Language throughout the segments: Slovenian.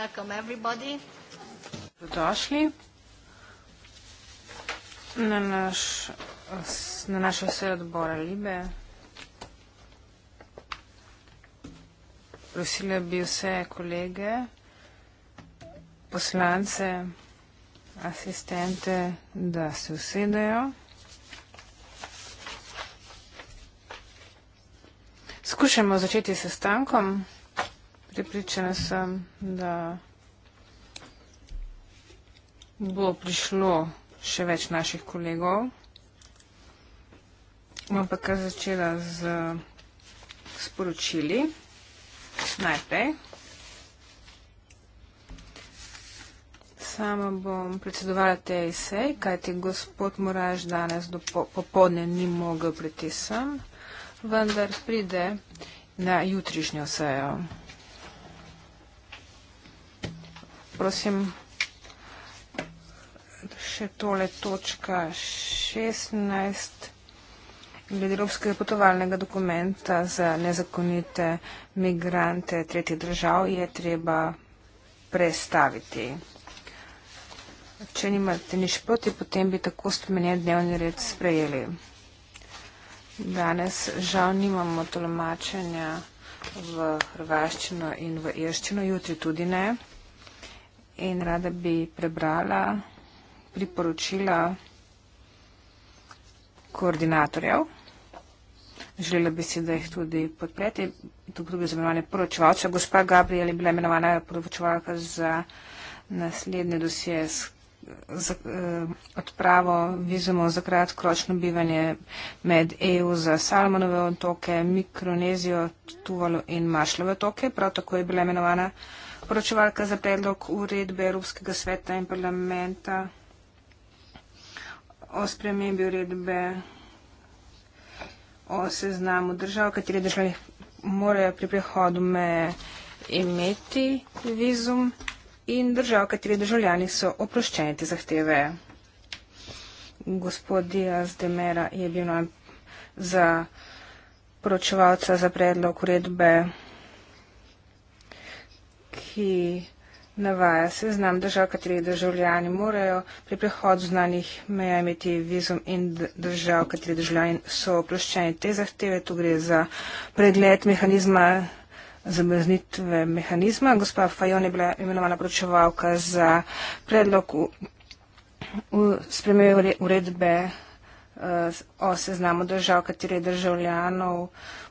welcome everybody. Dobrodošli na, naš, na našo sejo odbora Libe. Prosila bi vse kolege, poslance, asistente, da se usedejo. Skušamo začeti s stankom. Pripričana sem, da bo prišlo še več naših kolegov. Bom pa kar začela z sporočili. Najprej. Sama bom predsedovala tej sej, kajti gospod Moraž danes do popodne ni mogel priti sem, vendar pride na jutrišnjo sejo. prosim, še tole točka 16 glede evropskega potovalnega dokumenta za nezakonite migrante tretjih držav je treba prestaviti. Če nimate nič proti, potem bi tako spomenjen dnevni red sprejeli. Danes žal nimamo tolmačenja v hrvaščino in v irščino, jutri tudi ne in rada bi prebrala priporočila koordinatorjev. Želela bi si, da jih tudi podprete. To bi bilo imenovanje poročevalca. Gospa Gabriel je bila imenovana poročevalka za naslednje dosje za eh, odpravo vizumov za kratkoročno bivanje med EU za Salmonove otoke, Mikronezijo, Tuvalo in Mašlove otoke. Prav tako je bila imenovana poročevalka za predlog uredbe Evropskega sveta in parlamenta o spremembi uredbe o seznamu držav, katere države morajo pri prehodu meje imeti vizum in držav, katere državljani so oproščeni te zahteve. Gospod Diaz de Mera je bil nam za poročevalca za predlog uredbe ki navaja se znam držav, katerih državljani morajo pri prehodu znanih meja imeti vizum in držav, katerih državljani so oproščeni te zahteve. Tu gre za pregled mehanizma zamrznitve mehanizma. Gospa Fajon je bila imenovana pročevalka za predlog v, v spremembe uredbe. Ure, Eh, o seznamu držav, katere državljanov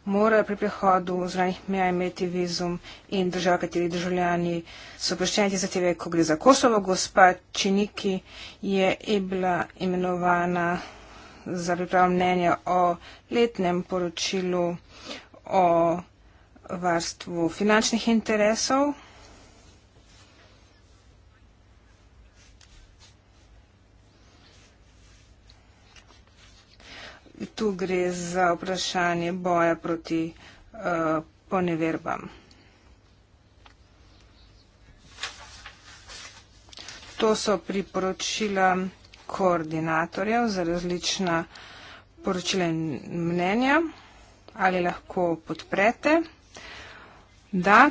morajo pri prihodu v zranih meja imeti vizum in držav, kateri državljani so prišteni za TV, ko gre za Kosovo. Gospa Činiki je bila imenovana za pripravo mnenja o letnem poročilu o varstvu finančnih interesov. tu gre za vprašanje boja proti uh, poneverbam. To so priporočila koordinatorjev za različna poročila in mnenja. Ali lahko podprete? Da.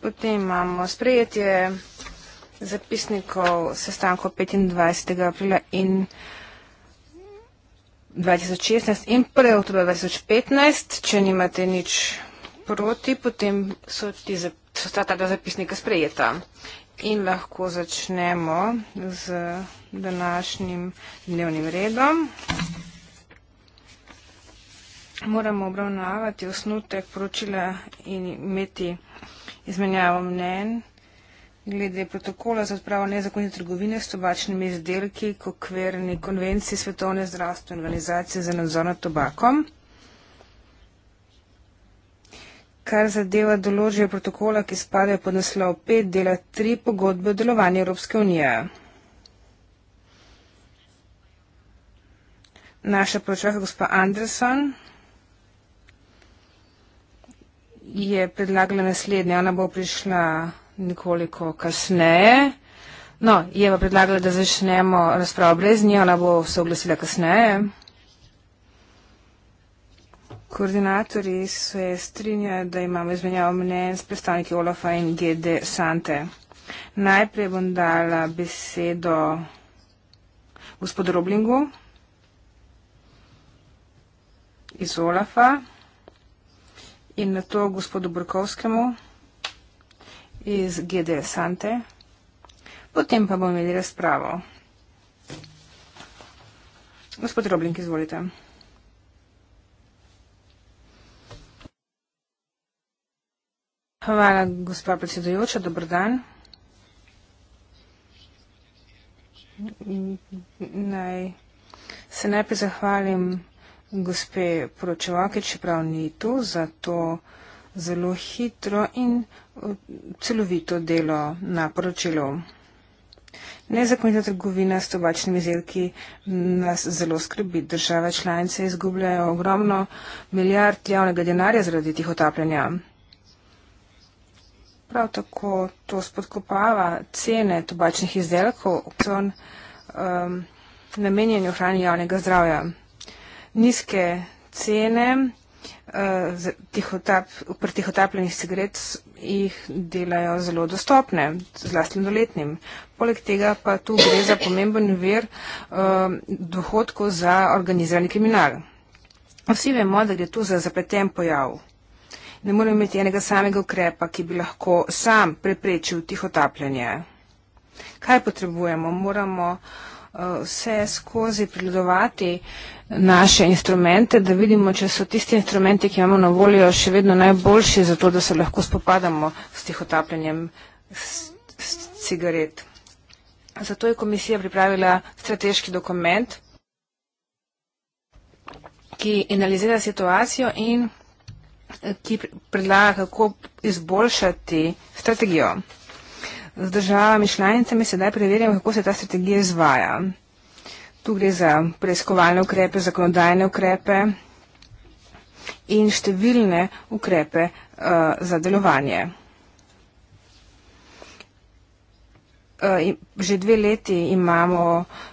Potem imamo sprejetje zapisnikov sestankov 25. aprila in 2016 in prej oktober 2015, če nimate nič proti, potem so, ti, so ta ta zapisnika sprejeta. In lahko začnemo z današnjim dnevnim redom. Moramo obravnavati osnutek poročila in imeti izmenjavo mnen glede protokola za odpravo nezakonite trgovine s tobačnimi izdelki k okvirni konvenciji Svetovne zdravstvene organizacije za nadzor nad tobakom. Kar zadeva določbe protokola, ki spadajo pod naslov 5 dela 3 pogodbe o delovanju Evropske unije. Naša poročaka gospa Anderson je predlagala naslednje. Ona bo prišla nekoliko kasneje. No, je pa predlagala, da začnemo razpravo brez nje, ona bo se oglasila kasneje. Koordinatori se strinjajo, da imamo izmenjavo mnen s predstavniki Olafa in GD Sante. Najprej bom dala besedo gospodu Roblingu iz Olafa in na to gospodu Brkovskemu iz GD Sante. Potem pa bomo imeli razpravo. Gospod Roblink, izvolite. Hvala, gospa predsedujoča, dobro dan. Naj se najprej zahvalim gospe poročevalke, čeprav ni tu, za to, uh, zelo hitro in uh, celovito delo na poročilu. Nezakonita trgovina s tobačnimi izdelki nas zelo skrbi. Države članice izgubljajo ogromno milijard javnega denarja zaradi tih otapljanja. Prav tako to spodkopava cene tobačnih izdelkov, opcion um, namenjenju hrani javnega zdravja. Nizke cene Eh, pri tihotapljenih cigaret jih delajo zelo dostopne, zlasti mnoletnim. Poleg tega pa tu gre za pomemben ver eh, dohodkov za organizirani kriminal. Vsi vemo, da gre tu za zapleten pojav. Ne moremo imeti enega samega ukrepa, ki bi lahko sam preprečil tihotapljenje. Kaj potrebujemo? Moramo eh, vse skozi prilodovati uh, naše instrumente, da vidimo, če so tisti instrumenti, ki imamo na voljo, še vedno najboljši za to, da se lahko spopadamo s tihotapljenjem s, s cigaret. Zato je komisija pripravila strateški dokument, ki analizira situacijo in eh, ki predlaga, kako izboljšati strategijo. Z državami članicami sedaj preverjamo, kako se ta strategija izvaja. Tu gre za preiskovalne ukrepe, zakonodajne ukrepe in številne ukrepe uh, za delovanje. Eh, že dve leti imamo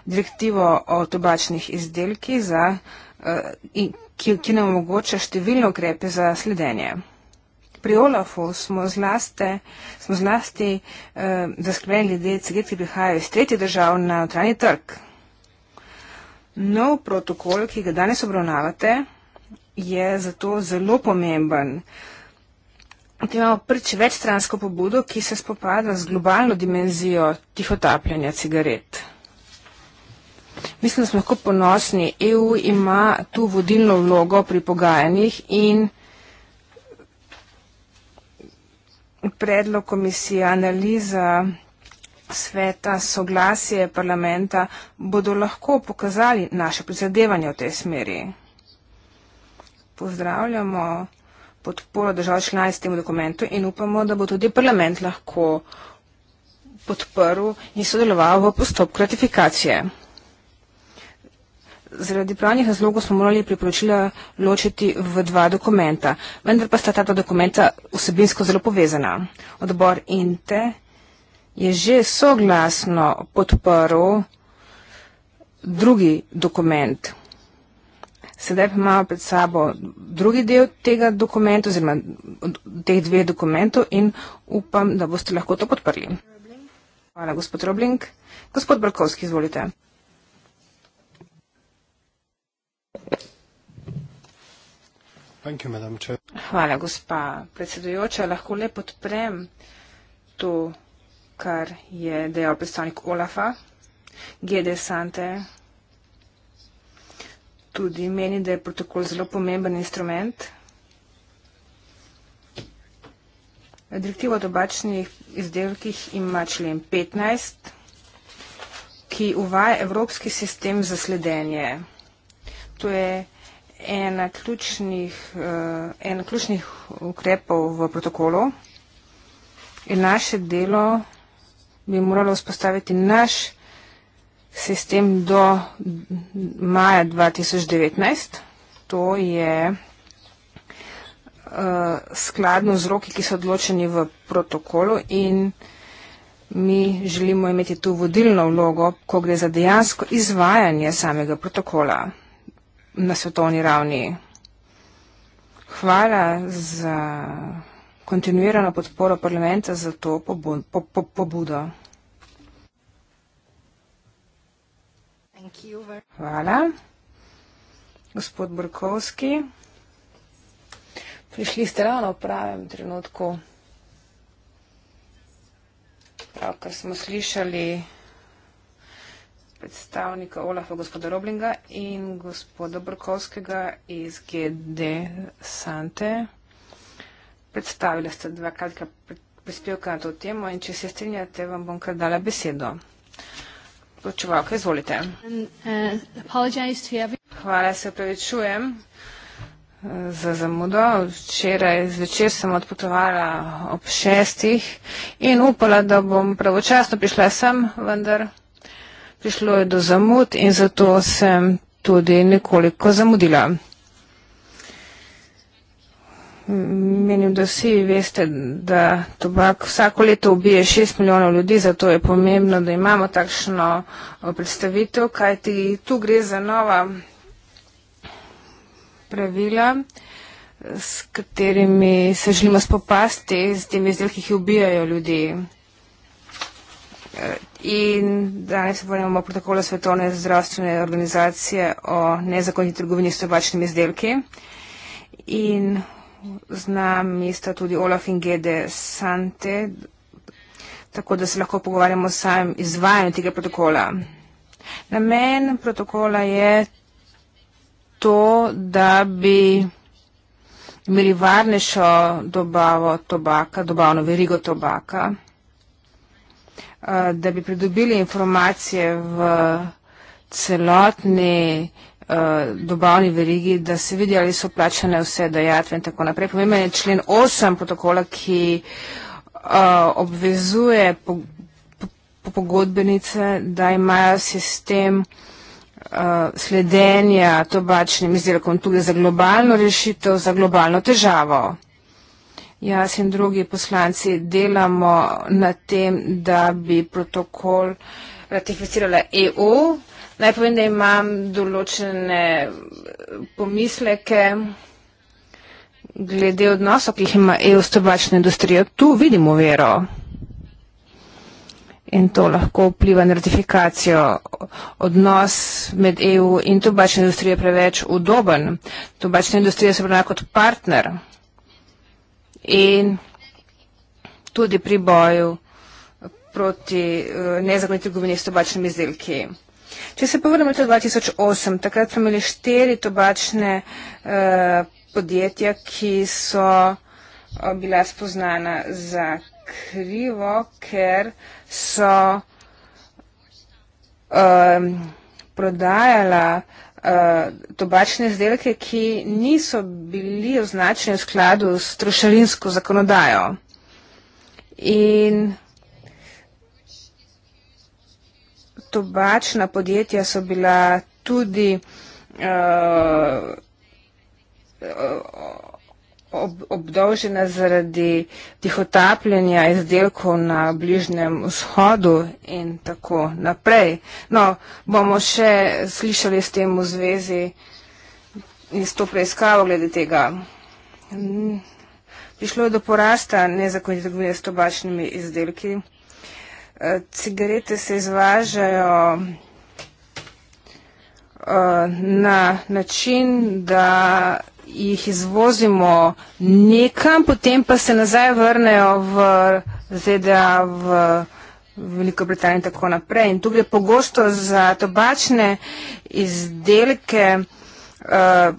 direktivo o tobačnih izdelki, za, eh, ki, ki nam omogoča številne ukrepe za sledenje. Pri Olafu smo zlasti, smo zlasti eh, zaskrbljeni glede cigaret, ki prihajajo iz tretje držav na notranji trg. Nov protokol, ki ga danes obravnavate, je zato zelo pomemben. Tukaj imamo prvič večstransko pobudo, ki se spopada z globalno dimenzijo tihotapljanja cigaret. Mislim, da smo lahko ponosni. EU ima tu vodilno vlogo pri pogajanjih in predlog komisije analiza sveta, soglasje parlamenta, bodo lahko pokazali naše prizadevanje v tej smeri. Pozdravljamo podporo držav članic temu dokumentu in upamo, da bo tudi parlament lahko podprl in sodeloval v postopku ratifikacije. Zaradi pravnih razlogov smo morali priporočila ločiti v dva dokumenta, vendar pa sta ta dva dokumenta vsebinsko zelo povezana. Odbor INTE je že soglasno podprl drugi dokument. Sedaj pa imamo pred sabo drugi del tega dokumenta oziroma teh dveh dokumentov in upam, da boste lahko to podprli. Hvala, gospod Roblink. Gospod Brkovski, izvolite. Hvala, gospa predsedujoča. Lahko le podprem to kar je dejal predstavnik Olafa. GD Sante tudi meni, da je protokol zelo pomemben instrument. Direktiva o tobačnih izdelkih ima člen 15, ki uvaja evropski sistem za sledenje. To je ena ključnih, eh, ena ključnih ukrepov v protokolu. In naše delo bi morala vzpostaviti naš sistem do maja 2019. To je uh, skladno z roki, ki so odločeni v protokolu in mi želimo imeti tu vodilno vlogo, ko gre za dejansko izvajanje samega protokola na svetovni ravni. Hvala za kontinuirano podporo parlamenta za to pobudo. Po, po, po Hvala. Gospod Brkovski, prišli ste ravno v pravem trenutku. Pravkar smo slišali predstavnika Olafa, gospoda Roblinga in gospoda Brkovskega iz GD Sante. Predstavili ste dva kratka prispevka na to temo in če se strinjate, vam bom kar dala besedo. Odločevalka, izvolite. Uh, Hvala, se opravičujem eh, za zamudo. Včeraj zvečer sem odpotovala ob šestih in upala, da bom pravočasno prišla sem, vendar prišlo je do zamud in zato sem tudi nekoliko zamudila menim, da vsi veste, da tobak vsako leto ubije 6 milijonov ljudi, zato je pomembno, da imamo takšno eh, predstavitev, kajti tu gre za nova pravila, s katerimi se želimo spopasti z temi izdelki, ki ubijajo ljudi. Eh, in danes se bomo protokola Svetovne zdravstvene organizacije o nezakonji trgovini s tobačnimi izdelki. In zna mesta tudi Olaf in Gede Sante, tako da se lahko pogovarjamo o samem izvajanju tega protokola. Namen protokola je to, da bi imeli varnejšo dobavo tobaka, dobavno verigo tobaka, eh, da bi pridobili informacije v celotni Eh, dobavni verigi, da se vidi, ali so plačane vse dajatve in tako naprej. Pomemben je člen 8 protokola, ki eh, obvezuje po, po, pogodbenice, da imajo sistem eh, sledenja tobačnim izdelkom tudi za globalno rešitev, za globalno težavo. Jaz in drugi poslanci delamo na tem, da bi protokol ratificirala EU, Naj povem, da imam določene pomisleke glede odnosov, ki jih ima EU s tobačno industrijo. Tu vidimo vero in to lahko vpliva na ratifikacijo. Odnos med EU in tobačno industrijo je preveč udoben. Tobačna industrija se obrna kot partner in tudi pri boju proti eh, nezakonitih govini s tobačnimi izdelki. Če se povrnemo v leto 2008, takrat smo imeli štiri tobačne eh, podjetja, ki so oh, bila spoznana za krivo, ker so eh, prodajala eh, tobačne izdelke, ki niso bili označeni v skladu s trošarinsko zakonodajo. In tobačna podjetja so bila tudi eh, obdolžena zaradi tihotapljenja izdelkov na Bližnjem vzhodu in tako naprej. No, bomo še slišali s tem v zvezi in s to preiskavo glede tega. Prišlo je do porasta nezakonitega trgovine s tobačnimi izdelki cigarete se izvažajo eh, na način, da jih izvozimo nekam, potem pa se nazaj vrnejo v ZDA, v Veliko Britanijo in tako naprej. In tu gre pogosto za tobačne izdelke uh,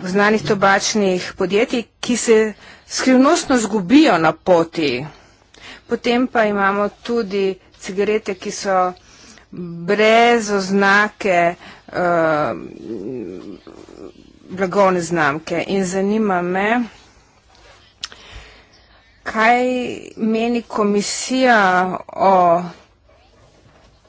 znanih tobačnih podjetij, ki se skrivnostno zgubijo na poti. Potem pa imamo tudi cigarete, ki so brez oznake uh, blagovne znamke. In zanima me, kaj meni komisija o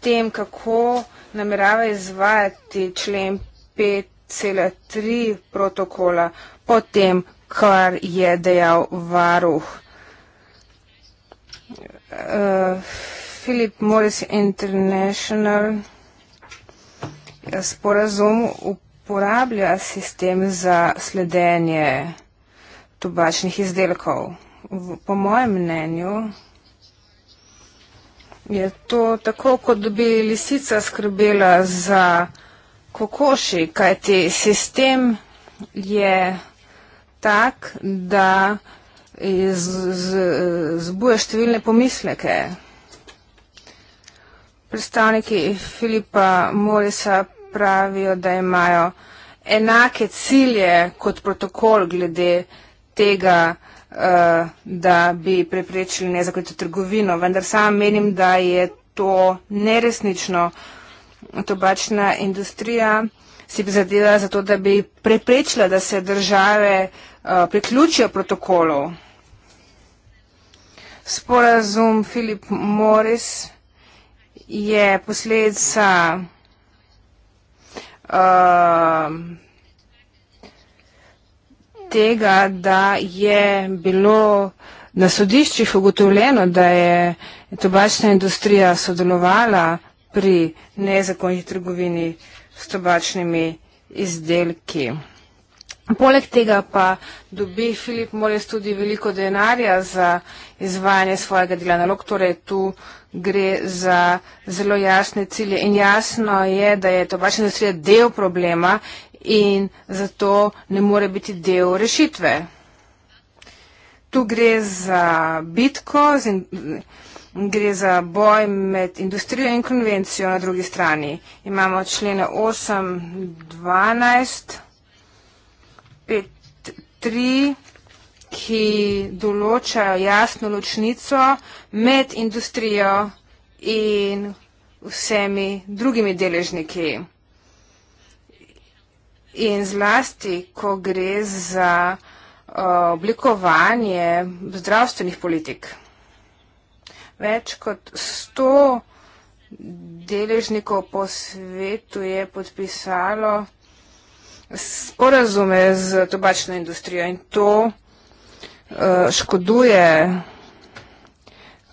tem, kako namerava izvajati člen 5.3 protokola po tem, kar je dejal varuh. Uh, Philip Morris International sporazum uporablja sistem za sledenje tobačnih izdelkov. V, po mojem mnenju je to tako, kot bi lisica skrbela za kokoši, kajti sistem je tak, da zbuja številne pomisleke predstavniki Filipa Morisa pravijo, da imajo enake cilje kot protokol glede tega, eh, da bi preprečili nezakonito trgovino, vendar sam menim, da je to neresnično. Tobačna industrija si prizadela za to, da bi preprečila, da se države eh, priključijo protokolov. Sporazum Filip Morris je posledica uh, tega, da je bilo na sodiščih ugotovljeno, da je tobačna industrija sodelovala pri nezakonji trgovini s tobačnimi izdelki. Poleg tega pa dobi Filip Morris tudi veliko denarja za izvajanje svojega dela nalog, torej tu gre za zelo jasne cilje in jasno je, da je tobačna industrija del problema in zato ne more biti del rešitve. Tu gre za bitko, gre za boj med industrijo in konvencijo na drugi strani. Imamo člene 8, 12, 5, 3 ki določajo jasno ločnico med industrijo in vsemi drugimi deležniki. In zlasti, ko gre za eh, oblikovanje zdravstvenih politik. Več kot sto deležnikov po svetu je podpisalo sporazume z tobačno industrijo in to uh, škoduje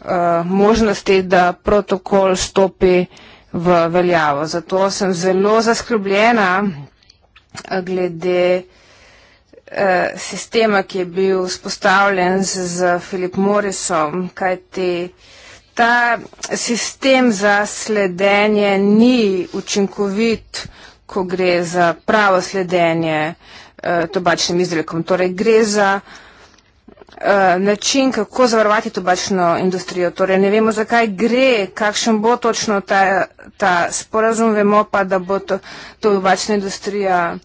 uh, možnosti, da protokol stopi v veljavo. Zato sem zelo zaskrbljena eh, glede uh, sistema, ki je bil spostavljen z, z Filip Morisom, kajti ta sistem za sledenje ni učinkovit, ko gre za pravo sledenje uh, tobačnim izdelkom. Torej gre za uh, Eh, način, kako zavarovati tobačno industrijo. Torej, ne vemo, zakaj gre, kakšen bo točno ta, ta sporazum, vemo pa, da bo to, tobačna industrija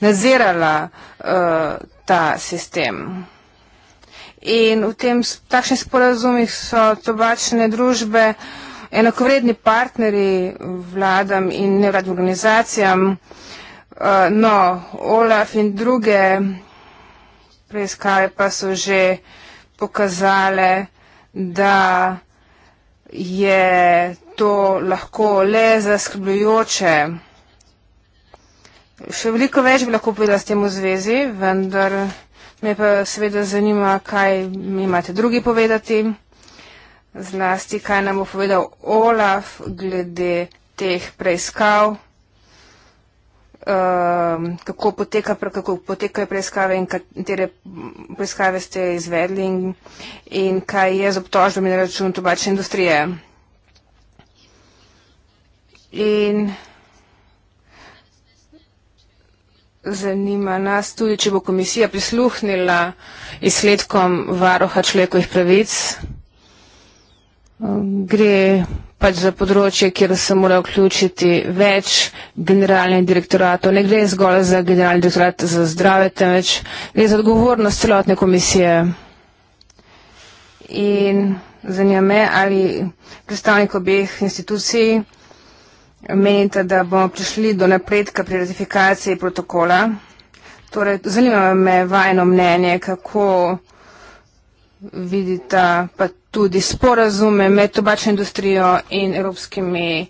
nadzirala uh, ta sistem. In v tem takšnih sporazumih so tobačne družbe enakovredni partneri vladam in nevladnim organizacijam. Uh, no, Olaf in druge preiskave pa so že pokazale, da je to lahko le zaskrbljujoče. Še veliko več bi lahko povedala s tem v zvezi, vendar me pa seveda zanima, kaj mi imate drugi povedati, zlasti kaj nam bo povedal Olaf glede teh preiskav. Um, kako, poteka, kako potekajo preiskave in katere preiskave ste izvedli in, in kaj je z obtožbami na račun tobačne industrije. In zanima nas tudi, če bo komisija prisluhnila izsledkom varoha človekovih pravic. Um, gre pač za področje, kjer se mora vključiti več generalnih direktoratov. Ne gre zgolj za generalni direktorat za zdrave, temveč gre za odgovornost celotne komisije. In zanima me, ali predstavnik obeh institucij menite, da bomo prišli do napredka pri ratifikaciji protokola. Torej, zanima me vajno mnenje, kako vidita pa tudi sporazume med tobačno industrijo in evropskimi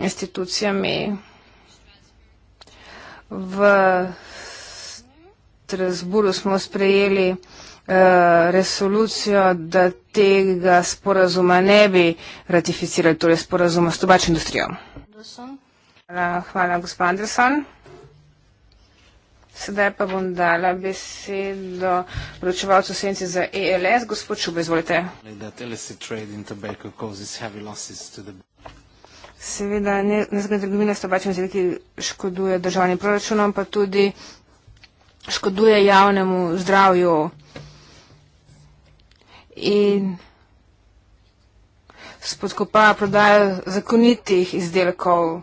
institucijami v Strasburu smo sprejeli eh, resolucijo, da tega sporazuma ne bi ratificirali, torej sporazuma s tobačno industrijo. Hvala, gospod Anderson. Hvala, gospod Anderson. Sedaj pa bom dala besedo poročevalcu senci za ELS, gospod Šube, izvolite. Seveda, nezgodna trgovina s tobačnimi izdelki škoduje državnim proračunom, pa tudi škoduje javnemu zdravju. In spodkopa prodajo zakonitih izdelkov.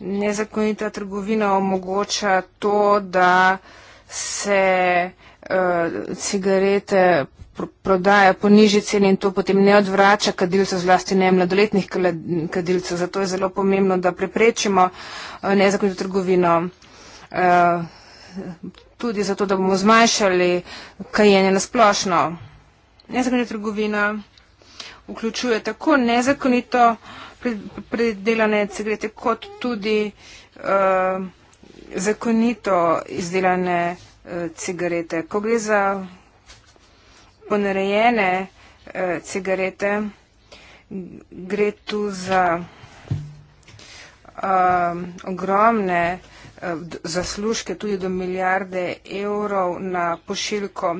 Nezakonita trgovina omogoča to, da se uh, cigarete pr prodaja po nižji ceni in to potem ne odvrača kadilcev, zlasti ne mladoletnih kadilcev. Zato je zelo pomembno, da preprečimo uh, nezakonito trgovino. Uh, tudi zato, da bomo zmanjšali kajenje na splošno. Nezakonita trgovina vključuje tako nezakonito uh, predelane cigarete, kot tudi uh, zakonito izdelane uh, cigarete. Ko gre za ponarejene uh, cigarete, gre tu za uh, ogromne uh, zaslužke, tudi do milijarde evrov na pošiljko.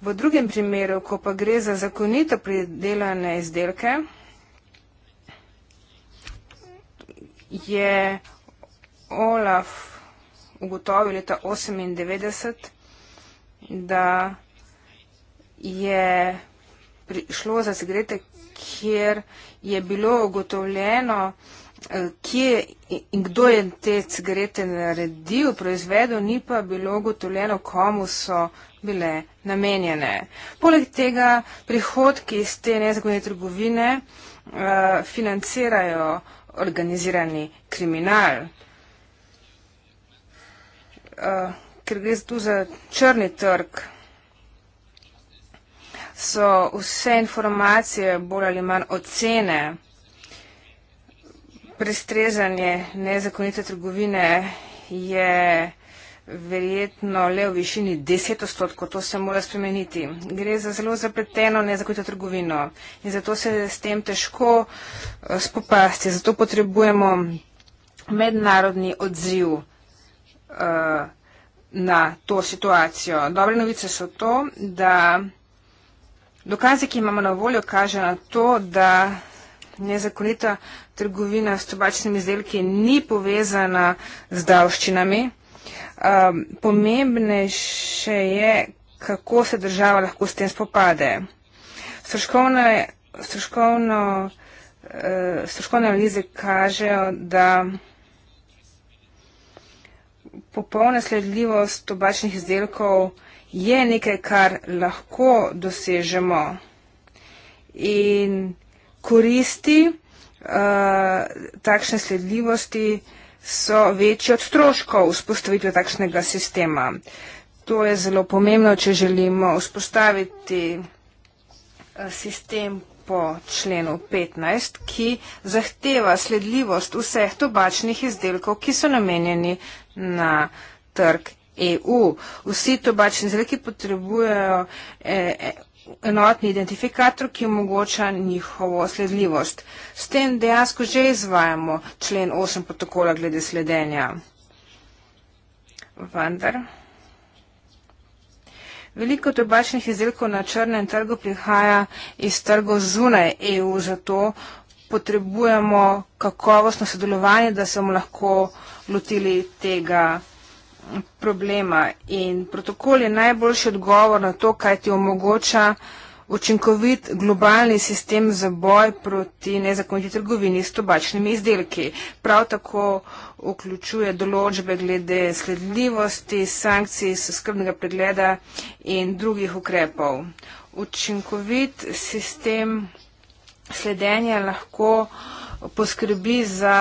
V drugem primeru, ko pa gre za zakonito pridelane izdelke, je Olaf ugotovil leta 1998, da je prišlo za segrete, kjer je bilo ugotovljeno, eh, kje in kdo je te cigarete naredil, proizvedel, ni pa bilo ugotovljeno, komu so bile namenjene. Poleg tega prihodki iz te nezakonite trgovine uh, financirajo uh, organizirani kriminal. Eh, ker gre tu za črni trg, so vse informacije bolj ali manj ocene, prestrezanje nezakonite trgovine je nekaj, verjetno le v višini 10 odstotkov, to se mora spremeniti. Gre za zelo zapleteno nezakonito trgovino in zato se s tem težko eh, spopasti. Zato potrebujemo mednarodni odziv uh, na to situacijo. Dobre novice so to, da dokaze, ki imamo na voljo, kaže na to, da nezakonita trgovina s tobačnimi izdelki ni povezana z davščinami um, pomembnejše je, kako se država lahko s tem spopade. Stroškovne, stroškovno, uh, stroškovne analize kažejo, da popolna sledljivost tobačnih izdelkov je nekaj, kar lahko dosežemo. In koristi uh, takšne sledljivosti uh, so večji od stroškov vzpostavitve takšnega sistema. To je zelo pomembno, če želimo vzpostaviti eh, sistem po členu 15, ki zahteva sledljivost vseh tobačnih izdelkov, ki so namenjeni na trg EU. Vsi tobačni izdelki potrebujejo eh, enotni identifikator, ki omogoča njihovo sledljivost. S tem dejansko že izvajamo člen 8 protokola glede sledenja. Vendar. Veliko tobačnih izdelkov na črnem trgu prihaja iz trgov zunaj EU, zato potrebujemo kakovostno sodelovanje, da se bomo lahko lotili tega problema in protokol je najboljši odgovor na to, kaj ti omogoča učinkovit globalni sistem za boj proti nezakoniti trgovini s tobačnimi izdelki. Prav tako vključuje določbe glede sledljivosti, sankcij, skrbnega pregleda in drugih ukrepov. Učinkovit sistem sledenja lahko poskrbi za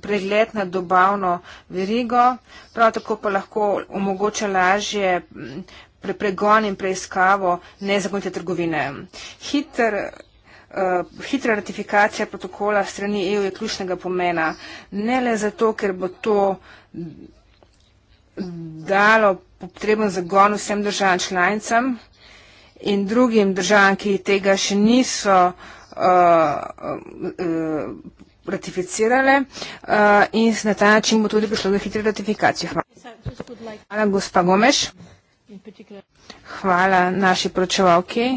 pregled na dobavno verigo, prav tako pa lahko omogoča lažje pregon in preiskavo nezakonite trgovine. Hiter, uh, hitra ratifikacija protokola strani EU je ključnega pomena. Ne le zato, ker bo to dalo potrebno zagon vsem državam članicam in drugim državam, ki tega še niso uh, uh, uh, ratificirale eh, in na ta način bo tudi prišlo do hitre ratifikacije. Hvala, gospa Gomeš. Hvala naši poročevalki,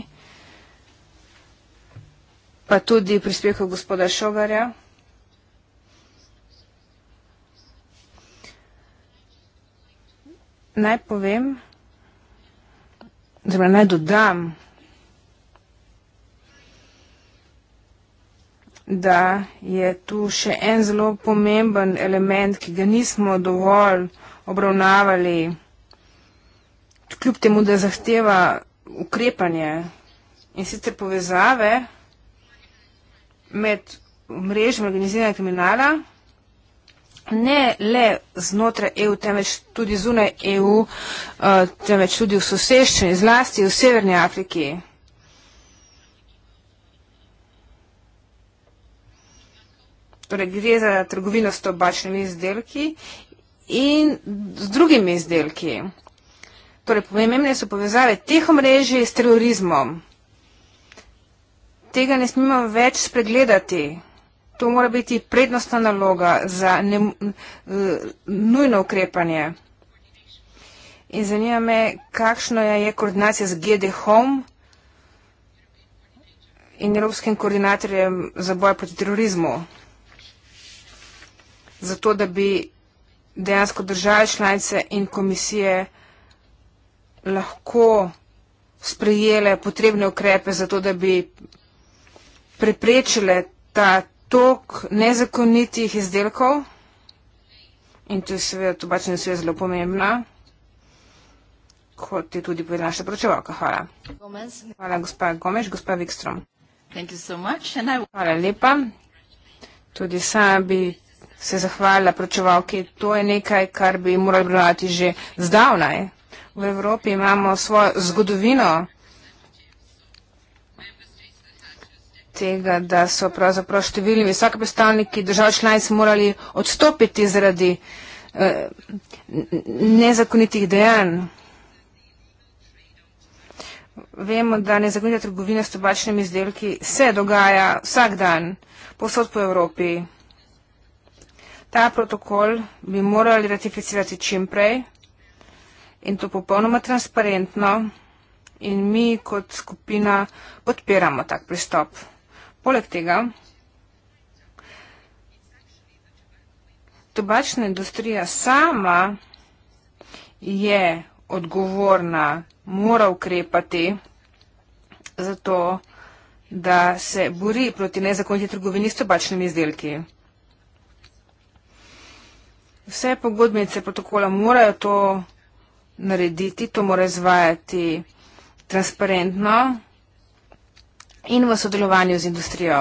pa tudi prispehu gospoda Šogarja. Naj povem, zelo naj dodam, da je tu še en zelo pomemben element, ki ga nismo dovolj obravnavali, kljub temu, da zahteva ukrepanje in sicer povezave med mrežami organiziranega kriminala, ne le znotraj EU, temveč tudi zunaj EU, eh, temveč tudi v soseščini, zlasti v Severni Afriki. Torej, gre za trgovino s tobačnimi izdelki in z drugimi izdelki. Torej, pomembne so povezave teh omrežij s terorizmom. Tega ne smemo več spregledati. To mora biti prednostna naloga za ne, nujno ukrepanje. In zanima me, kakšno je koordinacija z GD Home in Evropskim koordinatorjem za boj proti terorizmu zato da bi dejansko države članice in komisije lahko sprejele potrebne ukrepe, zato da bi preprečile ta tok nezakonitih izdelkov in to je seveda tobačna sveja zelo pomembna, kot je tudi povedala naša pročevalka. Hvala. Hvala, gospa Gomeš, gospa Wikstrom. Hvala lepa. Tudi sama bi se zahvalila pročevalki. To je nekaj, kar bi morali obravnavati že zdavnaj. V Evropi imamo svojo zgodovino tega, da so pravzaprav številni visoki predstavniki držav članic morali odstopiti zaradi eh, nezakonitih dejanj. Vemo, da nezakonita trgovina s tobačnimi izdelki se dogaja vsak dan, posod po Evropi. Ta protokol bi morali ratificirati čim prej in to popolnoma transparentno in mi kot skupina podpiramo tak pristop. Poleg tega, tobačna industrija sama je odgovorna, mora ukrepati za to, da se bori proti nezakonite trgovini s tobačnimi izdelki vse pogodbenice protokola morajo to narediti, to mora izvajati transparentno in v sodelovanju z industrijo.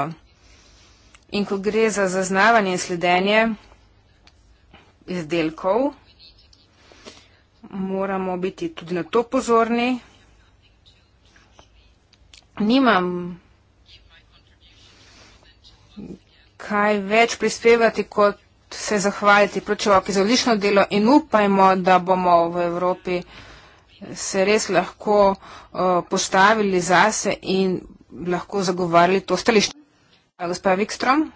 In ko gre za zaznavanje in sledenje izdelkov, moramo biti tudi na to pozorni. Nimam kaj več prispevati kot se zahvaliti pročevalki za odlično delo in upajmo, da bomo v Evropi se res lahko uh, postavili zase in lahko zagovarjali to stališče. Gospa Vikstrom.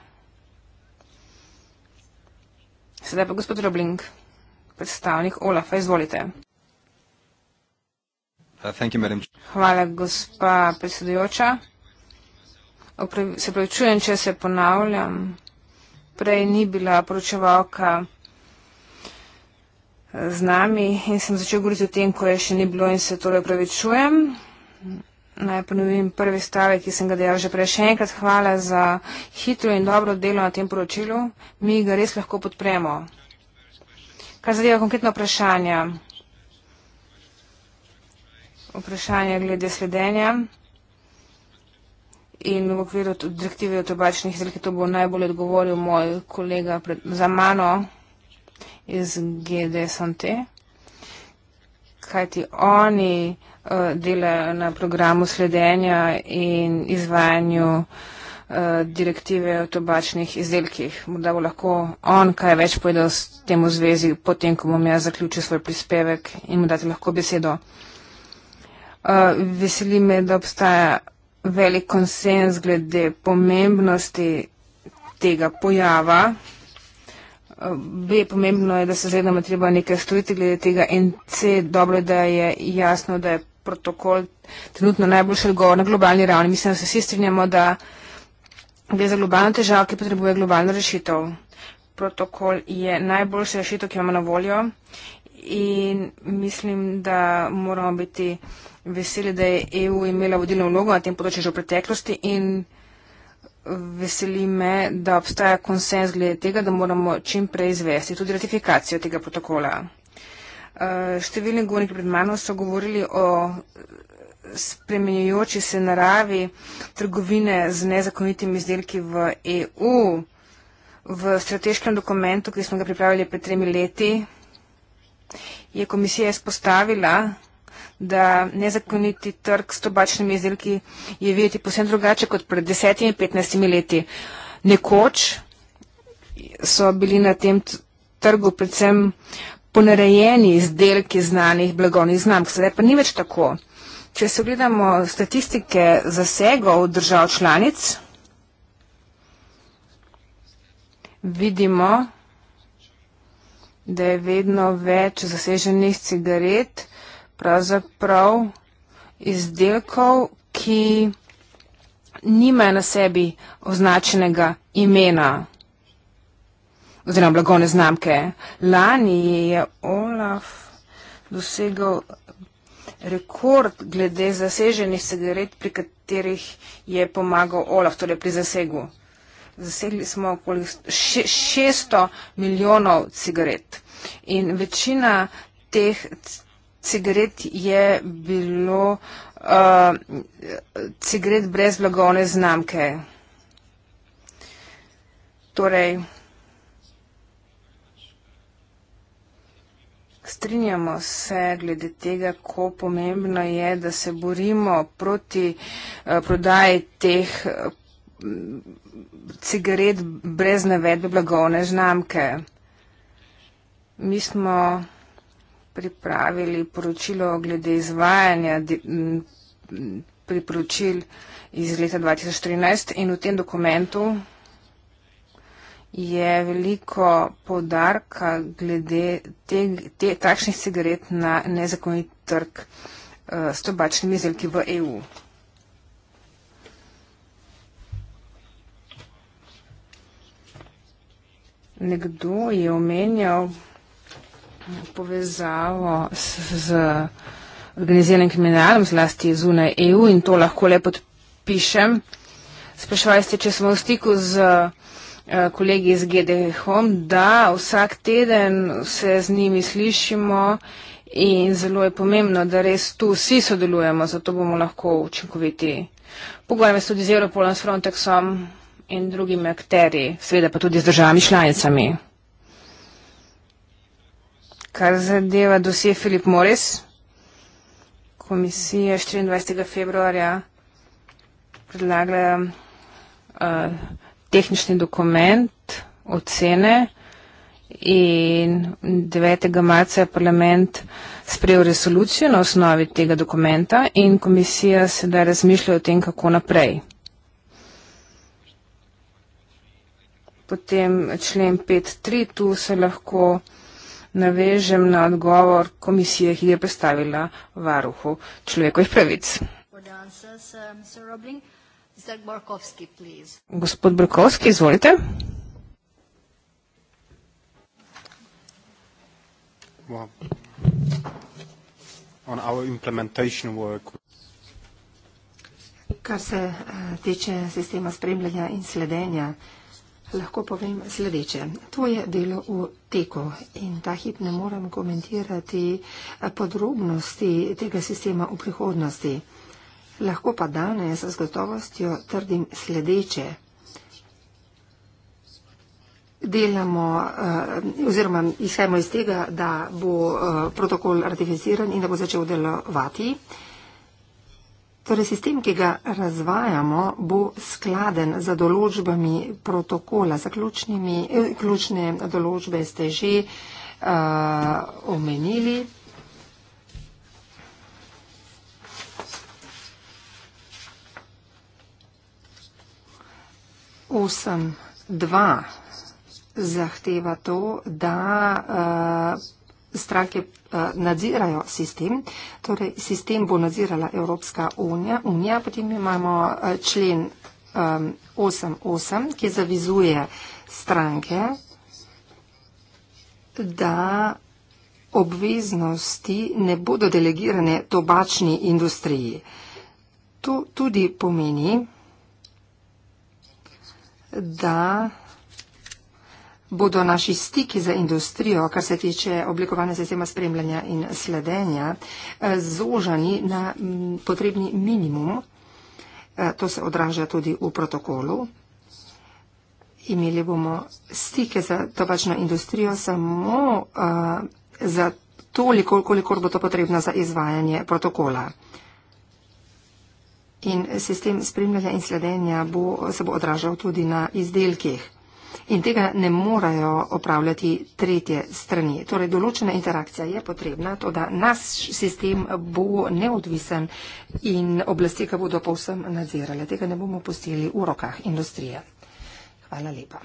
Sedaj pa gospod Roblink, predstavnik OLAF-a, izvolite. Uh, thank you, Hvala, gospa predsedujoča. Se pravi, čujem, če se ponavljam prej ni bila poročevalka eh, z nami in sem začel govoriti o tem, ko je še ni bilo in se torej pravičujem. Naj ponovim prvi stavek, ki sem ga dejal že prej. Še enkrat hvala za hitro in dobro delo na tem poročilu. Mi ga res lahko podpremo. Kar zadeva konkretno vprašanje. Vprašanje glede sledenja in v okviru direktive o tobačnih izdelkih, to bo najbolje odgovoril moj kolega pred, za mano iz GD Sante, kajti oni uh, delajo na programu sledenja in izvajanju uh, direktive o tobačnih izdelkih. Morda bo lahko on kaj več povedal s tem v zvezi, potem, ko bom jaz zaključil svoj prispevek in mu dati lahko besedo. Uh, veseli me, da obstaja velik konsens glede pomembnosti tega pojava. B, pomembno je, da se zavedamo, da treba nekaj storiti glede tega. In C, dobro je, da je jasno, da je protokol trenutno najboljši odgovor na globalni ravni. Mislim, da se vsi strinjamo, da gre za globalno težavo, ki potrebuje globalno rešitev. Protokol je najboljša rešitev, ki jo imamo na voljo. In mislim, da moramo biti veseli, da je EU imela vodilno vlogo na tem področju že v preteklosti in veseli me, da obstaja konsens glede tega, da moramo čim prej izvesti tudi ratifikacijo tega protokola. Uh, številni govorniki pred mano so govorili o spremenjujoči se naravi trgovine z nezakonitimi izdelki v EU. V strateškem dokumentu, ki smo ga pripravili pred tremi leti, je komisija izpostavila, da nezakoniti trg s tobačnimi izdelki je videti posebno drugače kot pred desetimi in petnestimi leti. Nekoč so bili na tem trgu predvsem ponarejeni izdelki znanih blagovnih znamk, sedaj pa ni več tako. Če se ogledamo statistike zasegov držav članic, vidimo, da je vedno več zaseženih cigaret pravzaprav izdelkov, ki nimajo na sebi označenega imena oziroma blagovne znamke. Lani je Olaf dosegal rekord glede zaseženih cigaret, pri katerih je pomagal Olaf, torej pri zasegu. Zasegli smo okoli 600 milijonov cigaret. In večina teh cigaret je bilo uh, cigaret brez blagovne znamke. Torej, strinjamo se glede tega, kako pomembno je, da se borimo proti eh, prodaji teh mm, cigaret brez navedbe blagovne znamke. Mi smo pripravili poročilo glede izvajanja priporočil iz leta 2013 in v tem dokumentu je veliko podarka glede te, te, takšnih cigaret na nezakonit trg eh, s tobačnimi izdelki v EU. Nekdo je omenjal povezavo s, z organiziranim kriminalom, zlasti zunaj EU in to lahko le podpišem. Sprašvali ste, če smo v stiku z eh, kolegi iz GDH-om, da vsak teden se z njimi slišimo in zelo je pomembno, da res tu vsi sodelujemo, zato bomo lahko učinkoviti. Pogovarjamo se tudi z Europolom, s Frontexom in drugimi akteri, seveda pa tudi z državami članicami. Kar zadeva dosje Filip Moris, komisija 24. februarja predlagala uh, tehnični dokument ocene in 9. marca je parlament sprejel resolucijo na osnovi tega dokumenta in komisija sedaj razmišlja o tem, kako naprej. Potem člen 5.3, tu se lahko navežem na odgovor komisije, ki je predstavila varuhu človekovih pravic. Gospod Brkovski, izvolite. Kar se eh, tiče sistema spremljanja in sledenja, lahko povem sledeče. To je delo v teku in ta hip ne morem komentirati eh, podrobnosti tega sistema v prihodnosti. Lahko pa danes z gotovostjo trdim sledeče. Delamo eh, oziroma izhajamo iz tega, da bo eh, protokol ratificiran in da bo začel delovati. Torej, sistem, ki ga razvajamo, bo skladen za določbami protokola, za ključnimi, eh, ključne določbe ste že eh, omenili. Osem dva zahteva to, da eh, stranke eh, nadzirajo sistem, torej sistem bo nadzirala Evropska unija, unija potem imamo eh, člen 8.8, ki zavizuje stranke, da obveznosti ne bodo delegirane tobačni industriji. To tudi pomeni, da bodo naši stiki za industrijo, kar se tiče oblikovanja sistema spremljanja in sledenja, eh, zožani na mm, potrebni minimum. Eh, to se odraža tudi v protokolu. Imeli bomo stike za tobačno industrijo samo eh, za toliko, koliko bo to potrebno za izvajanje protokola. In sistem spremljanja in sledenja bo, se bo odražal tudi na izdelkih in tega ne morajo opravljati tretje strani. Torej, določena interakcija je potrebna, to da nas sistem bo neodvisen in oblasti ga bodo povsem nadzirale. Tega ne bomo pustili v rokah industrije. Hvala lepa.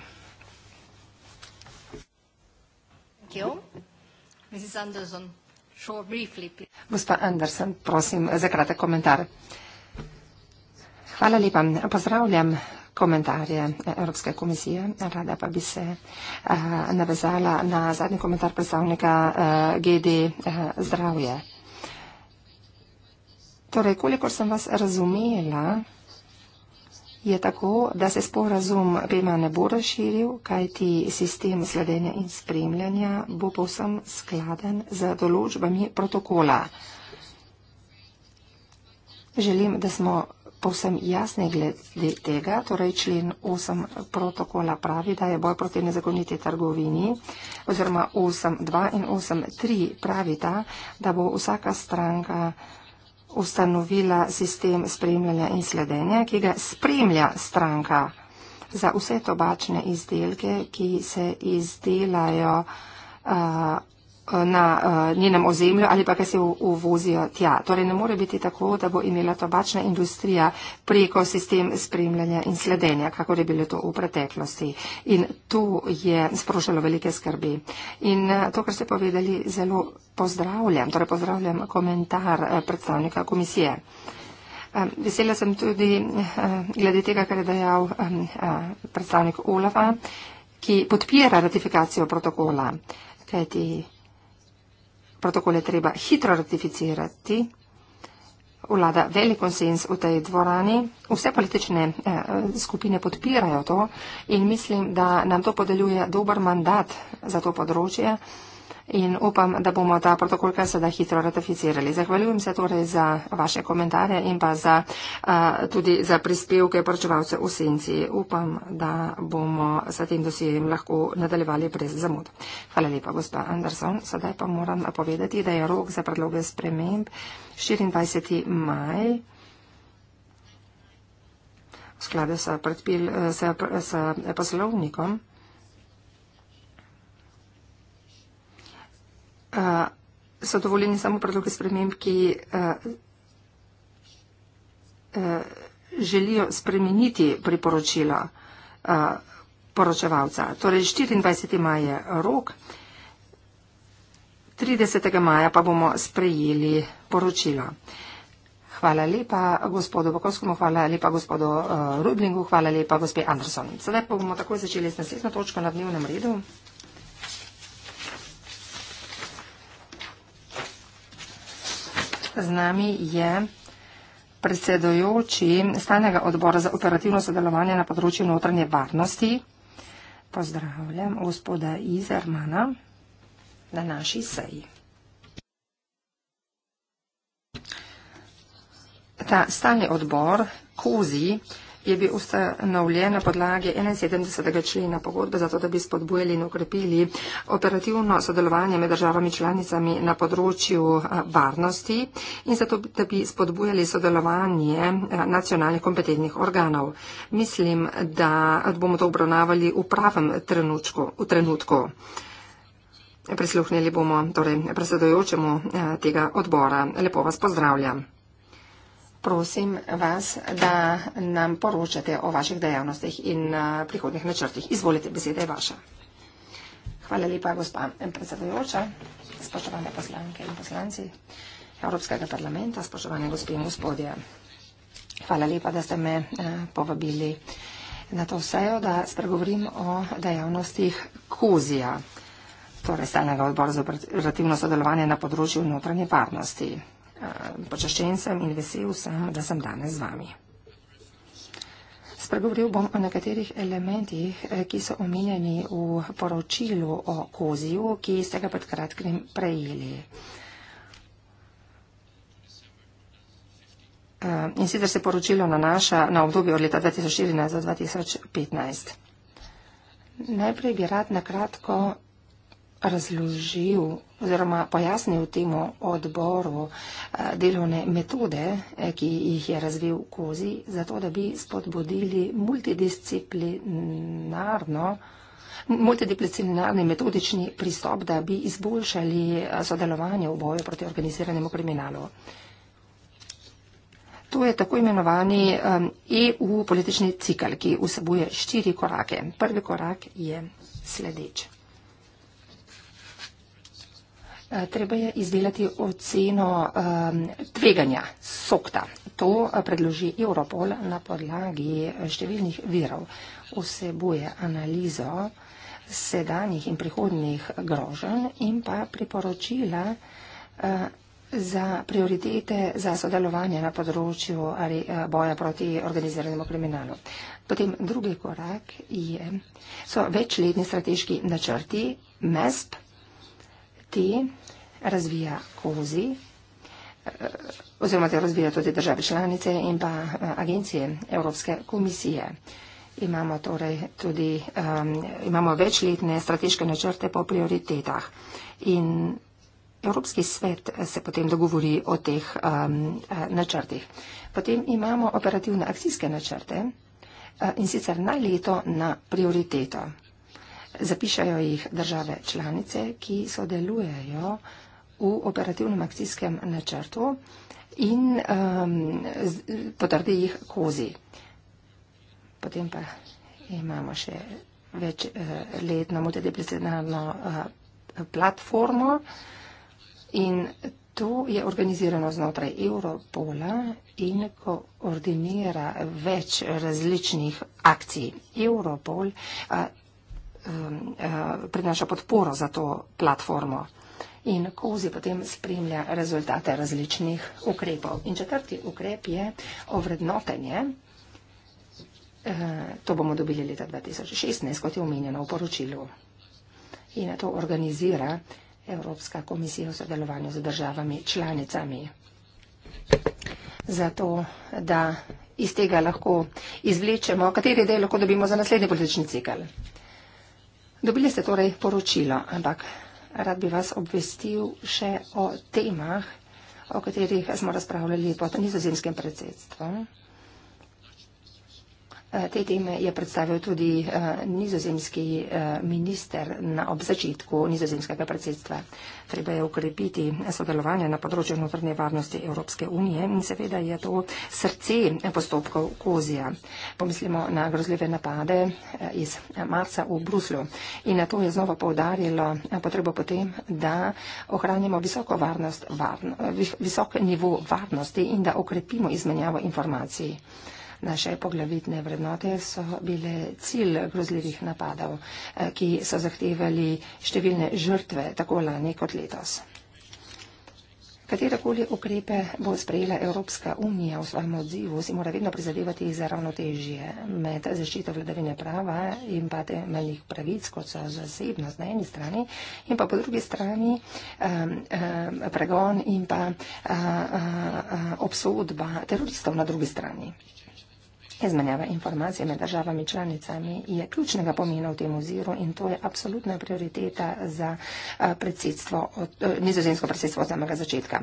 Gospa Anderson, prosim za kratek komentar. Hvala lepa. Pozdravljam komentarje Evropske komisije. Rada pa bi se eh, navezala na zadnji komentar predstavnika eh, GD eh, zdravje. Torej, kolikor sem vas razumela, je tako, da se sporazum PEMA ne bo razširil, kajti sistem sledenja in spremljanja bo povsem skladen z določbami protokola. Želim, da smo povsem jasni glede tega. Torej, člen 8 protokola pravi, da je boj proti nezakoniti trgovini oziroma 8.2 in 8.3 pravita, da bo vsaka stranka ustanovila sistem spremljanja in sledenja, ki ga spremlja stranka za vse tobačne izdelke, ki se izdelajo. Uh, na uh, njenem ozemlju ali pa kaj se uvozijo tja. Torej ne more biti tako, da bo imela tobačna industrija preko sistem spremljanja in sledenja, kako je bilo to v preteklosti. In to je sprošalo velike skrbi. In uh, to, kar ste povedali, zelo pozdravljam. Torej pozdravljam komentar uh, predstavnika komisije. Vesela sem tudi glede tega, kar je dejal predstavnik Olafa, ki podpira ratifikacijo protokola, kajti protokol je treba hitro ratificirati. Vlada velik konsens v tej dvorani, vse politične eh, skupine podpirajo to in mislim, da nam to podeljuje dober mandat za to področje in upam, da bomo ta protokol kar sedaj hitro ratificirali. Zahvaljujem se torej za vaše komentarje in pa za, a, tudi za prispevke poročevalce v senci. Upam, da bomo s tem dosjejem lahko nadaljevali brez zamud. Hvala lepa, gospa Anderson. Sedaj pa moram povedati, da je rok za predloge sprememb 24. maj. V skladu s, predpil, s, s poslovnikom Eh, so dovoljeni samo predlogi sprememb, ki eh, eh, želijo spremeniti priporočila poročevalca. Torej, 24. maj je rok, 30. maja pa bomo sprejeli poročila. Hvala lepa gospodu Bokovskemu, hvala lepa gospodu uh, Rublingu, hvala lepa gospe Anderson. Sedaj pa bomo takoj začeli s naslednjo točko na dnevnem redu. Z nami je predsedojoči stanega odbora za operativno sodelovanje na področju notranje varnosti. Pozdravljam gospoda Izermana na naši seji. Ta stani odbor kozi je bil ustanovljen na podlagi 71. člena pogodbe, zato da bi spodbujali in ukrepili operativno sodelovanje med državami članicami na področju eh, varnosti in zato da bi spodbujali sodelovanje eh, nacionalnih kompetentnih organov. Mislim, da bomo to obravnavali v pravem trenutku. V trenutku. Prisluhnili bomo torej, predsedojočemu eh, tega odbora. Lepo vas pozdravljam prosim vas, da nam poročate o vaših dejavnostih in eh, prihodnih načrtih. Izvolite, beseda je vaša. Hvala lepa, gospa predsedujoča, spoštovane poslanke in poslanci Evropskega parlamenta, spoštovane gospe in gospodje. Hvala lepa, da ste me eh, povabili na to sejo, da spregovorim o dejavnostih Kuzija, torej stalnega odbora za operativno sodelovanje na področju notranje varnosti. Eh, počaščen sem in vesel sem, da sem danes z vami. Spregovoril bom o nekaterih elementih, eh, ki so omenjeni v poročilu o koziju, ki ste ga pred kratkim prejeli. Eh, in sicer se poročilo nanaša na obdobje od leta 2014 do 2015. Najprej bi rad na kratko razložil oziroma pojasnil temu odboru eh, delovne metode, eh, ki jih je razvil Kozi, zato da bi spodbudili multidisciplinarno multidisciplinarni metodični pristop, da bi izboljšali eh, sodelovanje v boju proti organiziranemu kriminalu. To je tako imenovani EU e politični cikl, ki vsebuje štiri korake. Prvi korak je sledeč. Eh, treba je izdelati oceno ehm, tveganja sokta. To eh, predloži Europol na podlagi eh, številnih virov. Vsebuje analizo sedanjih in prihodnih grožen in pa priporočila za prioritete za sodelovanje na področju ali boja proti organiziranemu kriminalu. Potem drugi korak je, so večletni strateški načrti MESP, hkrati razvija kozi, eh, oziroma se razvija tudi države članice in pa eh, agencije Evropske komisije. Imamo torej tudi um, imamo večletne strateške načrte po prioritetah in Evropski svet eh, se potem dogovori o teh um, načrtih. Potem imamo operativne akcijske načrte in sicer naj leto na prioriteto. Zapišajo jih države članice, ki sodelujejo v operativnem akcijskem načrtu in um, potrdi jih kozi. Potem pa imamo še večletno eh, multidisciplinarno eh, platformo in to je organizirano znotraj Europola in koordinira več različnih akcij. Europol eh, Um, eh, prinaša podporo za to platformo. In kozi potem spremlja rezultate različnih ukrepov. In četrti ukrep je ovrednotenje. Eh, to bomo dobili leta 2016, kot je omenjeno v poročilu. In to organizira Evropska komisija v sodelovanju z državami članicami. Zato, da iz tega lahko izvlečemo, kateri del lahko dobimo za naslednji politični cikl. Dobili ste torej poročilo, ampak rad bi vas obvestil še o temah, o katerih smo razpravljali pod nizozemskim predsedstvom. Eh, te teme je predstavil tudi eh, nizozemski eh, minister na ob začetku nizozemskega predsedstva. Treba je ukrepiti sodelovanje na področju notrne varnosti Evropske unije in seveda je to srce postopkov kozija. Pomislimo na grozljive napade iz marca v Bruslju in na to je znova poudarilo potrebo potem, da ohranimo visoko varnost, varno, visok nivo varnosti in da ukrepimo izmenjavo informacij. Naše poglavitne vrednote so bile cilj grozljivih napadov, eh, ki so zahtevali številne žrtve tako lani kot letos. Katerokoli ukrepe bo sprejela Evropska unija v svojem odzivu, si mora vedno prizadevati za ravnotežje med zaščito vladavine prava in pa temeljnih pravic, kot so zasebnost na eni strani in pa po drugi strani um, um, pregon in pa uh, uh, obsodba teroristov na drugi strani. Izmenjava informacij med državami članicami je ključnega pomena v tem oziru in to je apsolutna prioriteta za eh, predsedstvo, eh, nizozemsko predsedstvo od samega začetka.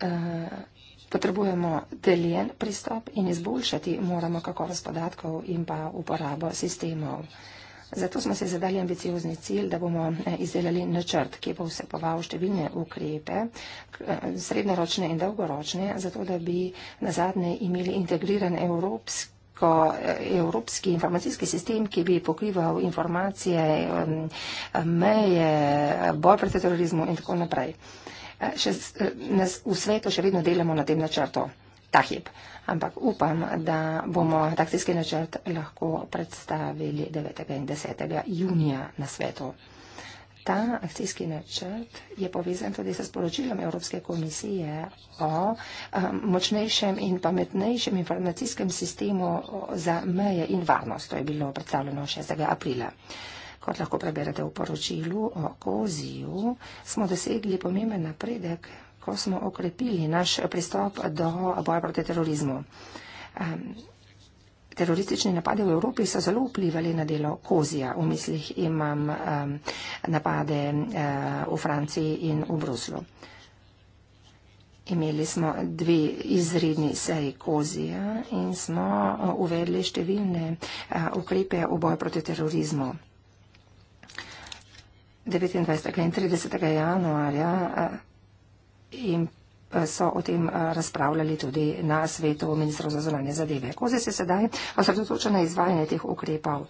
Eh, potrebujemo deljen pristop in izboljšati moramo kakovost podatkov in pa uporabo sistemov. Zato smo se zadali ambiciozni cilj, da bomo eh, izdelali načrt, ki bo vseboval številne ukrepe, eh, srednjeročne in dolgoročne, zato da bi na zadnje imeli integriran evropski ko eh, evropski informacijski sistem, ki bi pokrival informacije, meje, boj proti terorizmu in tako naprej. Še, v svetu še vedno delamo na tem načrtu ta hip. Ampak upam, da bomo taktijski načrt lahko predstavili 9. in 10. junija na svetu. Ta akcijski načrt je povezan tudi s sporočilom Evropske komisije o um, močnejšem in pametnejšem informacijskem sistemu za meje in varnost. To je bilo predstavljeno 6. aprila. Kot lahko preberete v poročilu o koziju, smo dosegli pomemben napredek ko smo okrepili naš pristop do boja proti terorizmu. Teroristični napadi v Evropi so zelo vplivali na delo Kozija. V mislih imam napade eh, v Franciji in v Bruslu. Imeli smo dve izredni seji Kozija in smo eh, uvedli številne eh, ukrepe v boju proti terorizmu. 29. in 30. januarja in eh, so o tem eh, razpravljali tudi na svetu ministrov za zunanje zadeve. Kozi se sedaj osredotoča na izvajanje teh ukrepov.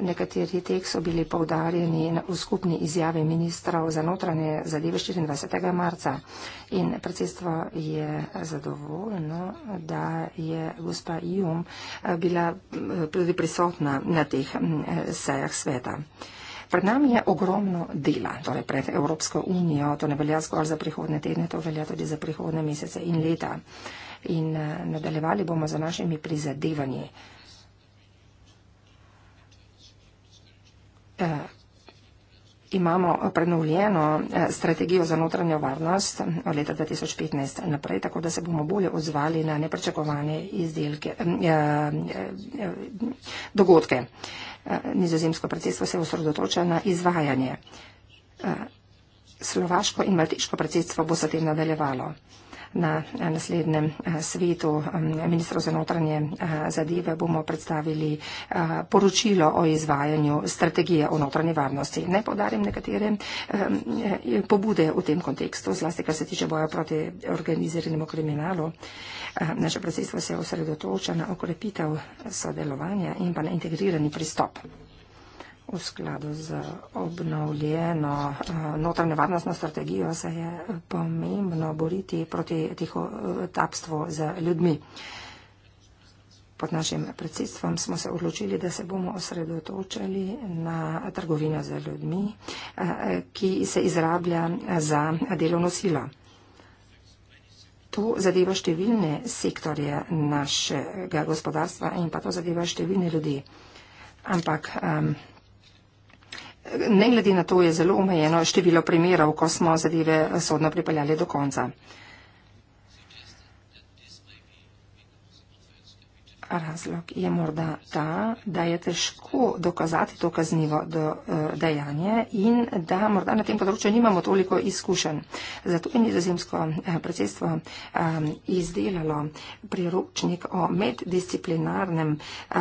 Nekateri tek so bili povdarjeni v skupni izjavi ministrov za notranje zadeve 24. marca in predsedstvo je eh, zadovoljno, da je gospa Jum bila tudi prisotna na teh mm, sejah sveta. Pred nami je ogromno dela, torej pred Evropsko unijo. To ne velja zgolj za prihodne tedne, to velja tudi za prihodne mesece in leta. In eh, nadaljevali bomo z našimi prizadevanji. Eh, imamo prenovljeno eh, strategijo za notranjo varnost od leta 2015 naprej, tako da se bomo bolje odzvali na neprečakovane izdelke, dogodke nizozemsko predsedstvo se osredotoča na izvajanje. Slovaško in maltiško predsedstvo bo se tem nadaljevalo na eh, naslednjem eh, svetu eh, ministrov za notranje zadeve bomo predstavili poročilo o izvajanju strategije o notranji varnosti. Ne podarim nekatere pobude v tem kontekstu, zlasti kar se tiče boja proti organiziranemu kriminalu. Naše predsedstvo se osredotoča na okrepitev sodelovanja in pa na integrirani pristop. V skladu z obnovljeno eh, notranjo varnostno strategijo se je pomembno boriti proti tiho tapstvu z ljudmi. Pod našim predsedstvom smo se odločili, da se bomo osredotočili na trgovino z ljudmi, eh, ki se izrablja za delovno silo. To zadeva številne sektorje našega gospodarstva in pa to zadeva številne ljudi. Ampak um, ne glede na to je zelo omejeno število primerov, ko smo zadeve sodno pripeljali do konca. Razlog je morda ta, da je težko dokazati to kaznivo do, uh, dejanje in da morda na tem področju nimamo toliko izkušenj. Zato je nizozemsko uh, predsedstvo um, izdelalo priročnik o meddisciplinarnem uh,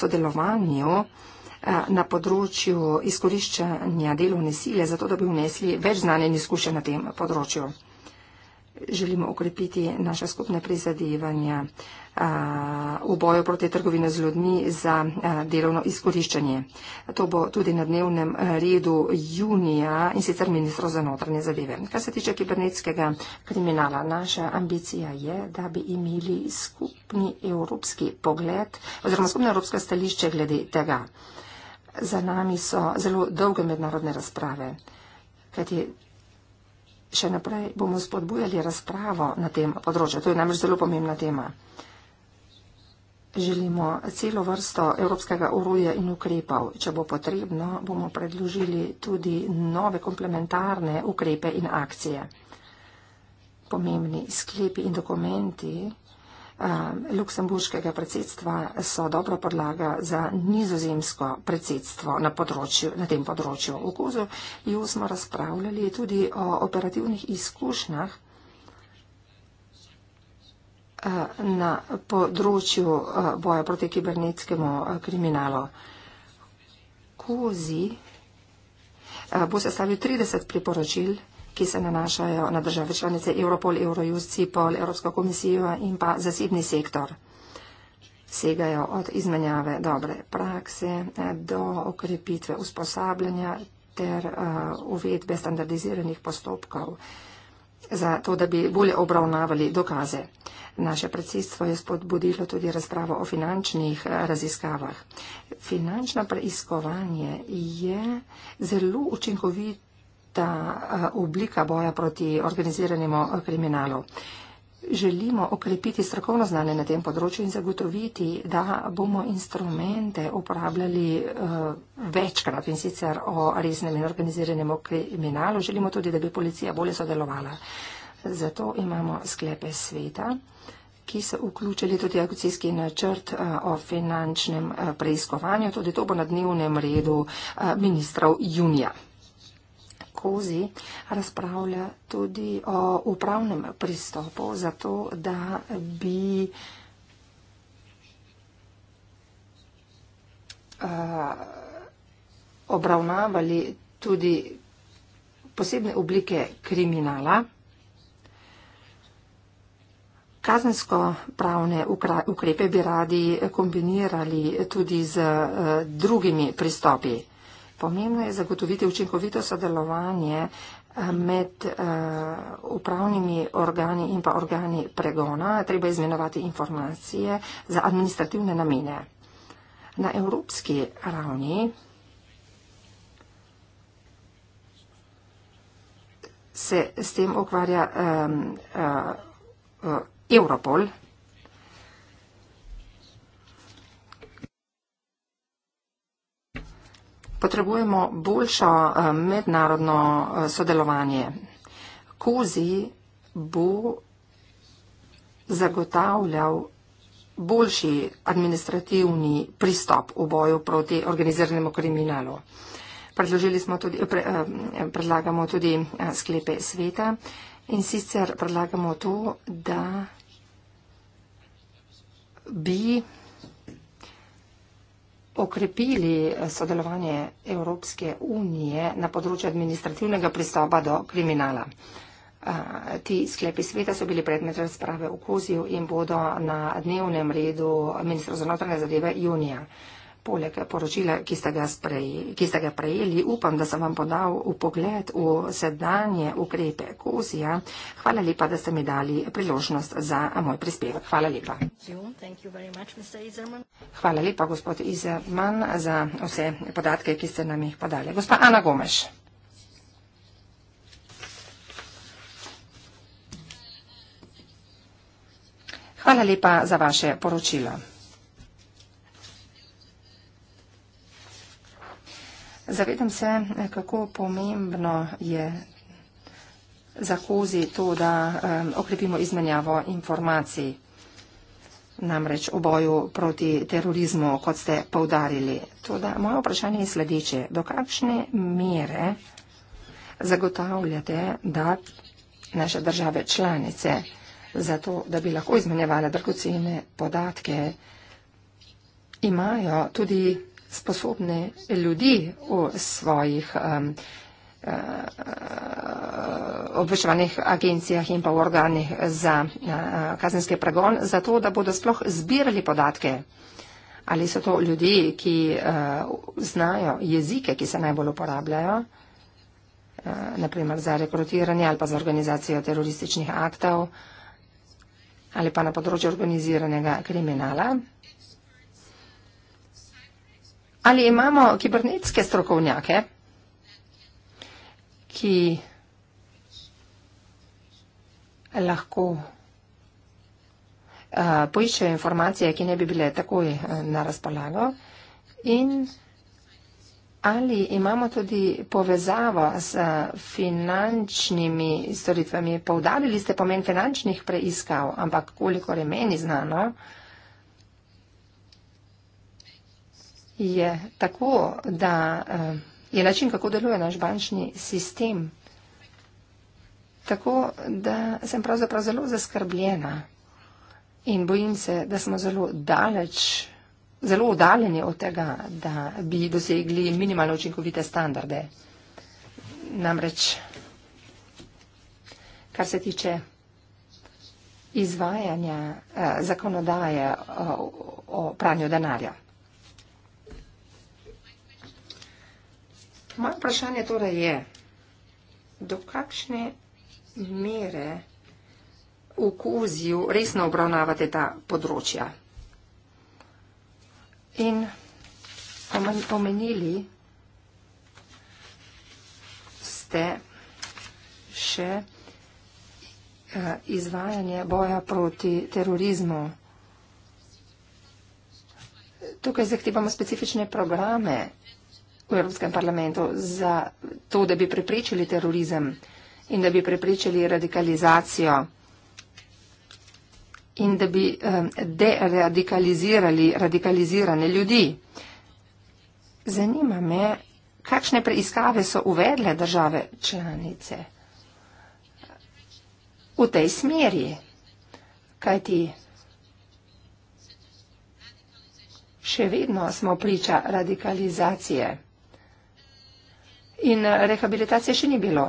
sodelovanju. Uh, Eh, na področju izkoriščanja delovne sile, zato da bi vnesli več znanja in izkušenj na tem področju. Želimo okrepiti naše skupne prizadevanja eh, v boju proti trgovine z ljudmi za eh, delovno izkoriščanje. To bo tudi na dnevnem redu junija in sicer ministro za notranje zadeve. Kar se tiče kibernetskega kriminala, naša ambicija je, da bi imeli skupni evropski pogled oziroma skupne evropske stališče glede tega. Za nami so zelo dolge mednarodne razprave, kajti še naprej bomo spodbujali razpravo na tem področju. To je namreč zelo pomembna tema. Želimo celo vrsto evropskega uroja in ukrepov. Če bo potrebno, bomo predložili tudi nove komplementarne ukrepe in akcije. Pomembni sklepi in dokumenti Ehm, luksemburškega predsedstva so dobro podlaga za nizozemsko predsedstvo na, področju, na tem področju. V Kozu ju smo razpravljali tudi o operativnih izkušnjah eh, na področju eh, boja proti kibernetskemu eh, kriminalu. Kozi bo sestavil 30 priporočil ki se nanašajo na države članice Europol, Eurojust, CIPOL, Evropsko komisijo in pa zasebni sektor. Segajo od izmenjave dobre prakse eh, do okrepitve usposabljanja ter eh, uvedbe standardiziranih postopkov za to, da bi bolje obravnavali dokaze. Naše predsedstvo je spodbudilo tudi razpravo o finančnih eh, raziskavah. Finančno preiskovanje je zelo učinkovito ta oblika boja proti organiziranemu kriminalu. Želimo okrepiti strokovno znanje na tem področju in zagotoviti, da bomo instrumente uporabljali uh, večkrat in sicer o resnem in organiziranem kriminalu. Želimo tudi, da bi policija bolje sodelovala. Zato imamo sklepe sveta, ki so vključili tudi akcijski načrt uh, o finančnem uh, preiskovanju. Tudi to bo na dnevnem redu uh, ministrov junija skozi razpravlja tudi o upravnem pristopu, zato da bi eh, obravnavali tudi posebne oblike kriminala, kazensko pravne ukrepe bi radi kombinirali tudi z eh, drugimi pristopi. Pomembno je zagotoviti učinkovito sodelovanje eh, med uh, upravnimi organi in pa organi pregona. Treba izmenovati informacije za administrativne namene. Na evropski ravni se s tem ukvarja um, uh, uh, Europol. potrebujemo boljšo eh, mednarodno eh, sodelovanje. Kozi bo zagotavljal boljši administrativni pristop v boju proti organiziranemu kriminalu. Predložili smo tudi, pre, eh, predlagamo tudi sklepe sveta in sicer predlagamo to, da bi okrepili eh, sodelovanje Evropske unije na področju administrativnega pristopa do kriminala. Eh, ti sklepi sveta so bili predmet razprave v Koziju in bodo na dnevnem redu ministra za notranje zadeve junija poleg poročila, ki ste, sprej, ki ste ga prejeli, upam, da sem vam podal v pogled v sedanje ukrepe Kozija. Hvala lepa, da ste mi dali priložnost za moj prispevek. Hvala lepa. Hvala lepa, gospod Izerman, za vse podatke, ki ste nam jih podali. Gospa Ana Gomeš. Hvala lepa za vaše poročilo. Zavedam se, eh, kako pomembno je za kozi to, da um, okrepimo izmenjavo informacij, namreč v boju proti terorizmu, kot ste povdarili. Toda moje vprašanje je sledeče. Do kakšne mere zagotavljate, da naše države članice za to, da bi lahko izmenjevale dragocene podatke, imajo tudi sposobne ljudi v svojih um, obveščevalnih agencijah in pa v organih za eh, kazenski pregon, zato da bodo sploh zbirali podatke, ali so to ljudje, ki eh, znajo jezike, ki se najbolj uporabljajo, naprimer za rekrutiranje ali pa za organizacijo terorističnih aktov ali pa na področju organiziranega kriminala. Ali imamo kibernetske strokovnjake, ki lahko uh, poiščejo informacije, ki ne bi bile takoj eh, na razpolago? In ali imamo tudi povezavo s eh, finančnimi storitvami? Povdarili ste pomen finančnih preiskav, ampak kolikor je meni znano, uh, je tako, da eh, je način, kako deluje naš bančni sistem, tako, da sem pravzaprav zelo zaskrbljena in bojim se, da smo zelo daleč, zelo oddaljeni od tega, da bi dosegli minimalno učinkovite standarde. Namreč, kar se tiče izvajanja eh, zakonodaje eh, o, o pranju denarja. Moje vprašanje torej je, do kakšne mere v kuziju resno obravnavate ta področja? In omenili ste še eh, izvajanje boja proti terorizmu. Tukaj zahtevamo specifične programe v Evropskem parlamentu za to, da bi preprečili terorizem in da bi preprečili radikalizacijo in da bi deradikalizirali radikalizirane ljudi. Zanima me, kakšne preiskave so uvedle države članice v tej smeri, kaj ti še vedno smo priča radikalizacije. In eh, rehabilitacije še ni bilo.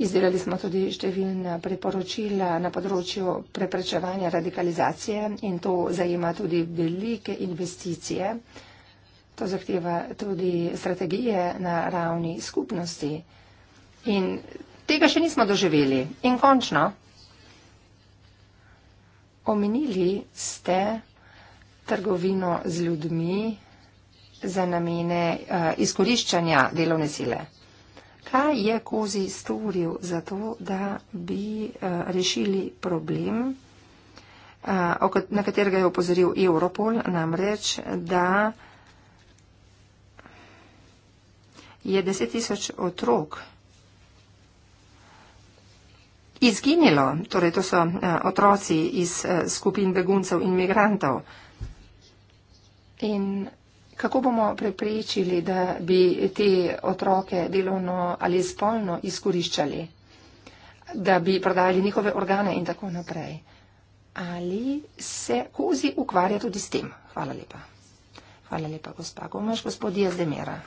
Izdelali smo tudi številna priporočila na področju preprečevanja radikalizacije in to zajema tudi velike investicije. To zahteva tudi strategije na ravni skupnosti. In tega še nismo doživeli. In končno, omenili ste trgovino z ljudmi, za namene uh, izkoriščanja delovne sile. Kaj je Kozi storil za to, da bi uh, rešili problem, uh, na katerega je opozoril Europol, namreč, da je deset tisoč otrok izginilo, torej to so uh, otroci iz uh, skupin beguncev in migrantov. In Kako bomo preprečili, da bi te otroke delovno ali spolno izkoriščali, da bi prodajali njihove organe in tako naprej? Ali se kozi ukvarja tudi s tem? Hvala lepa. Hvala lepa, gospa Gomaš, gospodija Zdemera.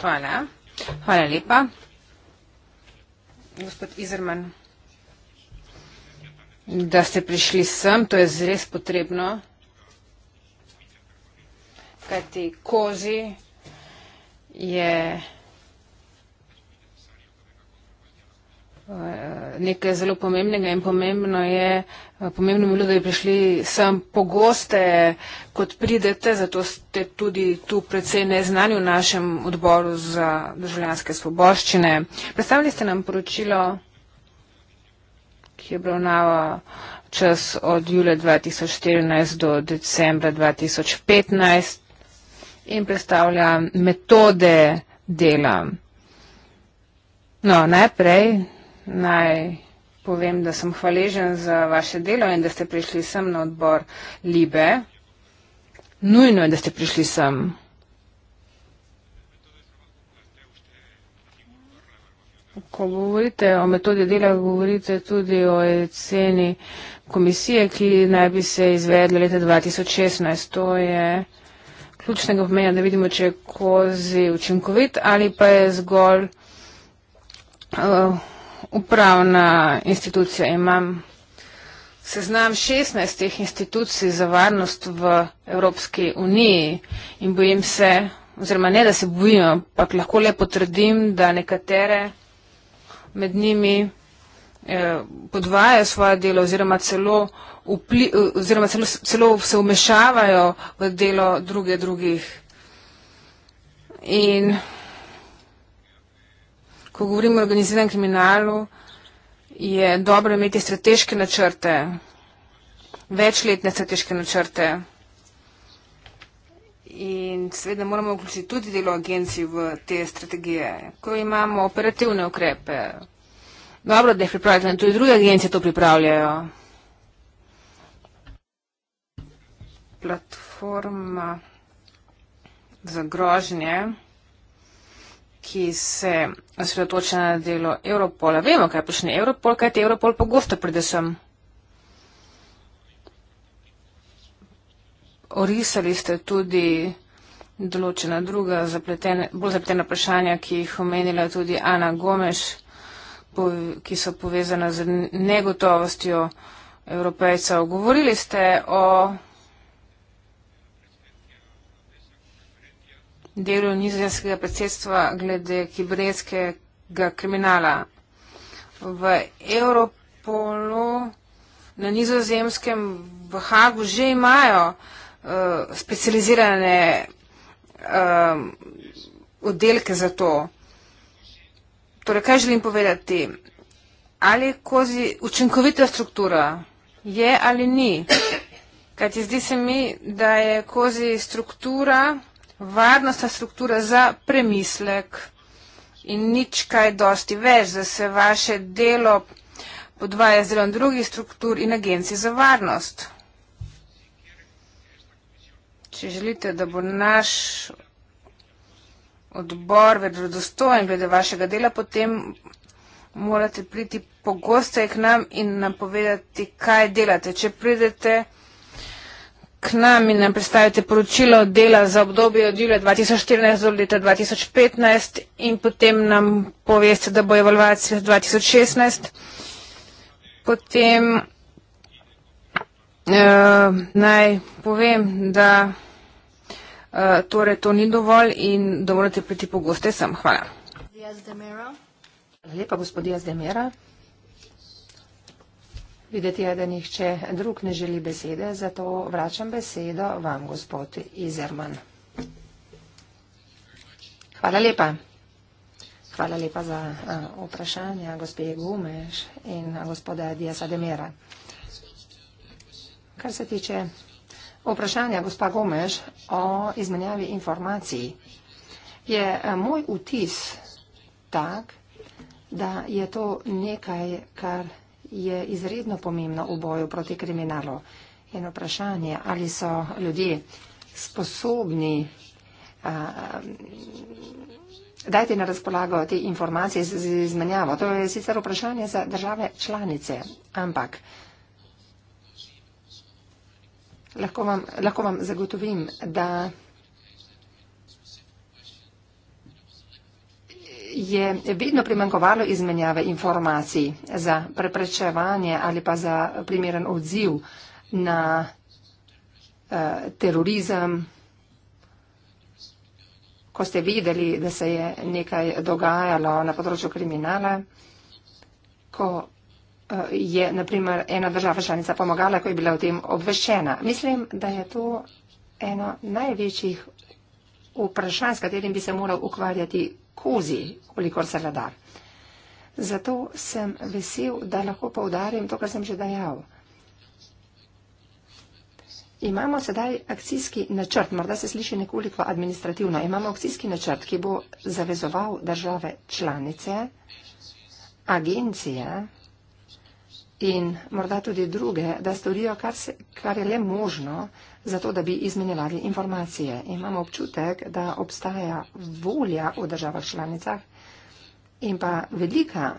Hvala. Hvala lepa. Gospod Izerman, da ste prišli sem, to je zres potrebno kajti kozi je eh, nekaj zelo pomembnega in pomembno je, eh, pomembno je bilo, da bi prišli sem pogoste, kot pridete, zato ste tudi tu precej neznani v našem odboru za državljanske svoboščine. Predstavili ste nam poročilo, ki je obravnava čas od julija 2014 do decembra 2015 in predstavlja metode dela. No, najprej naj povem, da sem hvaležen za vaše delo in da ste prišli sem na odbor Libe. Nujno je, da ste prišli sem. Ko govorite o metodi dela, govorite tudi o ceni komisije, ki naj bi se izvedla leta 2016. To je ključnega pomena, da vidimo, če je kozi učinkovit ali pa je zgolj uh, upravna institucija. Imam seznam 16 institucij za varnost v Evropski uniji in bojim se, oziroma ne, da se bojim, ampak lahko le potrdim, da nekatere med njimi Eh, podvajajo svoje delo oziroma celo, vpli, eh, oziroma celo, celo se umešavajo v delo druge drugih. In ko govorimo o organiziranem kriminalu, je dobro imeti strateške načrte, večletne strateške načrte. In seveda moramo vključiti tudi delo agencij v te strategije, ko imamo operativne ukrepe, Dobro, da jih pripravljate, tudi druge agencije to pripravljajo. Platforma za grožnje, ki se osredotoča na delo Europola. Vemo, kaj počne Europol, kaj ti Europol pogosto pride sem. Orisali ste tudi določena druga zapletene, bolj zapletena vprašanja, ki jih omenila tudi Ana Gomeš ki so povezana z negotovostjo evropejcev. Govorili ste o delu nizozemskega predsedstva glede kibernetskega kriminala. V Europolu na nizozemskem v Hagu že imajo uh, specializirane uh, oddelke za to. Torej, kaj želim povedati? Ali je kozi učinkovita struktura? Je ali ni? Kaj ti zdi se mi, da je kozi struktura, varnostna struktura za premislek in nič kaj dosti več, da se vaše delo podvaja z delom drugih struktur in agencij za varnost. Če želite, da bo naš odbor, verodostojen glede vašega dela, potem morate priti pogosteje k nam in nam povedati, kaj delate. Če pridete k nam in nam predstavite poročilo dela za obdobje od julija 2014 do leta 2015 in potem nam poveste, da bo evalvacija 2016, potem eh, naj povem, da. Eh, torej to ni dovolj in da morate priti pogoste sem. Hvala. Lepa gospodija Zdemera. Videti je, da nihče drug ne želi besede, zato vračam besedo vam, gospod Izerman. Hvala lepa. Hvala lepa za eh, vprašanja gospe Gumeš in gospoda Diasa Demera. Kar se tiče Vprašanja, gospa Gomež, o izmenjavi informacij. Je eh, moj vtis tak, da je to nekaj, kar je izredno pomembno v boju proti kriminalu. Eno vprašanje, ali so ljudje sposobni a, eh, dajte na razpolago te informacije z izmenjavo. To je sicer vprašanje za države članice, ampak lahko vam, lahko vam zagotovim, da je vedno primankovalo izmenjave informacij za preprečevanje ali pa za primeren odziv na eh, terorizem, ko ste videli, da se je nekaj dogajalo na področju kriminala, ko je naprimer ena država članica pomagala, ko je bila o tem obveščena. Mislim, da je to eno največjih vprašanj, s katerim bi se moral ukvarjati kozi, kolikor se rada. Zato sem vesel, da lahko povdarim to, kar sem že dejal. Imamo sedaj akcijski načrt, morda se sliši nekoliko administrativno, imamo akcijski načrt, ki bo zavezoval države članice, agencije, in morda tudi druge, da storijo, kar, se, kar je le možno, zato da bi izmenjali informacije. Imamo občutek, da obstaja volja v državah članicah in pa velika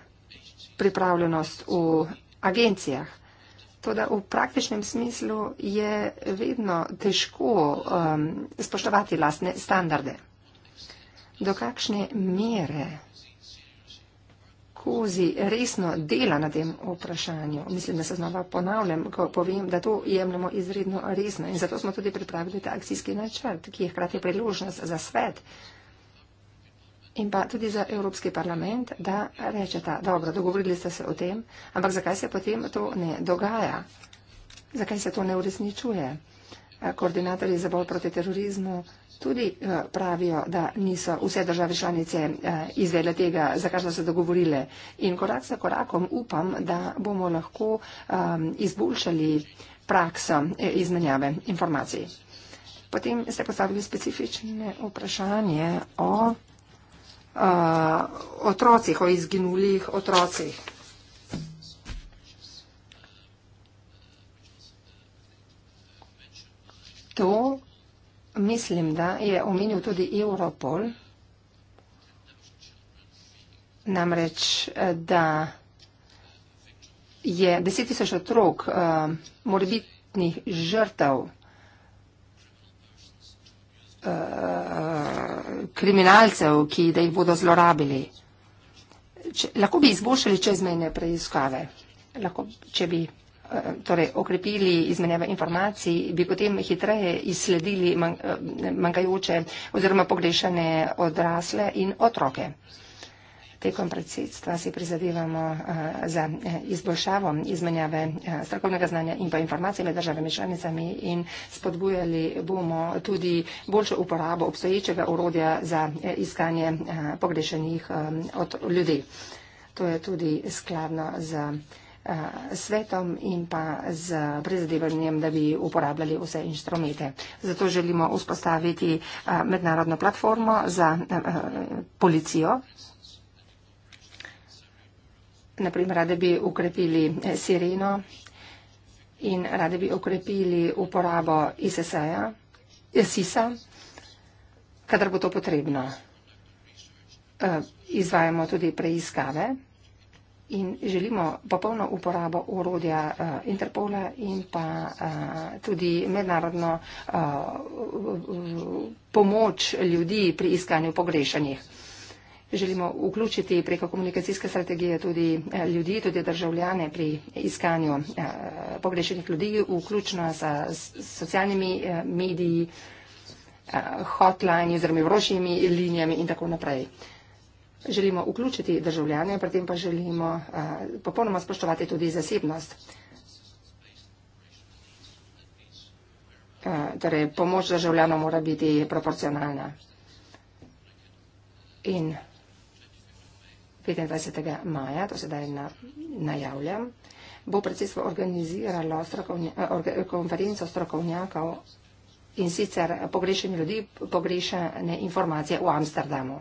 pripravljenost v agencijah. Toda v praktičnem smislu je vedno težko um, spoštovati lastne standarde. Do kakšne mere? skozi resno dela na tem vprašanju. Mislim, da se znova ponavljam, ko povem, da to jemljemo izredno resno. In zato smo tudi pripravili ta akcijski načrt, ki je hkrati priložnost za svet in pa tudi za Evropski parlament, da reče ta, dobro, dogovorili ste se o tem, ampak zakaj se potem to ne dogaja? Zakaj se to ne uresničuje? Koordinatorji za bolj proti terorizmu Tudi eh, pravijo, da niso vse države članice eh, izvedle tega, za kar so se dogovorile. In korak za korakom upam, da bomo lahko ehm, izboljšali prakso eh, izmenjave informacij. Potem ste postavili specifične vprašanje o otrocih, o izginulih otrocih. To mislim, da je omenil tudi Europol, namreč, eh, da je deset tisoč otrok eh, morbitnih žrtev eh, kriminalcev, ki da jih bodo zlorabili. Lahko bi izboljšali čezmejne preiskave, lahko, če bi izboljšali. Eh, torej okrepili izmenjave informacij, bi potem hitreje izsledili man, eh, manjkajoče oziroma pogrešane odrasle in otroke. Tekom predsedstva si prizadevamo uh, za izboljšavo izmenjave uh, strokovnega znanja in pa informacij med državami članicami in spodbujali bomo tudi boljšo uporabo obstoječega urodja za uh, iskanje uh, pogrešenih uh, od ljudi. To je tudi skladno z. Uh, Eh, svetom in pa z prizadevanjem, da bi uporabljali vse inštrumente. Zato želimo vzpostaviti eh, mednarodno platformo za eh, policijo. Naprimer, rade bi ukrepili sireno in rade bi ukrepili uporabo ISS-a, SIS-a, kadar bo to potrebno. Izvajamo tudi preiskave in želimo popolno uporabo urodja uh, eh, Interpola in pa uh, tudi mednarodno uh, pomoč ljudi pri iskanju pogrešanih. Želimo vključiti preko komunikacijske strategije tudi ljudi, tudi državljane pri iskanju uh, pogrešenih ljudi, vključno s socialnimi uh, mediji, uh, hotline, z vrošimi linijami in tako naprej. Uh, želimo vključiti državljane, pri tem pa želimo uh, popolnoma spoštovati tudi zasebnost. Uh, torej, pomoč državljanom mora biti proporcionalna. In 25. maja, to sedaj na, najavljam, bo predsedstvo organiziralo strokovnja, eh, orga, konferenco strokovnjakov in sicer pogrešenih ljudi, pogrešene informacije v Amsterdamu.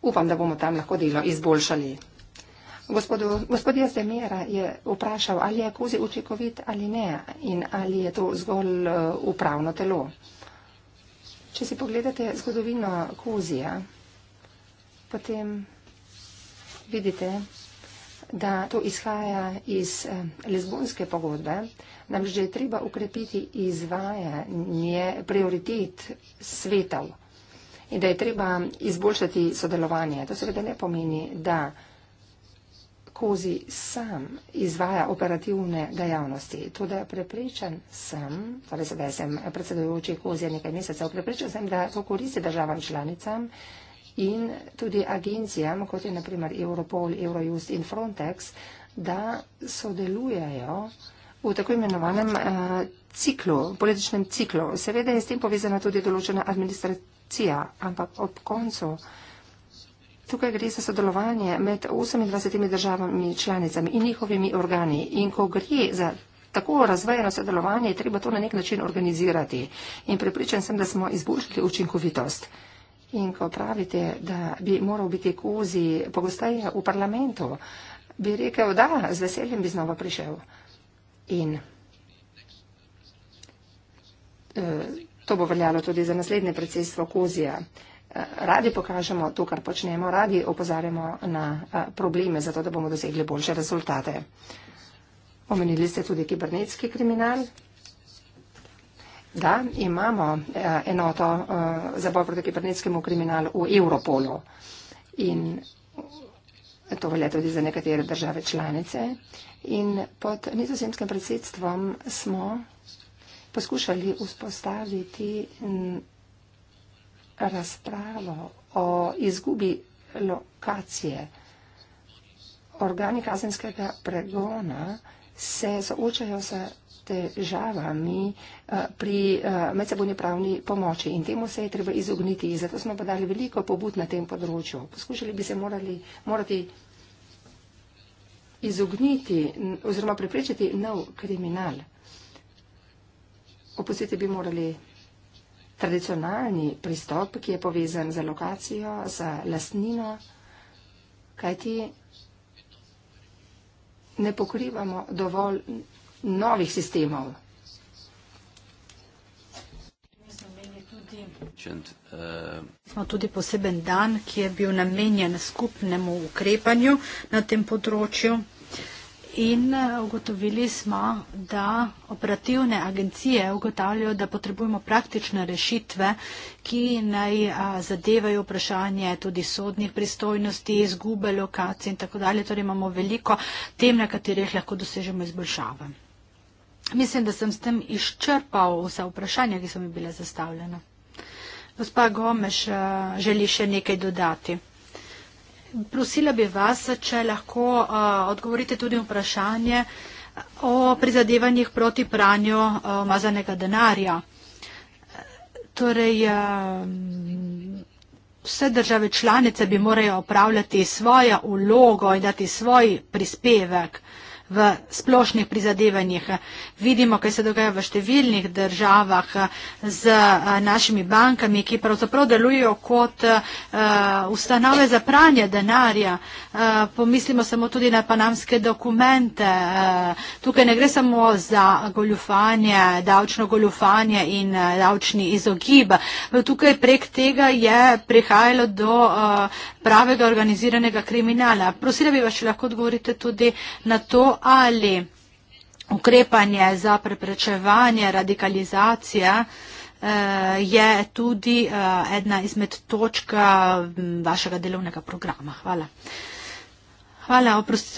Upam, da bomo tam lahko delo izboljšali. Gospodu, gospodje Zemira je vprašal, ali je kozi učinkovit ali ne in ali je to zgolj eh, upravno telo. Če si pogledate zgodovino kozija, potem vidite, da to izhaja iz eh, lezbonske pogodbe, namreč je treba ukrepiti izvajanje prioritet svetov in da je treba izboljšati sodelovanje. To seveda ne pomeni, da Kozi sam izvaja operativne dejavnosti. To, da prepričan sem, torej sedaj sem predsedujoči Kozi nekaj mesecev, prepričan sem, da to koristi državam članicam in tudi agencijam, kot je naprimer Europol, Eurojust in Frontex, da sodelujejo v tako imenovanem uh, ciklu, političnem ciklu. Seveda je s tem povezana tudi določena administracija korupcija, ampak ob koncu tukaj gre za sodelovanje med 28 državami članicami in njihovimi organi. In ko gre za tako razvajeno sodelovanje, je treba to na nek način organizirati. In prepričan sem, da smo izboljšali učinkovitost. In ko pravite, da bi moral biti kozi pogosteje v parlamentu, bi rekel, da z veseljem bi znova prišel. In uh, To bo veljalo tudi za naslednje predsedstvo Kozija. Eh, radi pokažemo to, kar počnemo, radi opozarjamo na eh, probleme, zato da bomo dosegli boljše rezultate. Omenili ste tudi kibernetski kriminal. Da, imamo eh, enoto za boj proti kibernetskemu kriminalu v Europolu. In to velja tudi za nekatere države članice. In pod nizozemskim predsedstvom smo poskušali vzpostaviti razpravo o izgubi lokacije. Organi kazenskega pregona se soočajo s težavami eh, pri eh, medsebojni pravni pomoči in temu se je treba izogniti. Zato smo podali veliko pobud na tem področju. Poskušali bi se morali, morati izogniti oziroma preprečiti nov kriminal opustiti bi morali tradicionalni pristop, ki je povezan za lokacijo, za lastnino, kajti ne pokrivamo dovolj novih sistemov. Smo tudi poseben dan, ki je bil namenjen skupnemu ukrepanju na tem področju. In eh, ugotovili smo, da operativne agencije ugotavljajo, da potrebujemo praktične rešitve, ki naj eh, zadevajo vprašanje tudi sodnih pristojnosti, izgube lokacij in tako dalje. Torej imamo veliko tem, na katerih lahko dosežemo izboljšave. Mislim, da sem s tem izčrpal vsa vprašanja, ki so mi bile zastavljene. Gospa Gomeš eh, želi še nekaj dodati. Prosila bi vas, če lahko uh, odgovorite tudi na vprašanje o prizadevanjih proti pranju uh, mazanega denarja. Torej, uh, vse države članice bi morajo opravljati svojo ulogo in dati svoj prispevek v splošnih prizadevanjih. Vidimo, kaj se dogaja v številnih državah eh, z eh, našimi bankami, ki pravzaprav delujejo kot eh, ustanove za pranje denarja. Pomislimo samo tudi na panamske dokumente. Tukaj ne gre samo za goljufanje, davčno goljufanje in davčni izogib. Tukaj prek tega je prihajalo do pravega organiziranega kriminala. Prosila bi vas, če lahko odgovorite tudi na to, ali ukrepanje za preprečevanje radikalizacije eh, je tudi eh, ena izmed točka eh, vašega delovnega programa. Hvala. Hvala,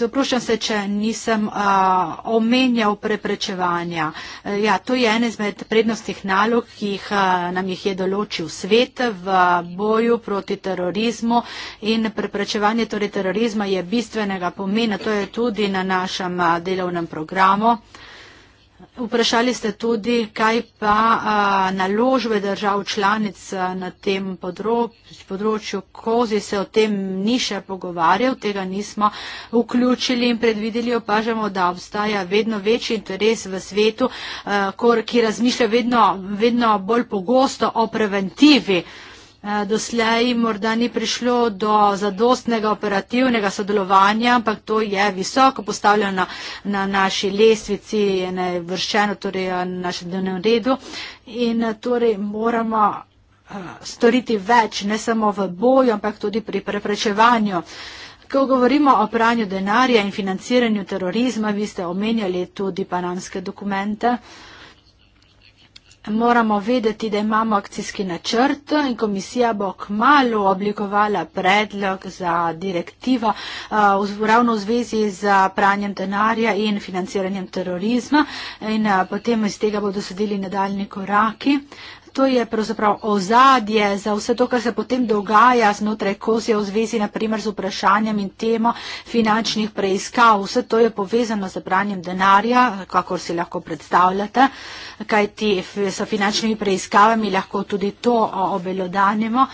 oprošam se, če nisem a, omenjal preprečevanja. E, ja, to je ena izmed prednostih nalog, ki jih a, nam jih je določil svet v boju proti terorizmu in preprečevanje torej terorizma je bistvenega pomena, to je tudi na našem a, delovnem programu. Vprašali ste tudi, kaj pa a, naložbe držav članic a, na tem področju, področju kozi se o tem ni še pogovarjal, tega nismo vključili in predvideli, opažamo, da obstaja vedno večji interes v svetu, a, kor, ki razmišlja vedno, vedno bolj pogosto o preventivi. A, Eh, doslej morda ni prišlo do zadostnega operativnega sodelovanja, ampak to je visoko postavljeno na naši lestvici, ne, vršeno torej eh, na našem dnevnem redu in eh, torej moramo storiti več, ne samo v boju, ampak tudi pri preprečevanju. Ko govorimo o pranju denarja in financiranju terorizma, vi ste omenjali tudi panamske dokumente. Uh, Moramo vedeti, da imamo akcijski načrt in komisija bo k malu oblikovala predlog za direktivo eh, ravno v zvezi z pranjem denarja in financiranjem terorizma in eh, potem iz tega bodo sedeli nadaljni koraki to je pravzaprav ozadje za vse to, kar se potem dogaja znotraj kozje v zvezi naprimer z vprašanjem in temo finančnih preiskav. Vse to je povezano z branjem denarja, kakor si lahko predstavljate, kaj ti s finančnimi preiskavami lahko tudi to obelodanimo.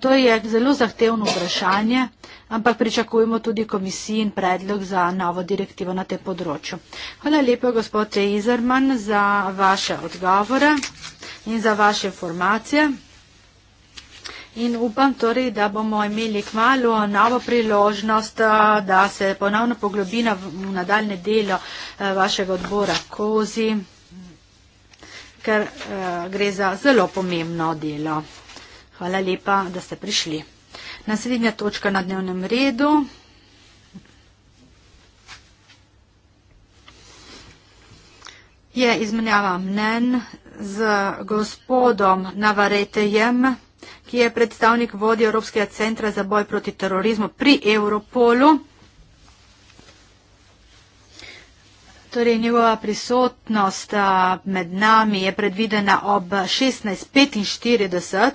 To je zelo zahtevno vprašanje, ampak pričakujemo tudi komisiji in predlog za novo direktivo na tem področju. Hvala lepo, gospod Izerman, za vaše odgovore in za vaše informacije. In upam torej, da bomo imeli k malu novo priložnost, eh, da se ponovno poglobina v nadaljne delo eh, vašega odbora kozi, ker eh, gre za zelo pomembno delo. Hvala lepa, da ste prišli. Naslednja točka na dnevnem redu. Je izmenjava mnen z gospodom Navaretejem, ki je predstavnik vodje Evropskega centra za boj proti terorizmu pri Europolu. Torej, njegova prisotnost med nami je predvidena ob 16.45.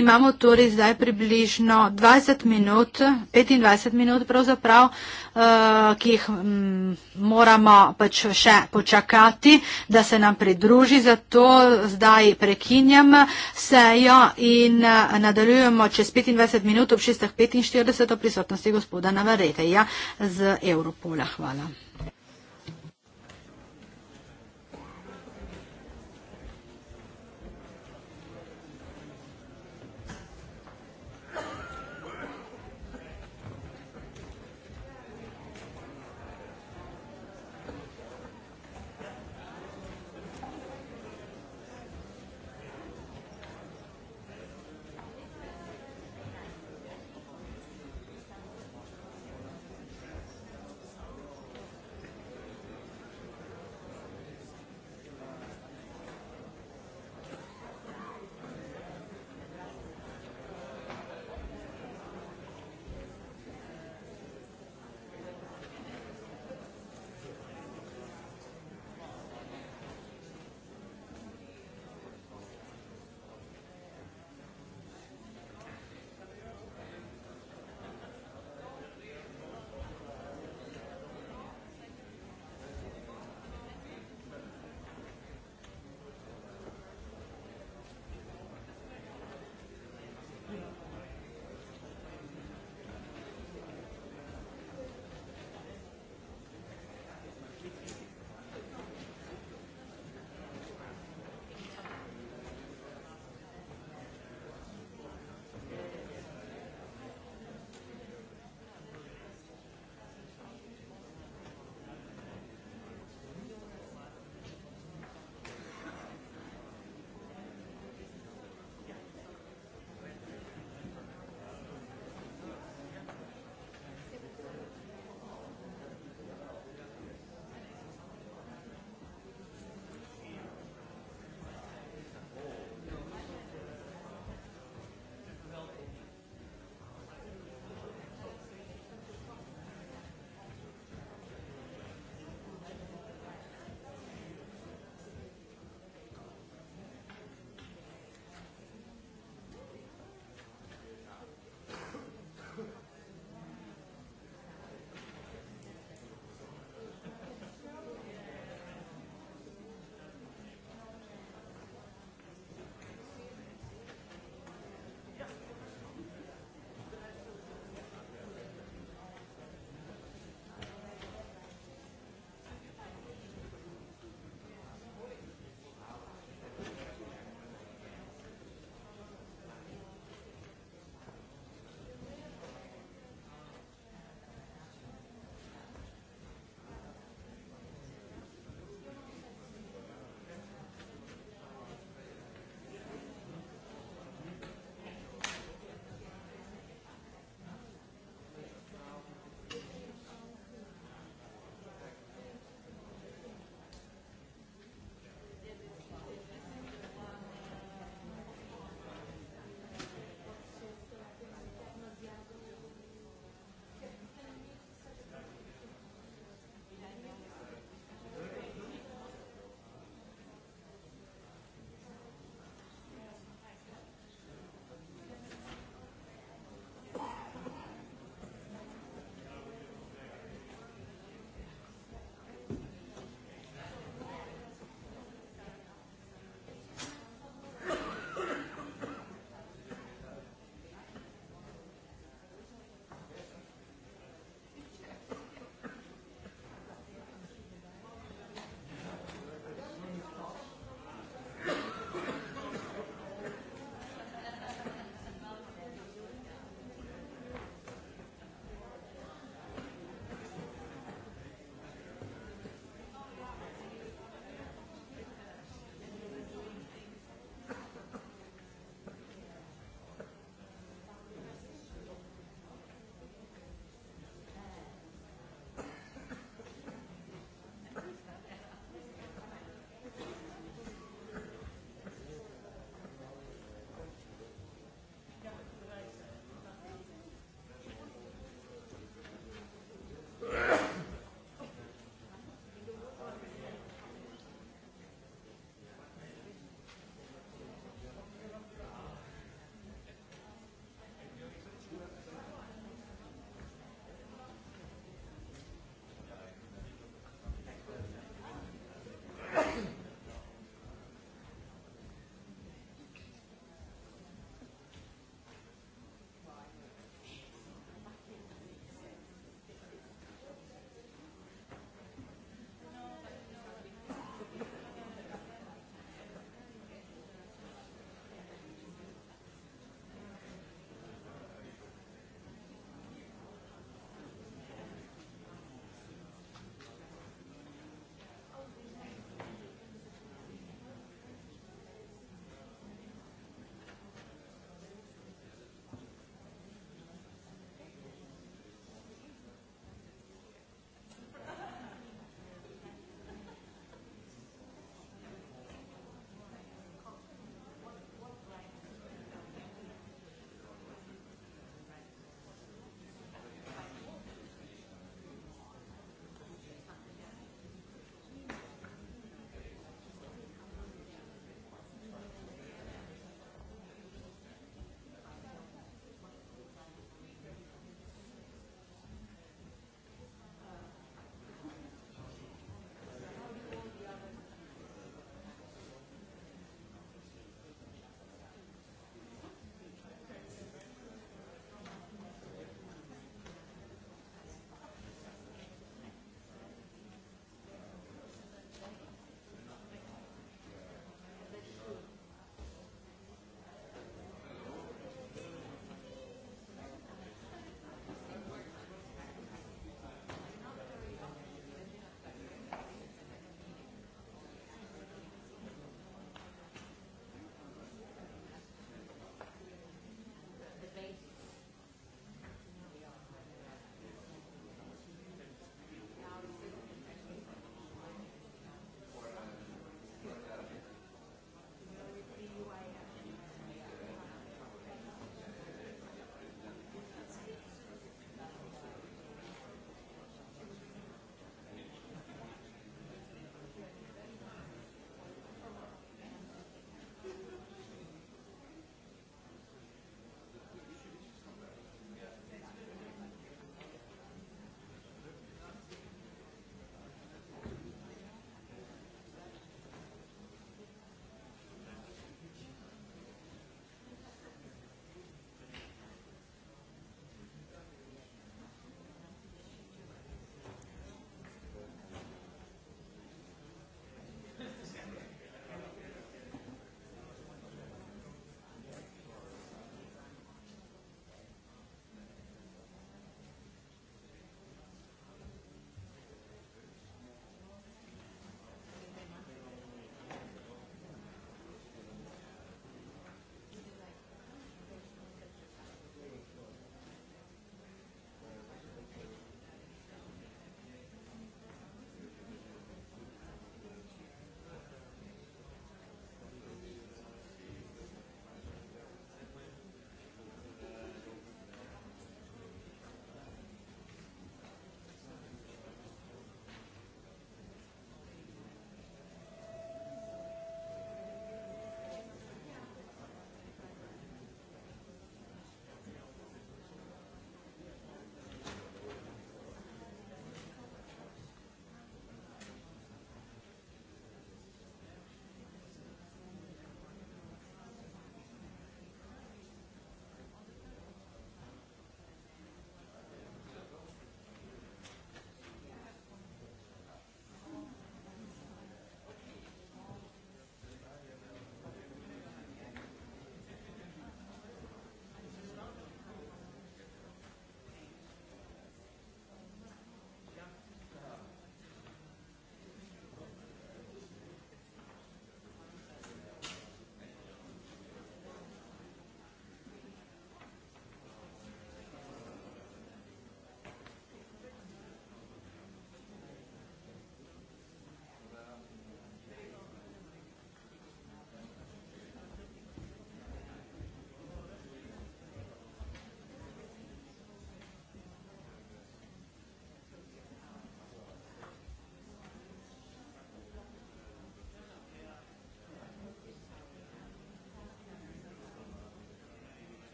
Imamo torej zdaj približno 20 minut, 25 minut pravzaprav, ki jih moramo pač še počakati, da se nam pridruži. Zato zdaj prekinjam sejo in nadaljujemo čez 25 minut ob 16.45 o prisotnosti gospoda Navareteja z Europola. Hvala.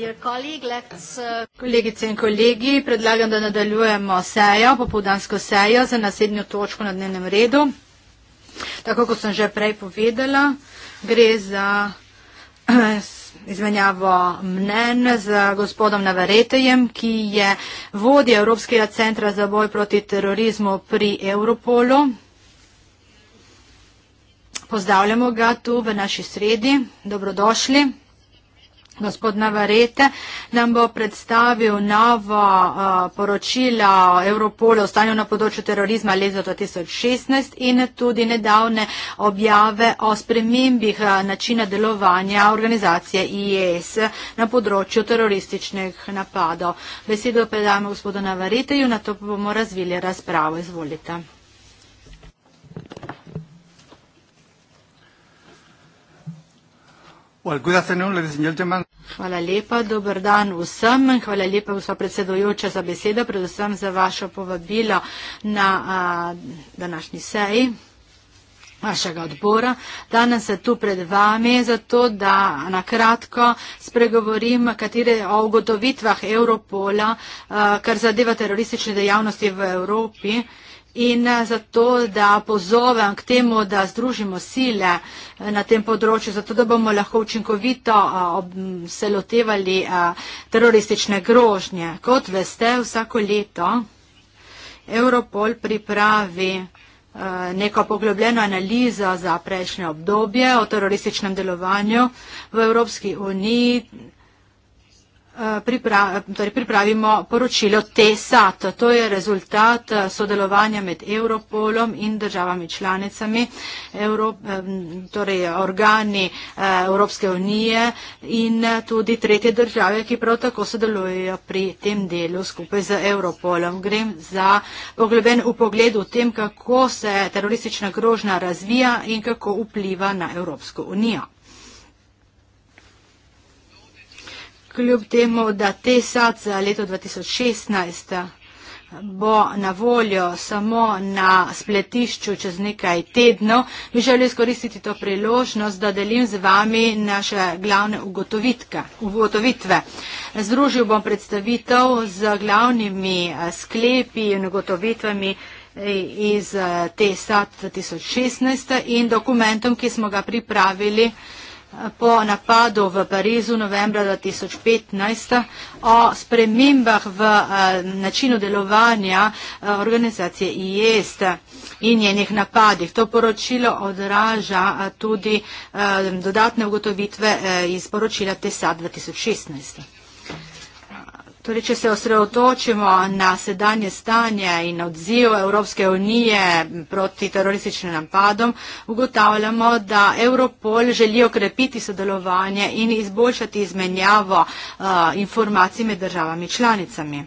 Uh, Kolegice in kolegi, predlagam, da nadaljujemo sejo, popovdansko sejo za naslednjo točko na dnevnem redu. Tako kot sem že prej povedala, gre za izmenjavo mnen z gospodom Navaretejem, ki je vodja Evropskega centra za boj proti terorizmu pri Europolu. Pozdravljamo ga tu v naši sredi. Dobrodošli. Gospod Navarete nam bo predstavil novo eh, poročilo Europola o stanju na področju terorizma leta 2016 in tudi nedavne objave o spremembih eh, načina delovanja organizacije IES na področju terorističnih napadov. Besedo predajamo gospodu Navareteju, na to bomo razvili razpravo. Izvolite. Well, good afternoon, ladies and gentlemen. Hvala lepa, dober dan vsem. Hvala lepa, gospod predsedujoča, za besedo, predvsem za vašo povabilo na a, današnji seji vašega odbora. Danes se tu pred vami zato, da na kratko spregovorim, katere o ugotovitvah Europola, a, kar zadeva teroristične dejavnosti v Evropi. A, In eh, zato, da pozovem k temu, da združimo sile eh, na tem področju, zato da bomo lahko učinkovito eh, se lotevali teroristične grožnje. Kot veste, vsako leto Europol pripravi neko poglobljeno analizo za prejšnje obdobje o terorističnem delovanju v Evropski uniji torej pripravimo poročilo TESAT. To je rezultat eh, sodelovanja med Europolom in državami članicami, Euro, torej organi eh, Evropske unije in eh, tudi tretje države, ki prav tako sodelujejo pri tem delu skupaj z Europolom. Grem za pogleben v pogledu tem, kako se teroristična grožnja razvija in kako vpliva na Evropsko unijo. kljub temu, da te sad za leto 2016 bo na voljo samo na spletišču čez nekaj tednov, bi želel izkoristiti to priložnost, da delim z vami naše glavne ugotovitve. Združil bom predstavitev z glavnimi eh, sklepi in ugotovitvami eh, iz eh, TESAT 2016 in dokumentom, ki smo ga pripravili po napadu v Parizu novembra 2015 o spremembah v eh, načinu delovanja eh, organizacije IES in njenih napadih. To poročilo odraža eh, tudi dodatne ugotovitve iz poročila TESA 2016. Torej, če se osredotočimo na sedanje stanje in odziv Evropske unije proti terorističnim napadom, ugotavljamo, da Europol želi okrepiti sodelovanje in izboljšati izmenjavo uh, informacij med državami članicami.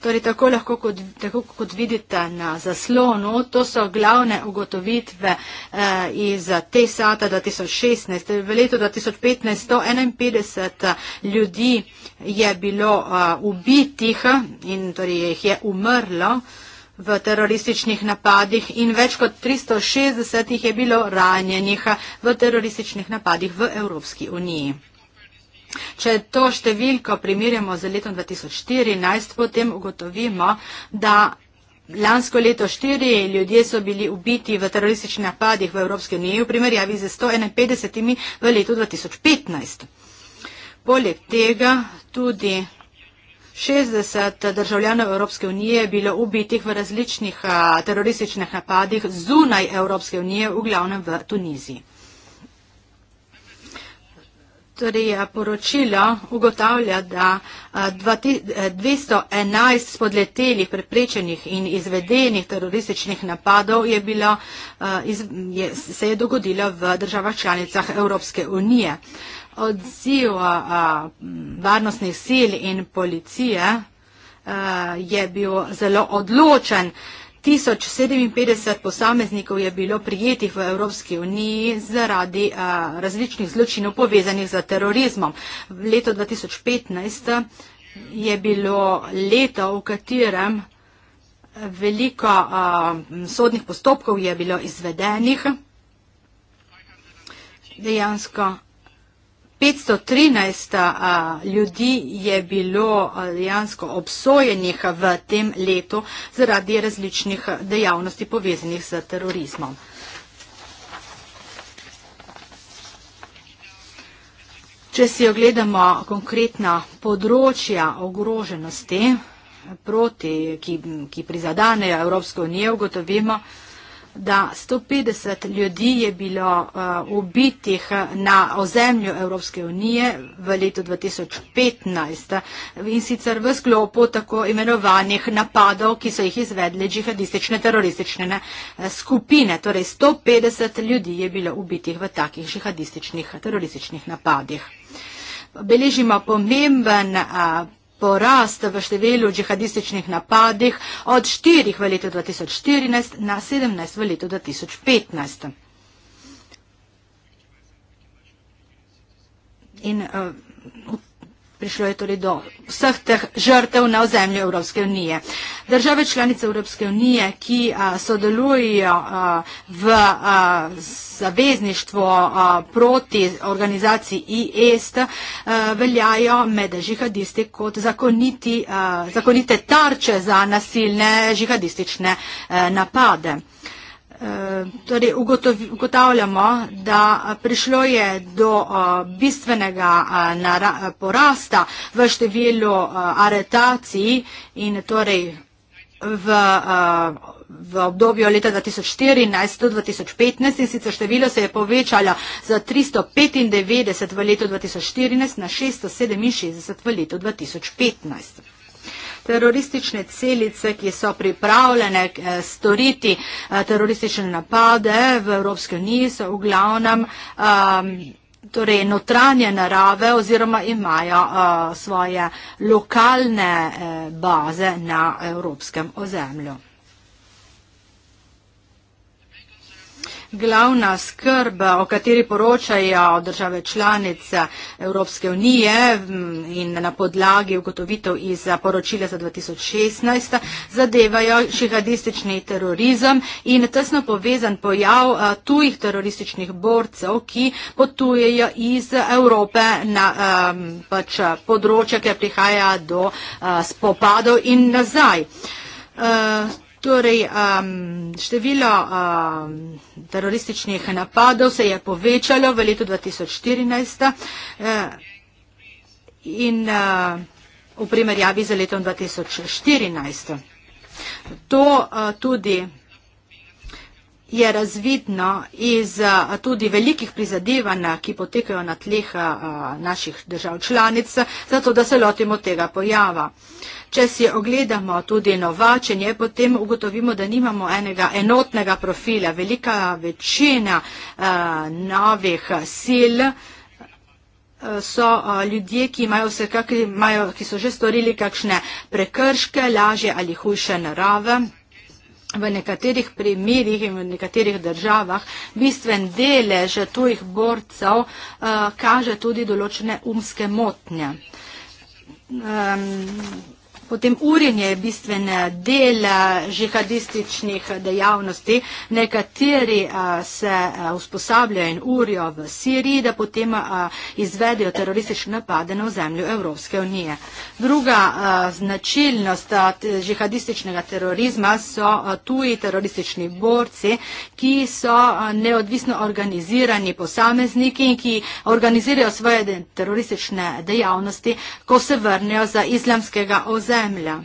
Torej, tako lahko kot, tako kot vidite na zaslonu, to so glavne ugotovitve eh, iz TESATA 2016. V letu 2015 151 eh, ljudi je bilo eh, ubitih in torej jih je umrlo v terorističnih napadih in več kot 360 jih je bilo ranjenih v terorističnih napadih v Evropski uniji. Če to številko primerjamo z letom 2014, potem ugotovimo, da lansko leto štiri ljudje so bili ubiti v terorističnih napadih v Evropski uniji v primerjavi z 151 v letu 2015. Poleg tega tudi 60 državljanov Evropske unije je bilo ubitih v različnih terorističnih napadih zunaj Evropske unije, v glavnem v Tuniziji avtorija eh, poročila ugotavlja, da 211 eh, eh, spodletelih preprečenih in izvedenih terorističnih napadov je bilo, se je dogodilo v državah članicah Evropske unije. Odziv varnostnih sil in policije je bil zelo odločen. 1057 posameznikov je bilo prijetih v Evropski uniji zaradi a, različnih zločinov povezanih z terorizmom. Leto 2015 je bilo leto, v katerem veliko a, sodnih postopkov je bilo izvedenih. Dejansko 513 a, ljudi je bilo dejansko obsojenih v tem letu zaradi različnih dejavnosti povezanih z terorizmom. Če si ogledamo konkretna področja ogroženosti, proti, ki, ki prizadanejo Evropsko unijo, ugotovimo, da 150 ljudi je bilo uh, ubitih na ozemlju Evropske unije v letu 2015 in sicer v sklopu tako imenovanih napadov, ki so jih izvedli džihadistične teroristične skupine. Torej 150 ljudi je bilo ubitih v takih džihadističnih terorističnih napadih. Beležimo pomemben uh, porast v številu džihadističnih napadih od 4 v letu 2014 na 17 v letu 2015. In, uh, prišlo je torej do vseh teh žrtev na ozemlju Evropske unije. Države članice Evropske unije, ki a, sodelujo a, v a, zavezništvo a, proti organizaciji IEST, a, veljajo med žihadisti kot zakoniti, a, zakonite tarče za nasilne žihadistične a, napade. A, torej ugotov, ugotavljamo, da prišlo je do bistvenega porasta v številu aretacij in torej v, v obdobju leta 2014 do 2015 in sicer število se je povečalo za 395 v letu 2014 na 667 v letu 2015 teroristične celice, ki so pripravljene eh, storiti eh, teroristične napade v Evropski uniji, so v glavnem um, torej notranje narave oziroma imajo uh, svoje lokalne uh, baze na evropskem ozemlju. glavna skrb, o kateri poročajo države članice Evropske unije mm, in na podlagi ugotovitev iz poročila za 2016, zadevajo šihadistični terorizem in tesno povezan pojav tujih terorističnih borcev, ki potujejo iz Evrope na pač področje, kjer prihaja do spopadov in nazaj. Uh, Torej, um, število um, terorističnih napadov se je povečalo v letu 2014 uh, eh, in uh, v primerjavi z letom 2014. To uh, tudi je razvidno iz tudi velikih prizadevanj, ki potekajo na tleh naših držav članic, zato da se lotimo tega pojava. Če si ogledamo tudi novačenje, potem ugotovimo, da nimamo enega enotnega profila. Velika večina novih sil so ljudje, ki, vse, kak, imajo, ki so že storili kakšne prekrške, lažje ali hujše narave v nekaterih primerjih in v nekaterih državah bistven delež tujih borcev eh, kaže tudi določene umske motnje. Um, potem urjenje bistvene eh, dela eh, žihadističnih dejavnosti, nekateri a, eh, se a, usposabljajo in urijo v Siriji, da potem a, izvedijo teroristične napade na ozemlju Evropske unije. Druga a, značilnost a, t, žihadističnega terorizma so a, tuji teroristični borci, ki so a, neodvisno organizirani posamezniki in ki organizirajo svoje de, teroristične dejavnosti, ko se vrnejo za islamskega ozemlja zemlja.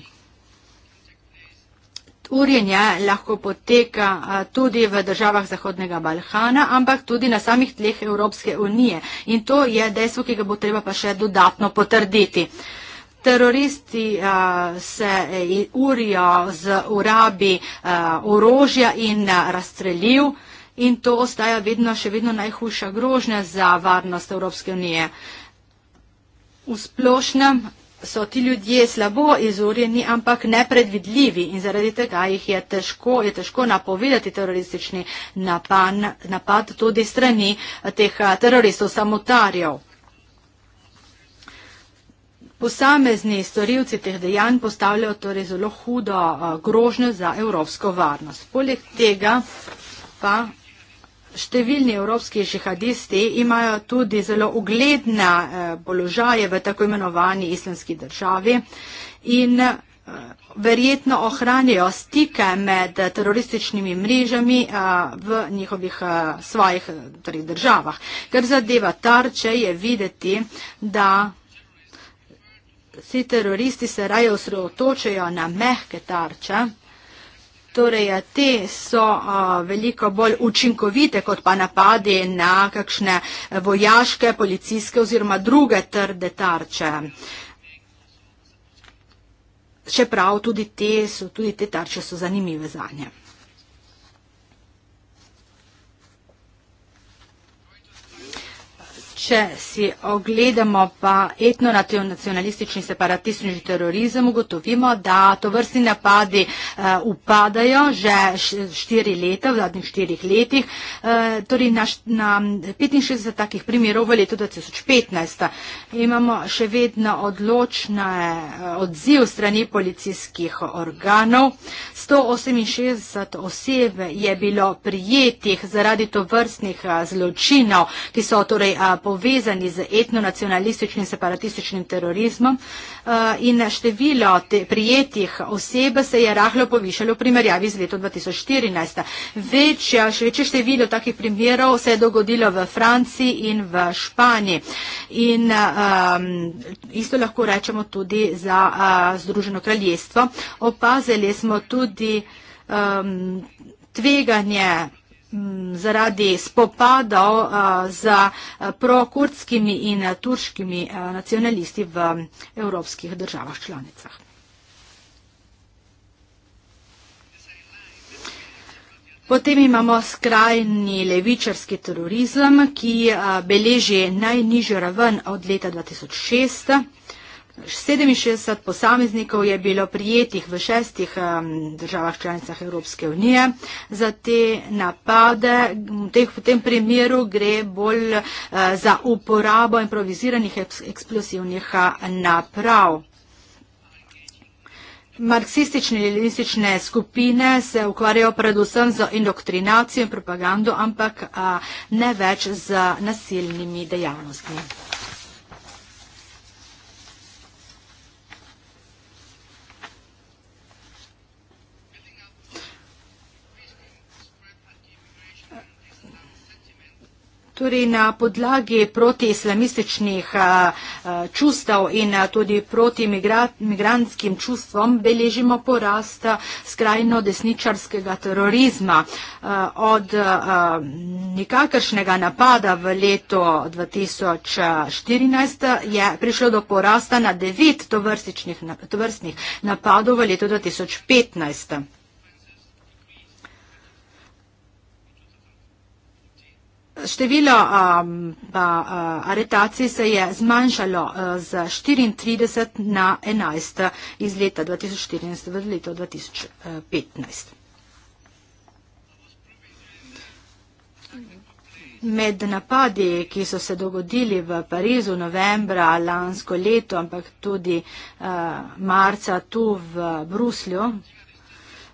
Urjenje lahko poteka tudi v državah Zahodnega Balkana, ampak tudi na samih tleh Evropske unije. In to je dejstvo, ki ga bo treba pa še dodatno potrditi. Teroristi se e, urijo z urabi orožja in razstreljiv. In to ostaja vedno, še vedno najhujša grožnja za varnost Evropske unije. V splošnem so ti ljudje slabo izurjeni, ampak nepredvidljivi in zaradi tega jih je težko, je težko napovedati teroristični napad, napad tudi strani eh, teh eh, teroristov samotarjev. Posamezni storilci teh dejanj postavljajo torej zelo hudo eh, grožnjo za evropsko varnost. Poleg tega pa številni evropski žihadisti imajo tudi zelo ugledne eh, položaje v tako imenovani islamski državi in eh, verjetno ohranjajo stike med terorističnimi mrežami eh, v njihovih svojih torej državah. Ker zadeva tarče je videti, da vsi teroristi se raje osredotočajo na mehke tarče, Torej, te so uh, veliko bolj učinkovite, kot pa napadi na kakšne e, vojaške, policijske oziroma druge trde tarče. Čeprav tudi te, so, tudi te tarče so zanimive za nje. če si ogledamo pa etnonacionalistični separatistični terorizem, ugotovimo, da to vrsti napadi uh, upadajo že štiri leta, v zadnjih štirih letih, uh, torej na, na 65 takih primerov v letu 2015. Imamo še vedno odločne eh, odziv strani policijskih organov. 168 oseb je bilo prijetih zaradi to vrstnih zločinov, ki so torej uh, povzročili povezani z etnonacionalističnim separatističnim terorizmom eh, in število te prijetih oseb se je rahlo povišalo v primerjavi z leto 2014. Večje število takih primerov se je dogodilo v Franciji in v Španiji. In um, isto lahko rečemo tudi za uh, Združeno kraljestvo. Opazili smo tudi um, tveganje Mm, zaradi spopadov eh, z eh, prokurdskimi in eh, turškimi nacionalisti v evropskih državah članicah. Potem imamo skrajni levičarski terorizem, ki beleži najnižjo raven od leta 2006. 67 posameznikov je bilo prijetih v šestih um, državah članicah Evropske unije za te napade. V, teh, v tem primeru gre bolj uh, za uporabo improviziranih eksplosivnih uh, naprav. Marksistične in linistične skupine se ukvarjajo predvsem z indoktrinacijo in propagando, ampak a, uh, ne več z nasilnimi dejavnostmi. Torej na podlagi protislamističnih čustev in tudi proti migranskim čustvom beležimo porast skrajno desničarskega terorizma. Od nikakršnega napada v letu 2014 je prišlo do porasta na devet tovrstnih napadov v letu 2015. število um, pa, uh, aretacij se je zmanjšalo uh, z 34 na 11 iz leta 2014 v leto 2015. Med napadi, ki so se dogodili v Parizu novembra lansko leto, ampak tudi uh, marca tu v Bruslju,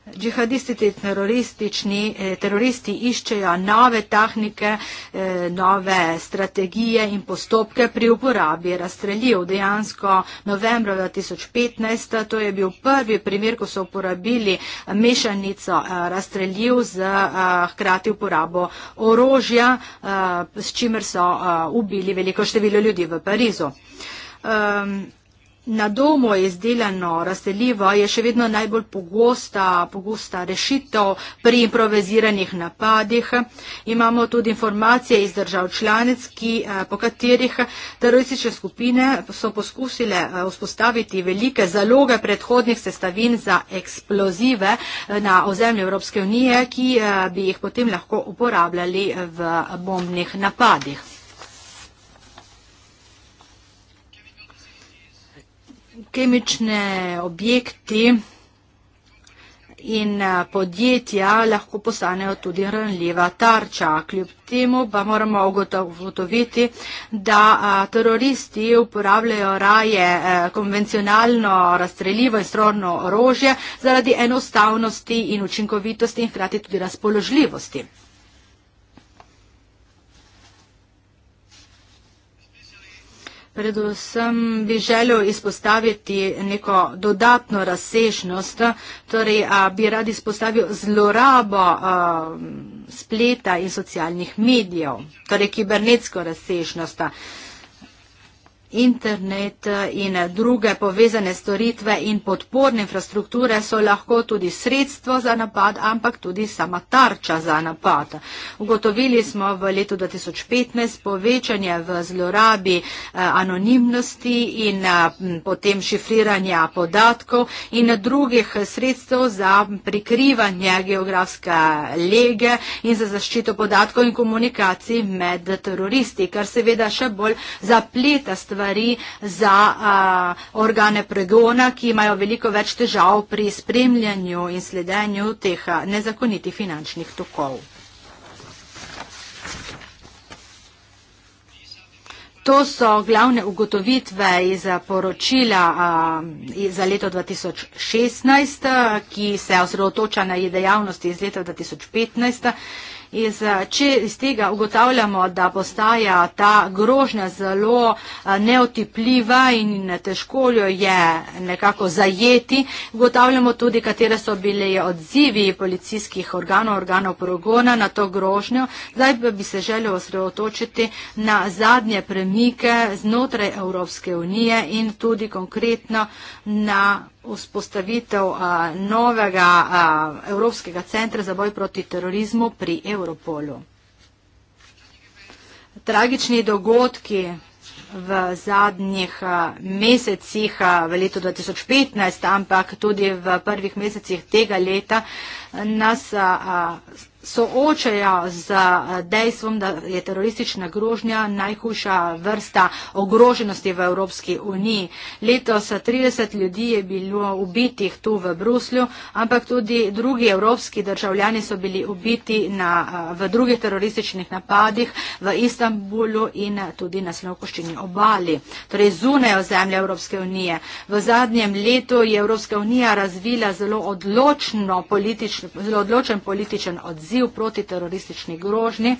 Džihadisti, ti teroristični, eh, teroristi iščejo nove tehnike, eh, nove strategije in postopke pri uporabi razstreljiv. Dejansko novembra 2015 to je bil prvi primer, ko so uporabili mešanico eh, razstreljiv z hkrati uporabo orožja, s čimer so ubili veliko število ljudi v Parizu. Ehm, Na domu izdelano razdeljivo je še vedno najbolj pogosta, pogosta rešitev pri improviziranih napadih. Imamo tudi informacije iz držav članic, ki, eh, po katerih teroristične skupine so poskusile eh, vzpostaviti velike zaloge predhodnih sestavin za eksplozive eh, na ozemlju Evropske unije, ki bi jih potem lahko uporabljali v bombnih napadih. kemične objekti in eh, podjetja lahko postanejo tudi ranljiva tarča. Kljub temu pa moramo ugotoviti, da eh, teroristi uporabljajo raje eh, konvencionalno razstreljivo in strojno orožje zaradi enostavnosti in učinkovitosti in hkrati tudi razpoložljivosti. Predvsem bi želel izpostaviti neko dodatno razsežnost, torej a, bi rad izpostavil zlorabo a, spleta in socialnih medijev, torej kibernetsko razsežnost. A. Internet eh, in eh, druge povezane storitve in podporne infrastrukture so lahko tudi sredstvo za napad, ampak tudi sama tarča za napad. Ugotovili smo v letu 2015 povečanje v zlorabi eh, anonimnosti in potem šifriranja podatkov in drugih sredstev za prikrivanje geografske lege in za zaščito podatkov in komunikacij med teroristi, kar seveda še bolj zapleta stvar stvari za a, organe pregona, ki imajo veliko več težav pri spremljanju in sledenju teh nezakonitih finančnih tokov. To so glavne ugotovitve iz poročila za leto 2016, ki se osredotoča na dejavnosti iz leta 2015 iz, eh, če iz tega ugotavljamo, da postaja ta grožnja zelo eh, neotipljiva in težko jo je nekako zajeti, ugotavljamo tudi, katere so bile odzivi policijskih organov, organov progona na to grožnjo. Zdaj bi se želel osredotočiti na zadnje premike znotraj Evropske unije in tudi konkretno na vzpostavitev a, novega a, Evropskega centra za boj proti terorizmu pri Evropolu. Tragični dogodki v zadnjih mesecih v letu 2015, ampak tudi v prvih mesecih tega leta nas soočajo z eh, dejstvom, da je teroristična grožnja najhujša vrsta ogroženosti v Evropski uniji. Letos 30 ljudi je bilo ubitih tu v Bruslju, ampak tudi drugi evropski državljani so bili ubiti na, eh, v drugih terorističnih napadih v Istanbulu in tudi na Slovokoščini obali, torej zunaj ozemlja Evropske unije. V zadnjem letu je Evropska unija razvila zelo, odločno, politično, zelo odločen političen odziv odziv proti teroristični grožnji,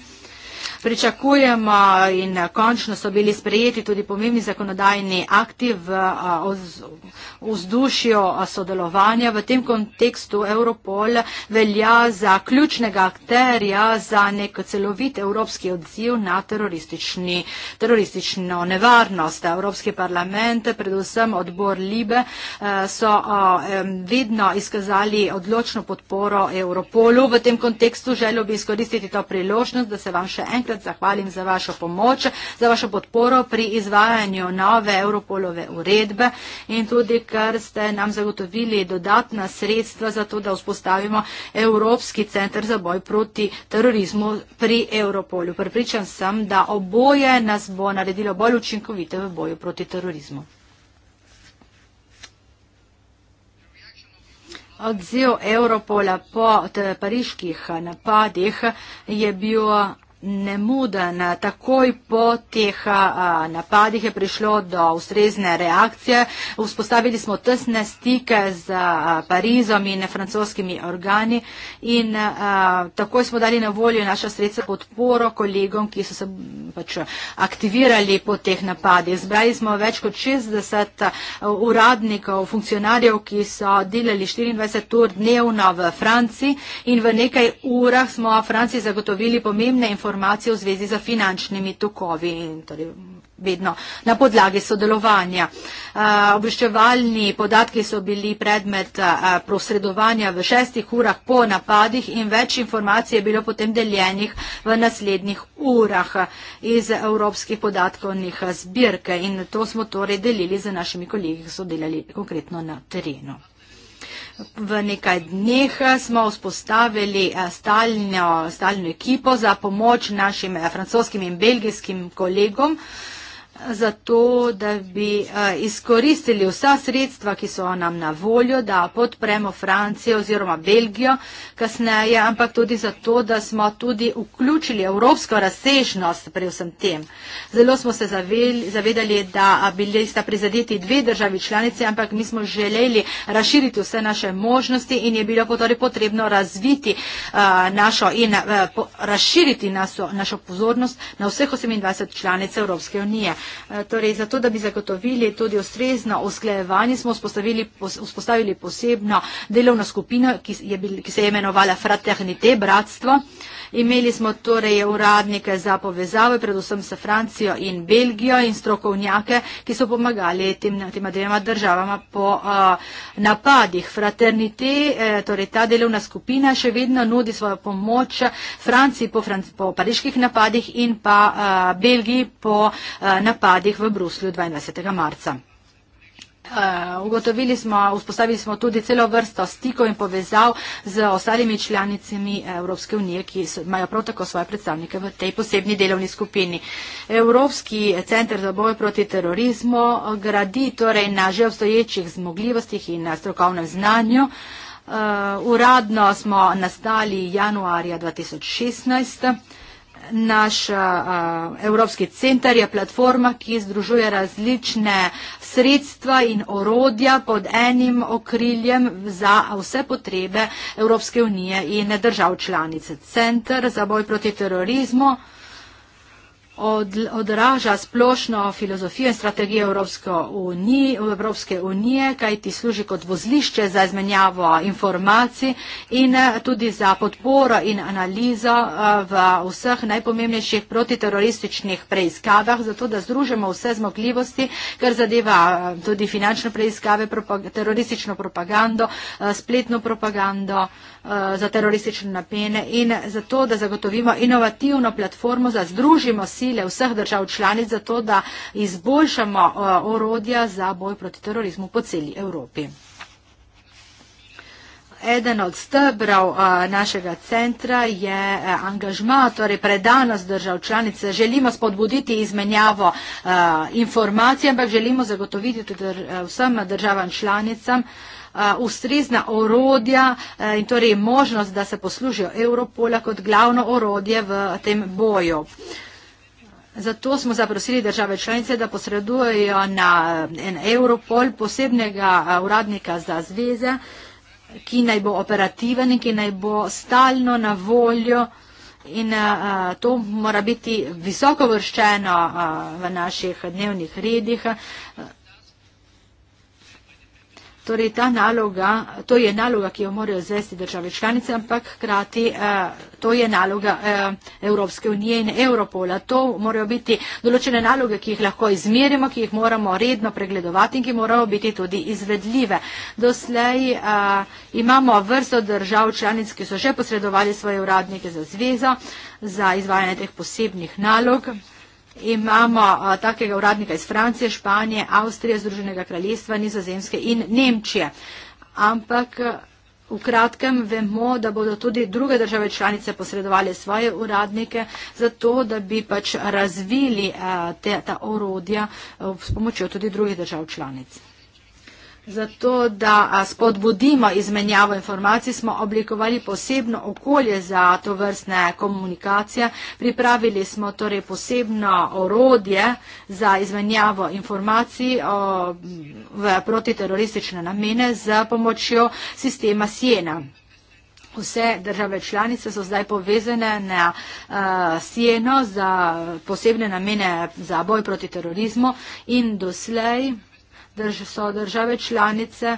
Pričakujemo in eh, končno so bili sprejeti tudi pomembni zakonodajni akti v eh, vzdušju eh, sodelovanja. V tem kontekstu Europol velja za ključnega akterja za nek celovit evropski odziv na teroristično nevarnost. Evropski parlament, predvsem odbor Libe, so vedno izkazali odločno podporo Europolu. V tem kontekstu želel bi izkoristiti to priložnost, da se vam še enkrat unaprijed zahvalim za vašo pomoč, za vašo podporo pri izvajanju nove Europolove uredbe in tudi, ker ste nam zagotovili dodatna sredstva za to, da vzpostavimo Evropski centr za boj proti terorizmu pri Europolu. Pripričan sem, da oboje nas bo naredilo bolj učinkovite v boju proti terorizmu. Odziv Europola po pariških napadih je bil nemudno, takoj po teh napadih je prišlo do ustrezne reakcije. Vzpostavili smo tesne stike z Parizom in francoskimi organi in takoj smo dali na voljo naša sredstva podporo kolegom, ki so se pač aktivirali po teh napadih. Zbrali smo več kot 60 uradnikov, funkcionarjev, ki so delali 24 ur dnevno v Franciji in v nekaj urah smo Franciji zagotovili pomembne informacije informacije v zvezi za finančnimi tokovi in torej vedno na podlagi sodelovanja. Obveščevalni podatki so bili predmet prosredovanja v šestih urah po napadih in več informacij je bilo potem deljenih v naslednjih urah iz evropskih podatkovnih zbirke in to smo torej delili z našimi kolegi, ki so delali konkretno na terenu. V nekaj dneh eh, smo vzpostavili eh, stalno, stalno ekipo za pomoč našim eh, francoskim in belgijskim kolegom za to, da bi eh, izkoristili vsa sredstva, ki so nam na voljo, da podpremo Francijo oziroma Belgijo kasneje, ampak tudi za to, da smo tudi vključili evropsko razsežnost pri vsem tem. Zelo smo se zavedali, da bili sta prizadeti dve državi članice, ampak mi smo želeli razširiti vse naše možnosti in je bilo potori potrebno razviti eh, našo in eh, razširiti našo pozornost na vseh 28 članic Evropske unije. Eh, torej, zato, da bi zagotovili tudi ustrezno usklejevanje, smo vzpostavili, vzpostavili posebno delovno skupino, ki, bil, ki se je imenovala Fraternite, bratstvo. Uh, Imeli smo torej uradnike za povezave, predvsem sa Francijo in Belgijo in strokovnjake, ki so pomagali tem, tema dvema državama po uh, napadih. Fraternite, eh, torej ta delovna skupina še vedno nudi svojo pomoč Franciji po, Franc po pariških napadih in pa uh, Belgiji po uh, napadih v Bruslju 22. marca. Eh, ugotovili smo, vzpostavili smo tudi celo vrsto stikov in povezav z ostalimi članicami Evropske unije, ki imajo prav tako svoje predstavnike v tej posebni delovni skupini. Evropski centr za boj proti terorizmu gradi torej na že obstoječih zmogljivostih in na strokovnem znanju. Eh, uradno smo nastali januarja 2016 naš eh, eh, Evropski centar je platforma, ki združuje različne sredstva in orodja pod enim okriljem za vse potrebe Evropske unije in držav članice. Centr za boj proti terorizmu od, odraža splošno filozofijo in strategijo Evropske unije, Evropske unije, kaj ti služi kot vozlišče za izmenjavo informacij in eh, tudi za podporo in analizo eh, v vseh najpomembnejših protiterorističnih preiskavah, zato da združimo vse zmogljivosti, kar zadeva eh, tudi finančne preiskave, propag teroristično propagando, spletno propagando. Uh, Eh, za teroristične napene in zato, da zagotovimo inovativno platformo, da združimo sile vseh držav članic, zato da izboljšamo eh, orodja za boj proti terorizmu po celi Evropi. Eden od stebrov eh, našega centra je angažma, torej predanost držav članice. Želimo spodbuditi izmenjavo informacij, ampak želimo zagotoviti vsem državam članicam, ustrezna orodja in torej možnost, da se poslužijo Europola kot glavno orodje v tem boju. Zato smo zaprosili države članice, da posredujejo na en Europol posebnega uradnika za zveze, ki naj bo operativen in ki naj bo stalno na voljo in to mora biti visoko vrščeno v naših dnevnih redih. Torej, ta naloga, to je naloga, ki jo morajo zvesti države članice, ampak krati eh, to je naloga eh, Evropske unije in Europola. To morajo biti določene naloge, ki jih lahko izmerimo, ki jih moramo redno pregledovati in ki morajo biti tudi izvedljive. Doslej eh, imamo vrsto držav članic, ki so že posredovali svoje uradnike za zvezo, za izvajanje teh posebnih nalog. Imamo a, takega uradnika iz Francije, Španije, Avstrije, Združenega kraljestva, Nizozemske in Nemčije. Ampak v kratkem vemo, da bodo tudi druge države članice posredovali svoje uradnike za to, da bi pač razvili a, te, ta orodja a, s pomočjo tudi drugih držav članic. Zato, da spodbudimo izmenjavo informacij, smo oblikovali posebno okolje za to vrstne komunikacije. Pripravili smo torej posebno orodje za izmenjavo informacij o, v protiteroristične namene z pomočjo sistema Siena. Vse države članice so zdaj povezane na uh, Sieno za posebne namene za boj proti terorizmu in doslej so države članice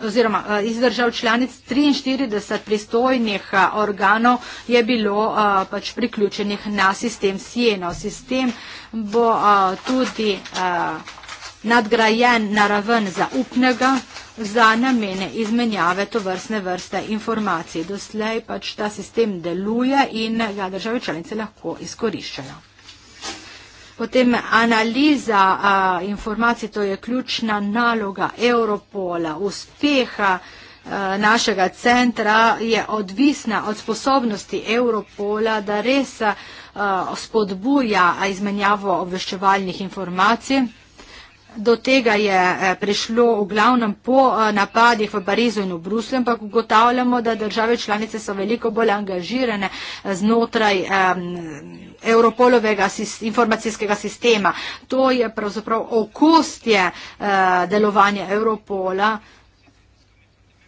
oziroma eh, iz držav članic 43 pristojnih eh, organov je bilo eh, pač priključenih na sistem Sieno. Sistem bo tudi nadgrajen na raven zaupnega za namene izmenjave to vrstne vrste informacij. Doslej pač ta sistem deluje in ga države članice lahko izkoriščajo. Potem analiza a, informacij, to je ključna naloga Europola, uspeha a, našega centra je odvisna od sposobnosti Europola, da res a, spodbuja izmenjavo obveščevalnih informacij. Do tega je eh, prišlo v glavnem po eh, napadih v Parizu in v Bruslju, ampak ugotavljamo, da države članice so veliko bolj angažirane eh, znotraj um, Europolovega sist informacijskega sistema. To je pravzaprav okostje uh, delovanja Europola.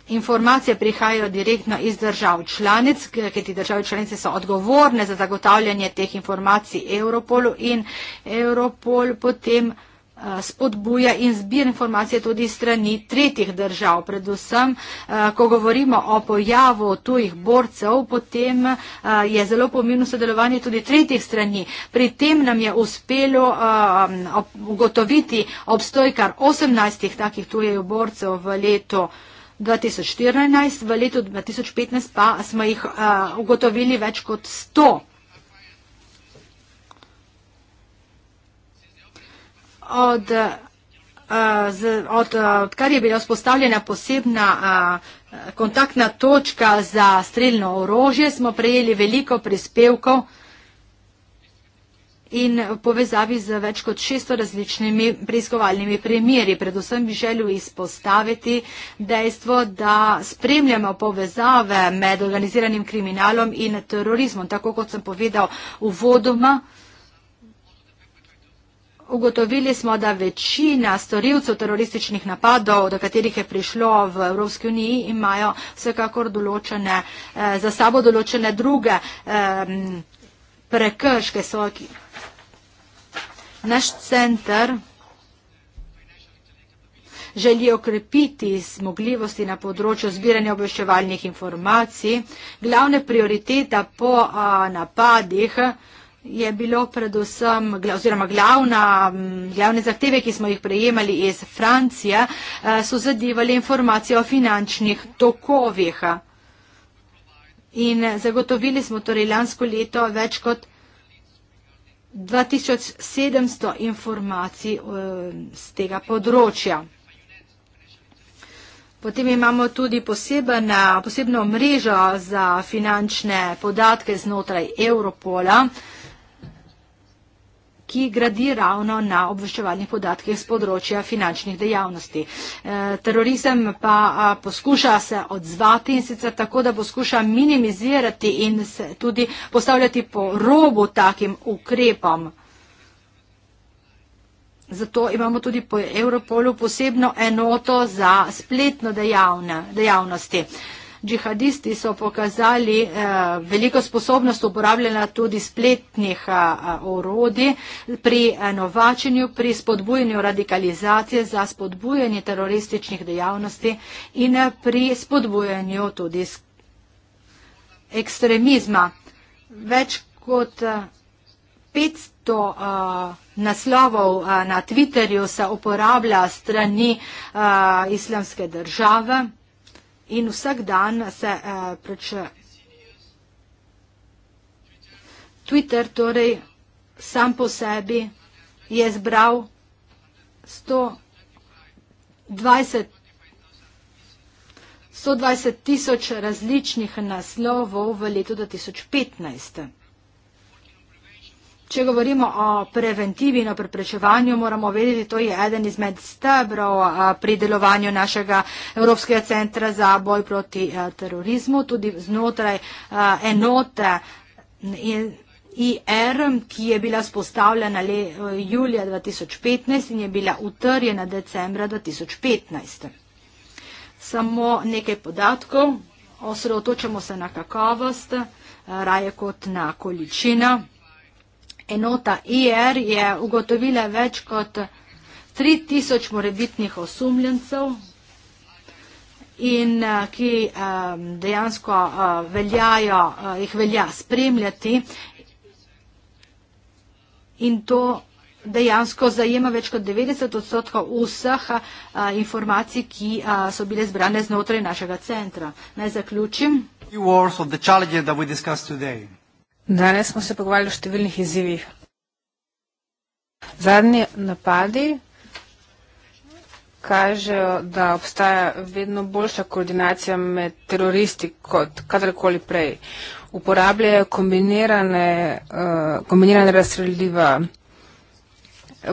Informacije prihajajo direktno iz držav članic, ker ti države članice so odgovorne za zagotavljanje teh informacij Europolu in Europol potem spodbuja in zbira informacije tudi strani tretjih držav. Predvsem, ko govorimo o pojavu tujih borcev, potem je zelo pomembno sodelovanje tudi tretjih strani. Pri tem nam je uspelo ugotoviti obstoj kar 18 takih tujih borcev v letu. 2014, v letu 2015 pa smo jih uh, ugotovili več kot 100. od, eh, z, od, odkar je bila vzpostavljena posebna a, eh, kontaktna točka za streljno orožje, smo prejeli veliko prispevkov in povezavi z več kot 600 različnimi preiskovalnimi primeri. Predvsem bi želel izpostaviti dejstvo, da spremljamo povezave med organiziranim kriminalom in terorizmom, tako kot sem povedal uvodoma. Ugotovili smo, da večina storilcev terorističnih napadov, do katerih je prišlo v Evropski uniji, imajo vsekakor določene, eh, za sabo določene druge eh, prekrške. So, naš center želi okrepiti zmogljivosti na področju zbiranja obveščevalnih informacij. Glavne prioriteta po a, napadih. A, je bilo predvsem, oziroma glavna, glavne zahteve, ki smo jih prejemali iz Francije, eh, so zadevali informacije o finančnih tokovih. In zagotovili smo torej lansko leto več kot 2700 informacij z eh, tega področja. Potem imamo tudi poseben, eh, posebno mrežo za finančne podatke znotraj Europola, ki gradi ravno na obveščevalnih podatkih z področja finančnih dejavnosti. E, terorizem pa poskuša se odzvati in sicer tako, da poskuša minimizirati in se tudi postavljati po robu takim ukrepom. Zato imamo tudi po Europolu posebno enoto za spletno dejavne, dejavnosti džihadisti so pokazali eh, veliko sposobnost uporabljena tudi spletnih eh, orodij pri eh, novačenju, pri spodbujanju radikalizacije za spodbujanje terorističnih dejavnosti in eh, pri spodbujanju tudi ekstremizma. Več kot eh, 500 eh, naslovov eh, na Twitterju se uporablja strani eh, islamske države in vsak dan se uh, pač Twitter, torej sam po sebi, je zbral 120. 120 tisoč različnih naslovov v letu 2015. Če govorimo o preventivi in o preprečevanju, moramo vedeti, to je eden izmed stebrov pri delovanju našega Evropskega centra za boj proti terorizmu, tudi znotraj enote in IR, ki je bila spostavljena le e, julija 2015 in je bila utrjena decembra 2015. Samo nekaj podatkov, osredotočamo se na kakovost, raje kot na količino enota IR je ugotovila več kot 3000 morebitnih osumljencev, in eh, ki eh, dejansko eh, veljajo, jih velja spremljati in to dejansko zajema več kot 90 odstotkov vseh informacij, ki so bile zbrane znotraj našega centra. Naj zaključim. Danes smo se pogovarjali o številnih izzivih. Zadnji napadi kažejo, da obstaja vedno boljša koordinacija med teroristi kot kadarkoli prej. Uporabljajo kombinirane, eh, kombinirane razstreljiva,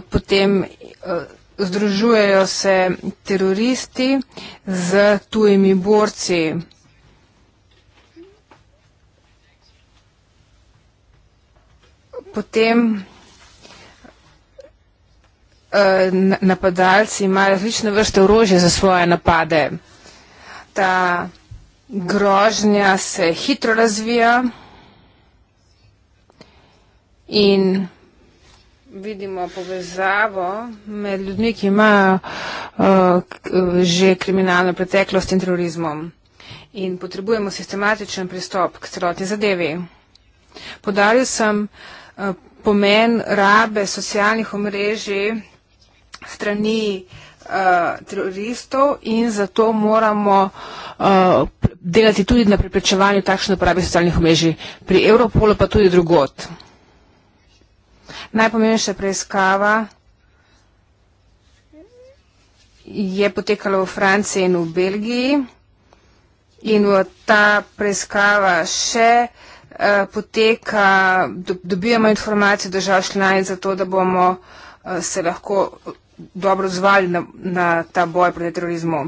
potem eh, združujejo se teroristi z tujimi borci. potem eh, napadalci imajo različne vrste orožja za svoje napade. Ta grožnja se hitro razvija in vidimo povezavo med ljudmi, ki imajo eh, že kriminalno preteklost in terorizmom. In potrebujemo sistematičen pristop k celotni zadevi. Podaril sem Eh, pomen rabe socialnih omrežij strani eh, teroristov in zato moramo eh, delati tudi na preprečevanju takšne uporabe socialnih omrežij pri Evropolu pa tudi drugot. Najpomembnejša preiskava je potekala v Franciji in v Belgiji in v ta preiskava še vsega Eh, poteka, dobijamo informacije držav članic za to, da bomo eh, se lahko eh, dobro zvali na, na ta boj proti terorizmu.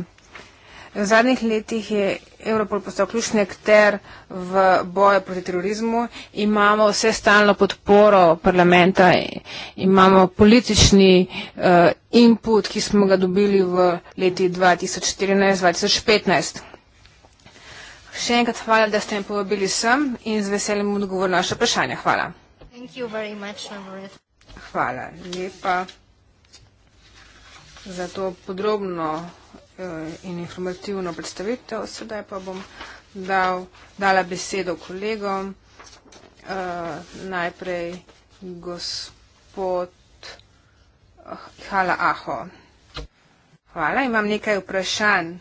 V zadnjih letih je Evropol postal ključni akter v boju proti terorizmu. Imamo vse stalno podporo parlamenta, imamo politični uh, input, ki smo ga dobili v letih 2014-2015. Še enkrat hvala, da ste me povabili sem in z veseljem odgovor na vaše vprašanje. Hvala. Hvala lepa za to podrobno eh, in informativno predstavitev. Sedaj pa bom dal, dala besedo kolegom. Eh, najprej gospod eh, Hala Aho. Hvala, imam nekaj vprašanj.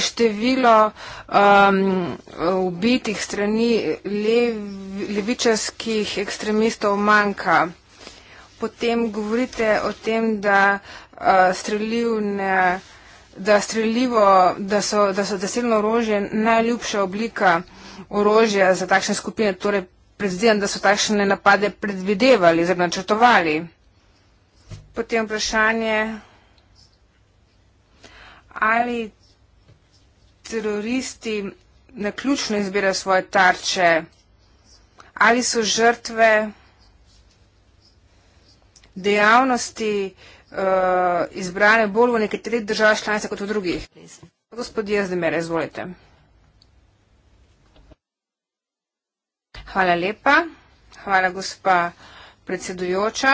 število um, ubitih strani lev, levičarskih ekstremistov manjka. Potem govorite o tem, da, uh, streljiv ne, da streljivo, da so, da so desilno orožje najljubša oblika orožja za takšne skupine, torej predvidevam, da so takšne napade predvidevali, zelo načrtovali. Potem vprašanje, ali teroristi naključno izbirajo svoje tarče, ali so žrtve dejavnosti uh, izbrane bolj v nekaterih državah članice kot v drugih. Gospod Jezdemere, izvolite. Hvala lepa. Hvala, gospa predsedujoča.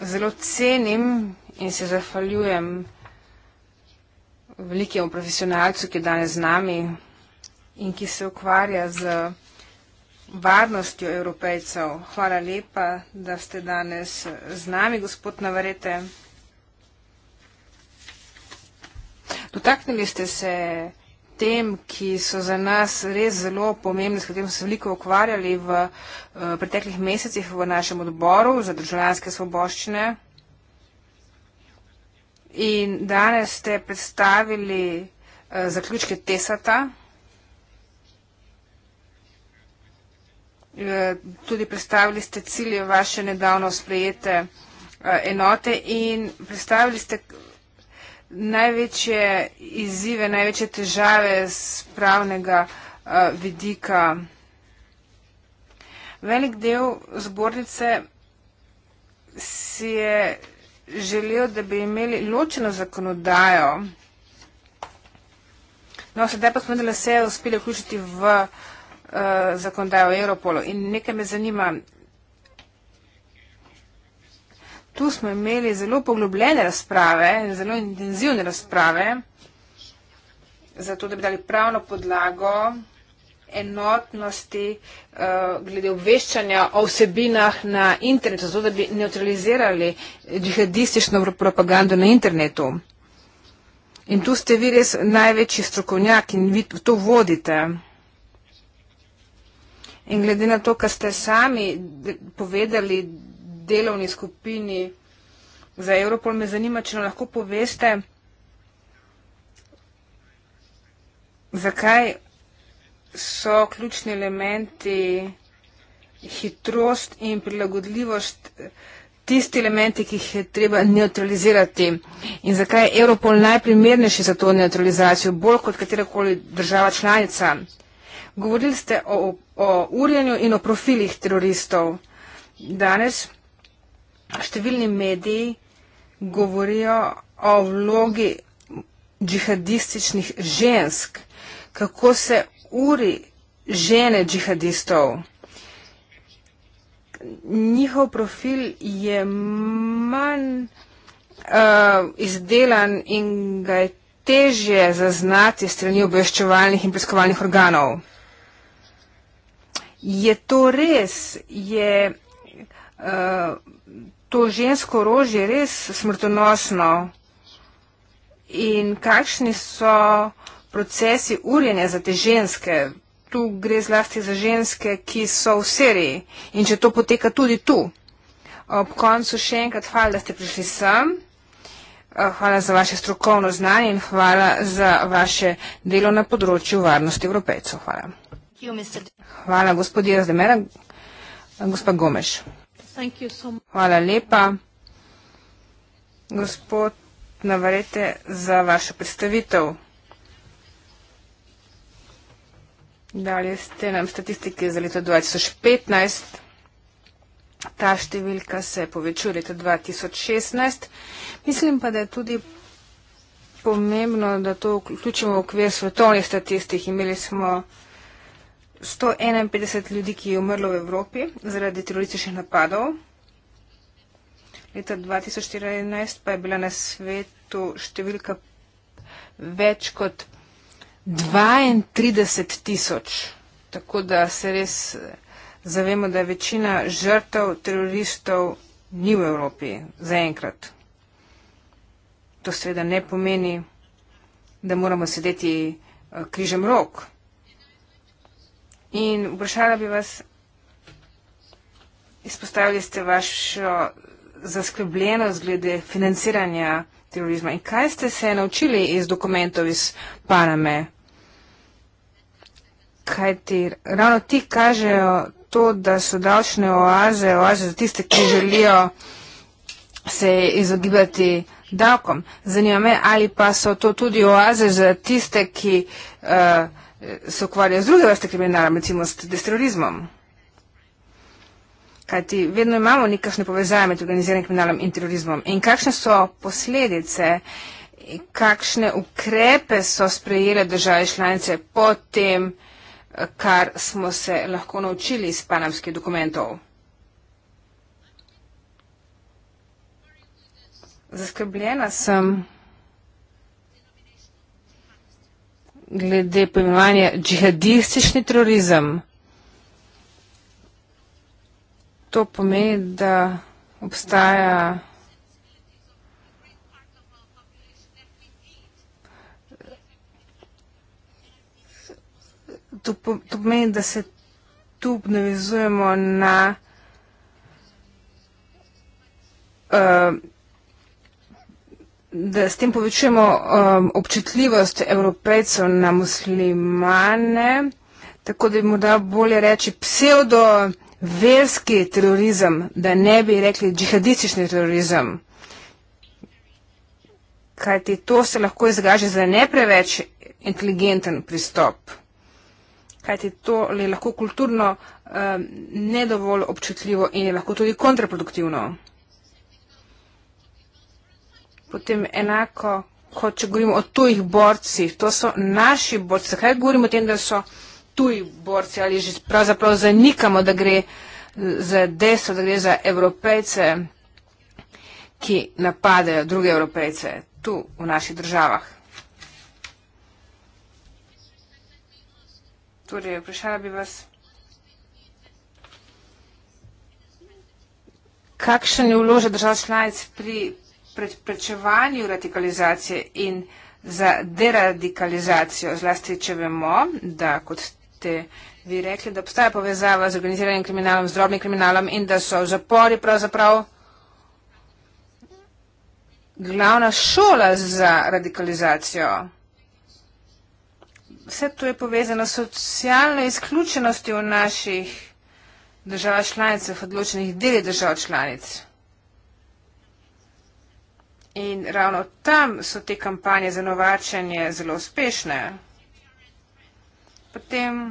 Zelo cenim in se zahvaljujem velikemu profesionalcu, ki je danes z nami in ki se ukvarja z varnostjo evropejcev. Hvala lepa, da ste danes z nami, gospod Navarete. Dotaknili ste se tem, ki so za nas res zelo pomembne, s katerim smo se veliko ukvarjali v, v eh, preteklih mesecih v našem odboru za državljanske svoboščine. In danes ste predstavili uh, zaključke TESAT-a, uh, tudi predstavili ste cilje vaše nedavno sprejete uh, enote in predstavili ste največje izzive, največje težave z pravnega uh, vidika. Velik del zbornice si je želel, da bi imeli ločeno zakonodajo. No, sedaj pa smo na sejo uspeli vključiti v uh, zakonodajo o Europolu in nekaj me zanima. Tu smo imeli zelo poglobljene razprave, zelo intenzivne razprave, zato da bi dali pravno podlago enotnosti uh, glede obveščanja o vsebinah na internetu, zato da bi neutralizirali džihadistično propagando na internetu. In tu ste vi res največji strokovnjak in vi to vodite. In glede na to, kar ste sami povedali delovni skupini za Europol, me zanima, če lahko poveste, zakaj so ključni elementi hitrost in prilagodljivost tisti elementi, ki jih je treba neutralizirati. In zakaj je Europol najprimernejši za to neutralizacijo, bolj kot katerakoli država članica? Govorili ste o, o urjanju in o profilih teroristov. Danes številni mediji govorijo o vlogi džihadističnih žensk, kako se uri žene džihadistov. Njihov profil je manj uh, izdelan in ga je težje zaznati strani obveščevalnih in preiskovalnih organov. Je to res? Je uh, to žensko orožje res smrtonosno? In kakšni so uh, procesi urjenja za te ženske, tu gre zlasti za ženske, ki so v seriji in če to poteka tudi tu. Ob koncu še enkrat hvala, da ste prišli sem. Eh, hvala za vaše strokovno znanje in hvala za vaše delo na področju varnosti evropejcev. Hvala. Hvala, gospodje Razdemera. Gospa Gomeš. Hvala lepa. Gospod Navarete, za vašo predstavitev. Dalje ste nam statistike za leto 2015. Ta številka se povečuje leta 2016. Mislim pa, da je tudi pomembno, da to vključimo v okvir svetovnih statistik. Imeli smo 151 ljudi, ki je umrlo v Evropi zaradi terorističnih napadov. Leta 2014 pa je bila na svetu številka več kot 32 tisoč. Tako da se res eh, zavemo, da je večina žrtev teroristov ni v Evropi zaenkrat. To seveda ne pomeni, da moramo sedeti eh, križem rok. In vprašala bi vas, izpostavili ste vašo zaskrbljenost glede financiranja terorizma in kaj ste se naučili iz dokumentov iz Paname? kaj ti, ravno ti kažejo to, da so davčne oaze, oaze za tiste, ki želijo se izogibati davkom. Zanima me, ali pa so to tudi oaze za tiste, ki uh, se ukvarjajo z druge vrste kriminala, recimo s terorizmom. Kaj ti, vedno imamo nekakšne povezave med organiziranim kriminalom in terorizmom. In kakšne so posledice, kakšne ukrepe so sprejele države članice potem, tem, kar smo se lahko naučili iz panamskih dokumentov. Zaskrbljena sem glede pojmovanja džihadistični terorizem. To pomeni, da obstaja to, po, to pomeni, da se tu navezujemo na uh, da s tem povečujemo um, občutljivost evropejcev na muslimane, tako da bi morda bolje reči pseudoverski terorizem, da ne bi rekli džihadistični terorizem. Kajti to se lahko izgaže za ne preveč inteligenten pristop kajti to je lahko kulturno eh, nedovolj občutljivo in je lahko tudi kontraproduktivno. Potem enako, kot če govorimo o tujih borcih, to so naši borci. Zakaj govorimo o tem, da so tuji borci ali že pravzaprav zanikamo, da gre za desno, da gre za evropejce, ki napadajo druge evropejce tu v naših državah? Torej, vprašala bi vas, kakšen je vložen držav članic pri preprečevanju radikalizacije in za deradikalizacijo, zlasti če vemo, da kot ste vi rekli, da obstaja povezava z organiziranim kriminalom, z drobnim kriminalom in da so zapori pravzaprav glavna šola za radikalizacijo vse to je povezano s socialno izključenostjo naših držav članic, v odločenih deli držav članic. In ravno tam so te kampanje za novačenje zelo uspešne. Potem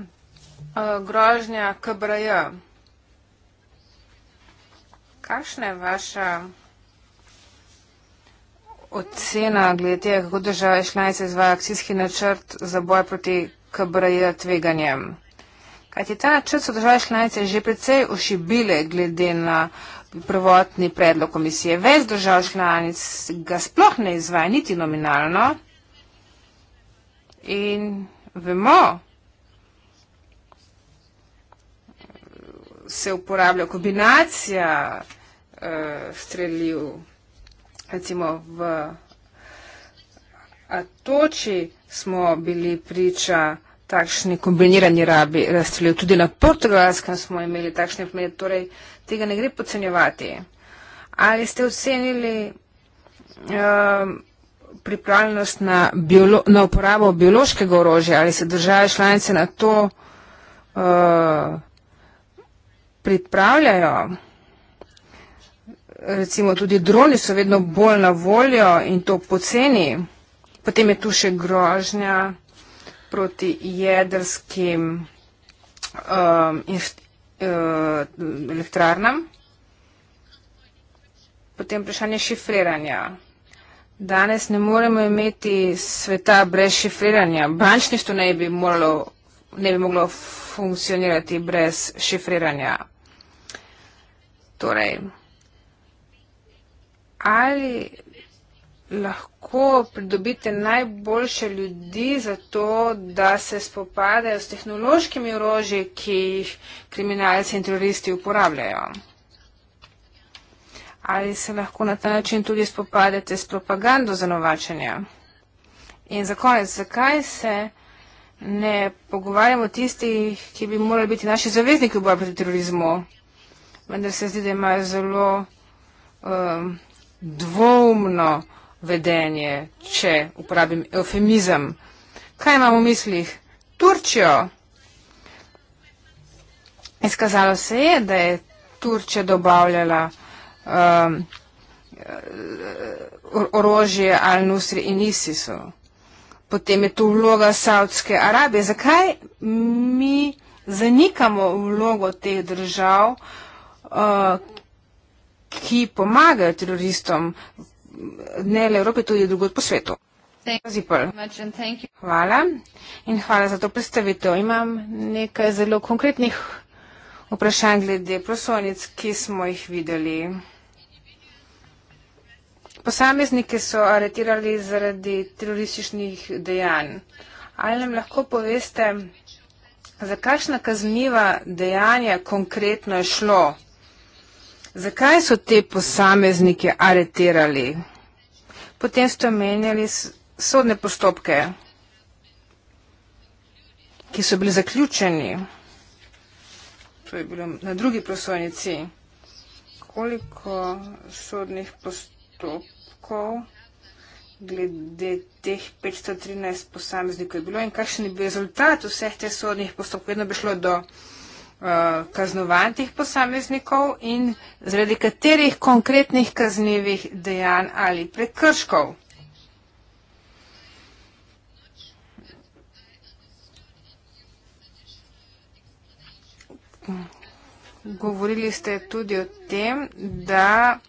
e, grožnja KBR-ja. Kakšna je vaša ocena glede tega, kako države članice izvaja akcijski načrt za boj proti KBRJ tveganjem? Kaj ti ta načrt so države članice že precej ošibile glede na prvotni predlog komisije? Več držav članic ga sploh ne izvaja, niti nominalno. In vemo, se uporablja kombinacija uh, streljiv recimo v Atoči smo bili priča takšni kombinirani rabi rastljev, tudi na portugalskem smo imeli takšne primere, torej tega ne gre pocenjevati. Ali ste ocenili um, pripravljenost na, biolo na uporabo biološkega orožja, ali se države članice na to uh, pripravljajo? recimo tudi droni so vedno bolj na voljo in to poceni. Potem je tu še grožnja proti jedrskim um, in, uh, elektrarnam. Potem vprašanje šifriranja. Danes ne moremo imeti sveta brez šifriranja. Bančništvo ne bi, moralo, ne bi moglo funkcionirati brez šifriranja. Torej, ali lahko pridobite najboljše ljudi za to, da se spopadajo s tehnološkimi orožji, ki jih kriminalci in teroristi uporabljajo? Ali se lahko na ta način tudi spopadete s propagando za novačenje? In za konec, zakaj se ne pogovarjamo tistih, ki bi morali biti naši zavezniki v boju proti terorizmu, vendar se zdi, da imajo zelo um, dvomno vedenje, če uporabim eufemizem. Kaj imam v mislih? Turčijo. Izkazalo se je, da je Turčija dobavljala um, uh, orožje Al-Nusri in ISIS-u. Potem je tu vloga Saudske Arabije. Zakaj mi zanikamo vlogo teh držav, uh, ki pomagajo teroristom, ne le Evropi, tudi drugot po svetu. Hvala in hvala za to predstavitev. Imam nekaj zelo konkretnih vprašanj glede prosojnic, ki smo jih videli. Posameznike so aretirali zaradi terorističnih dejanj. Ali nam lahko poveste, za kakšna kazniva dejanja konkretno je šlo? Zakaj so te posameznike areterali? Potem ste omenjali sodne postopke, ki so bili zaključeni. To je bilo na drugi prosojnici. Koliko sodnih postopkov glede teh 513 posameznikov je bilo in kakšen je bil rezultat vseh teh sodnih postopkov? Vedno bi šlo do Eh, kaznovanih posameznikov in zaradi katerih konkretnih kaznjivih dejanj ali prekrškov. Govorili ste tudi o tem, da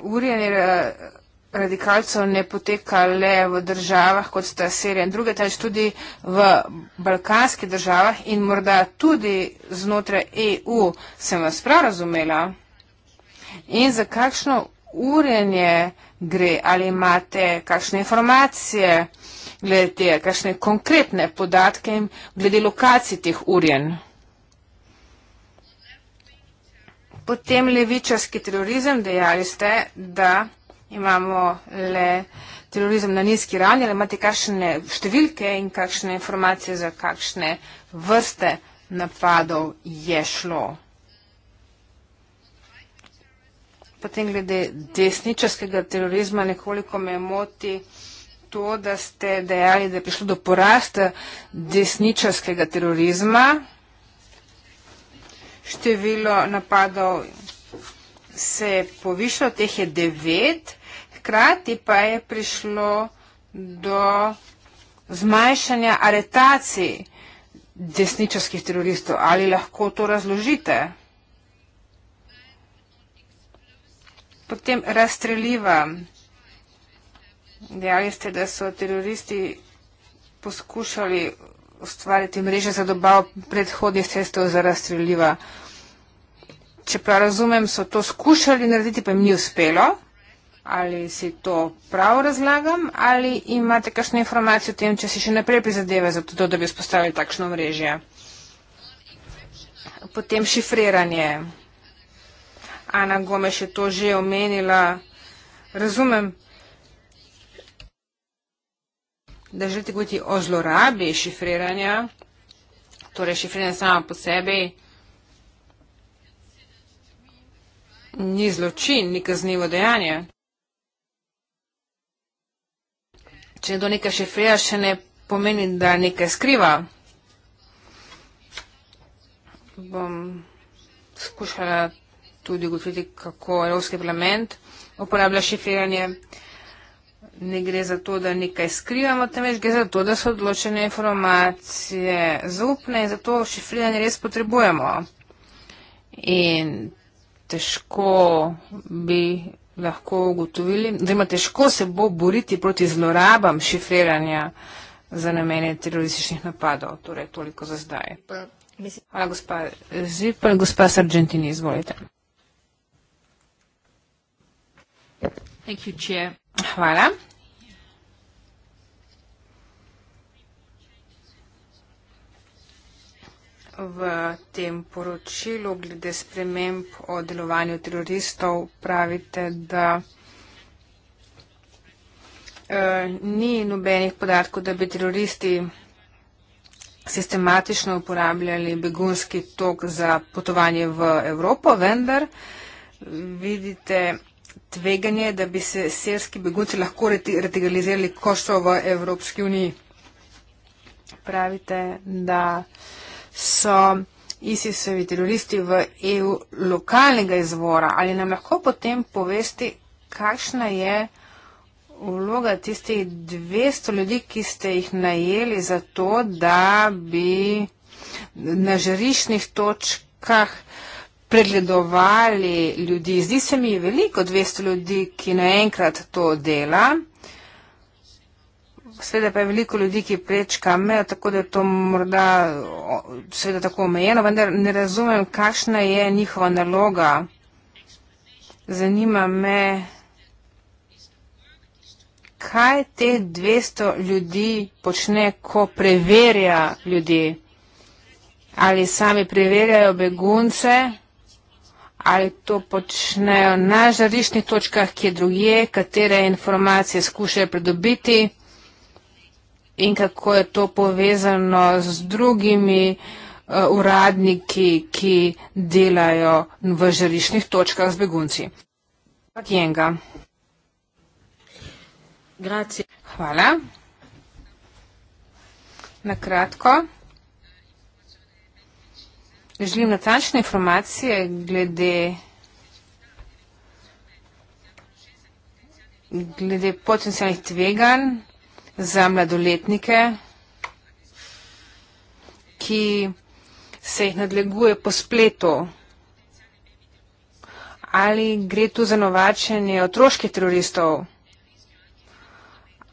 urjeni razvoj eh, radikalcev ne poteka le v državah, kot sta Sirija in druge, tač tudi v balkanskih državah in morda tudi znotraj EU. Sem vas prav razumela? In za kakšno urenje gre? Ali imate kakšne informacije glede te, kakšne konkretne podatke in glede lokacij teh urjen? Potem levičarski terorizem dejali ste, da imamo le terorizem na nizki ravni, ali imate kakšne številke in kakšne informacije za kakšne vrste napadov je šlo. Potem glede desničarskega terorizma nekoliko me moti to, da ste dejali, da je prišlo do porasta desničarskega terorizma. Število napadov se je povišalo, teh je devet, hkrati pa je prišlo do zmanjšanja aretacij desničarskih teroristov. Ali lahko to razložite? Potem razstreljiva. Dejali ste, da so teroristi poskušali ustvariti mreže za dobavo predhodnih sredstev za razstreljiva če prav razumem, so to skušali narediti, pa jim ni uspelo. Ali si to prav razlagam, ali imate kakšno informacijo o tem, če si še naprej prizadeva za to, da bi vzpostavili takšno mrežje? Potem šifriranje. Ana Gomeš je to že omenila. Razumem, da želite govoriti o zlorabi šifriranja, torej šifriranje samo po sebi. ni zločin, ni kaznivo dejanje. Če nekdo nekaj šifrira, še ne pomeni, da nekaj skriva. Bom skušala tudi ugotoviti, kako Evropski parlament uporablja šifriranje. Ne gre za to, da nekaj skrivamo, temveč gre za to, da so odločene informacije zupne in zato šifriranje res potrebujemo. In težko bi lahko ugotovili, da ima težko se bo boriti proti zlorabam šifriranja za namene terorističnih napadov. Torej, toliko za zdaj. Hvala, gospa Zipel, gospa Sargentini, izvolite. Hvala. v tem poročilu glede sprememb o delovanju teroristov pravite, da e, ni nobenih podatkov, da bi teroristi sistematično uporabljali begunski tok za potovanje v Evropo, vendar vidite tveganje, da bi se serski begunci lahko radikalizirali, ko so v Evropski uniji. Pravite, da so ISIS-ovi teroristi v EU lokalnega izvora. Ali nam lahko potem povesti, kakšna je vloga tistih 200 ljudi, ki ste jih najeli za to, da bi na žarišnih točkah pregledovali ljudi. Zdi se mi veliko 200 ljudi, ki naenkrat to dela. Sveda pa je veliko ljudi, ki prečka mejo, tako da je to morda sveda tako omejeno, vendar ne razumem, kakšna je njihova naloga. Zanima me, kaj te 200 ljudi počne, ko preverja ljudi. Ali sami preverjajo begunce, ali to počnejo na žariščnih točkah, kje drugje, katere informacije skušajo pridobiti in kako je to povezano z drugimi uh, uradniki, ki delajo v žariščnih točkah z begunci. Hvala. Hvala. Na kratko. Želim natančne informacije glede, glede potencijalnih tveganj za mladoletnike, ki se jih nadleguje po spletu. Ali gre tu za novačenje otroških teroristov?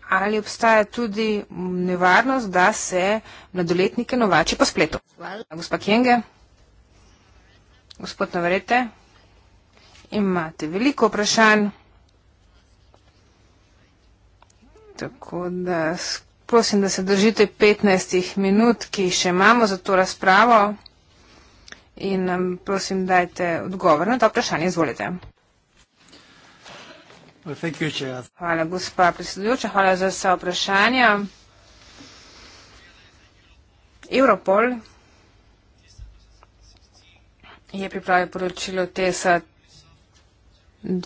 Ali obstaja tudi nevarnost, da se mladoletnike novači po spletu? Hvala. Gospa Kenge, gospod Navarete, imate veliko vprašanj. Tako da prosim, da se držite 15 minut, ki še imamo za to razpravo in nam prosim, dajte odgovor na to vprašanje. Izvolite. Hvala, gospa predsedujoča. Hvala za vse vprašanja. Europol je pripravil poročilo TESA e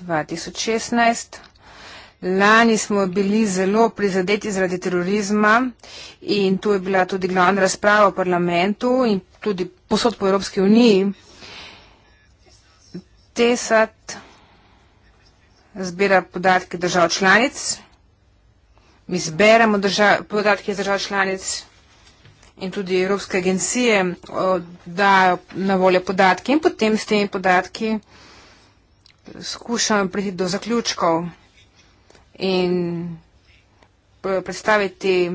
2016. Lani smo bili zelo prizadeti zaradi terorizma in tu je bila tudi glavna razprava v parlamentu in tudi posod po Evropski uniji. TESAT zbira podatke držav članic, mi zberemo držav, podatke držav članic in tudi Evropske agencije dajo na voljo podatke in potem s temi podatki skušamo priti do zaključkov in eh, predstaviti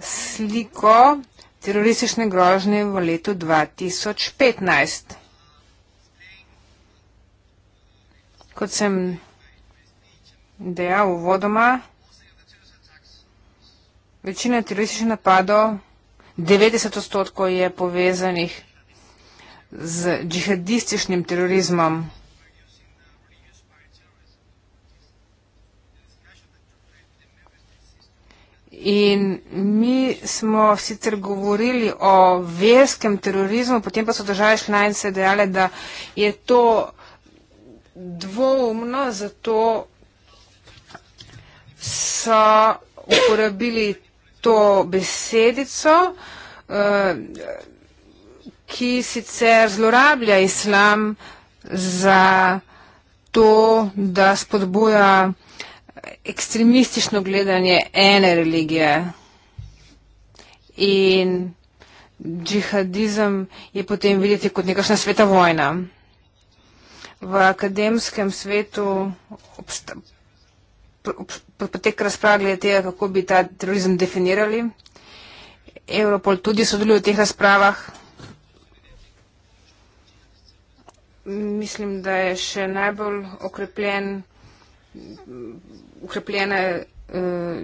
sliko teroristične grožnje v letu 2015. Kot sem dejal uvodoma, večina terorističnih napadov, 90 odstotkov je povezanih z džihadističnim terorizmom. In mi smo sicer govorili o verskem terorizmu, potem pa so države članice dejale, da je to dvoumno, zato so uporabili to besedico, eh, ki sicer zlorablja islam za to, da spodbuja ekstremistično gledanje ene religije. In džihadizem je potem videti kot nekašna sveta vojna. V akademskem svetu potek razprav glede tega, kako bi ta terorizem definirali. Europol tudi sodeluje v teh razpravah. Mislim, da je še najbolj okrepljen ukrepljene uh,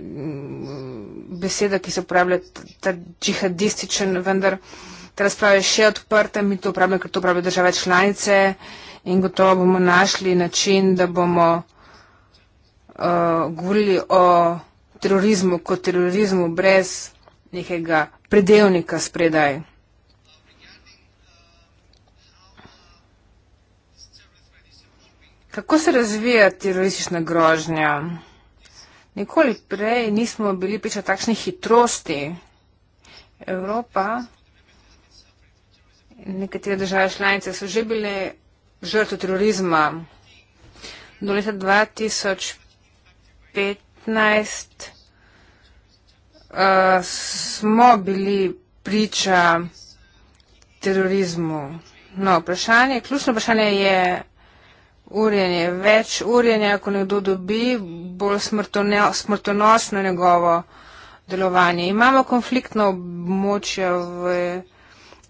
besede, ki se uporablja ta džihadističen, vendar ta razprava je še odprta, mi to uporabljamo, ker to uporabljajo države članice in gotovo bomo našli način, da bomo uh, govorili o terorizmu kot terorizmu brez nekega predelnika spredaj. Kako se razvija teroristična grožnja? Nikoli prej nismo bili priča takšni hitrosti. Evropa, nekatere države članice so že bile žrtve terorizma. Do leta 2015 uh, eh, smo bili priča terorizmu. No, vprašanje, ključno vprašanje je, urjenje, več urjenja, ko nekdo dobi, bolj smrtonosno njegovo delovanje. Imamo konfliktno območje v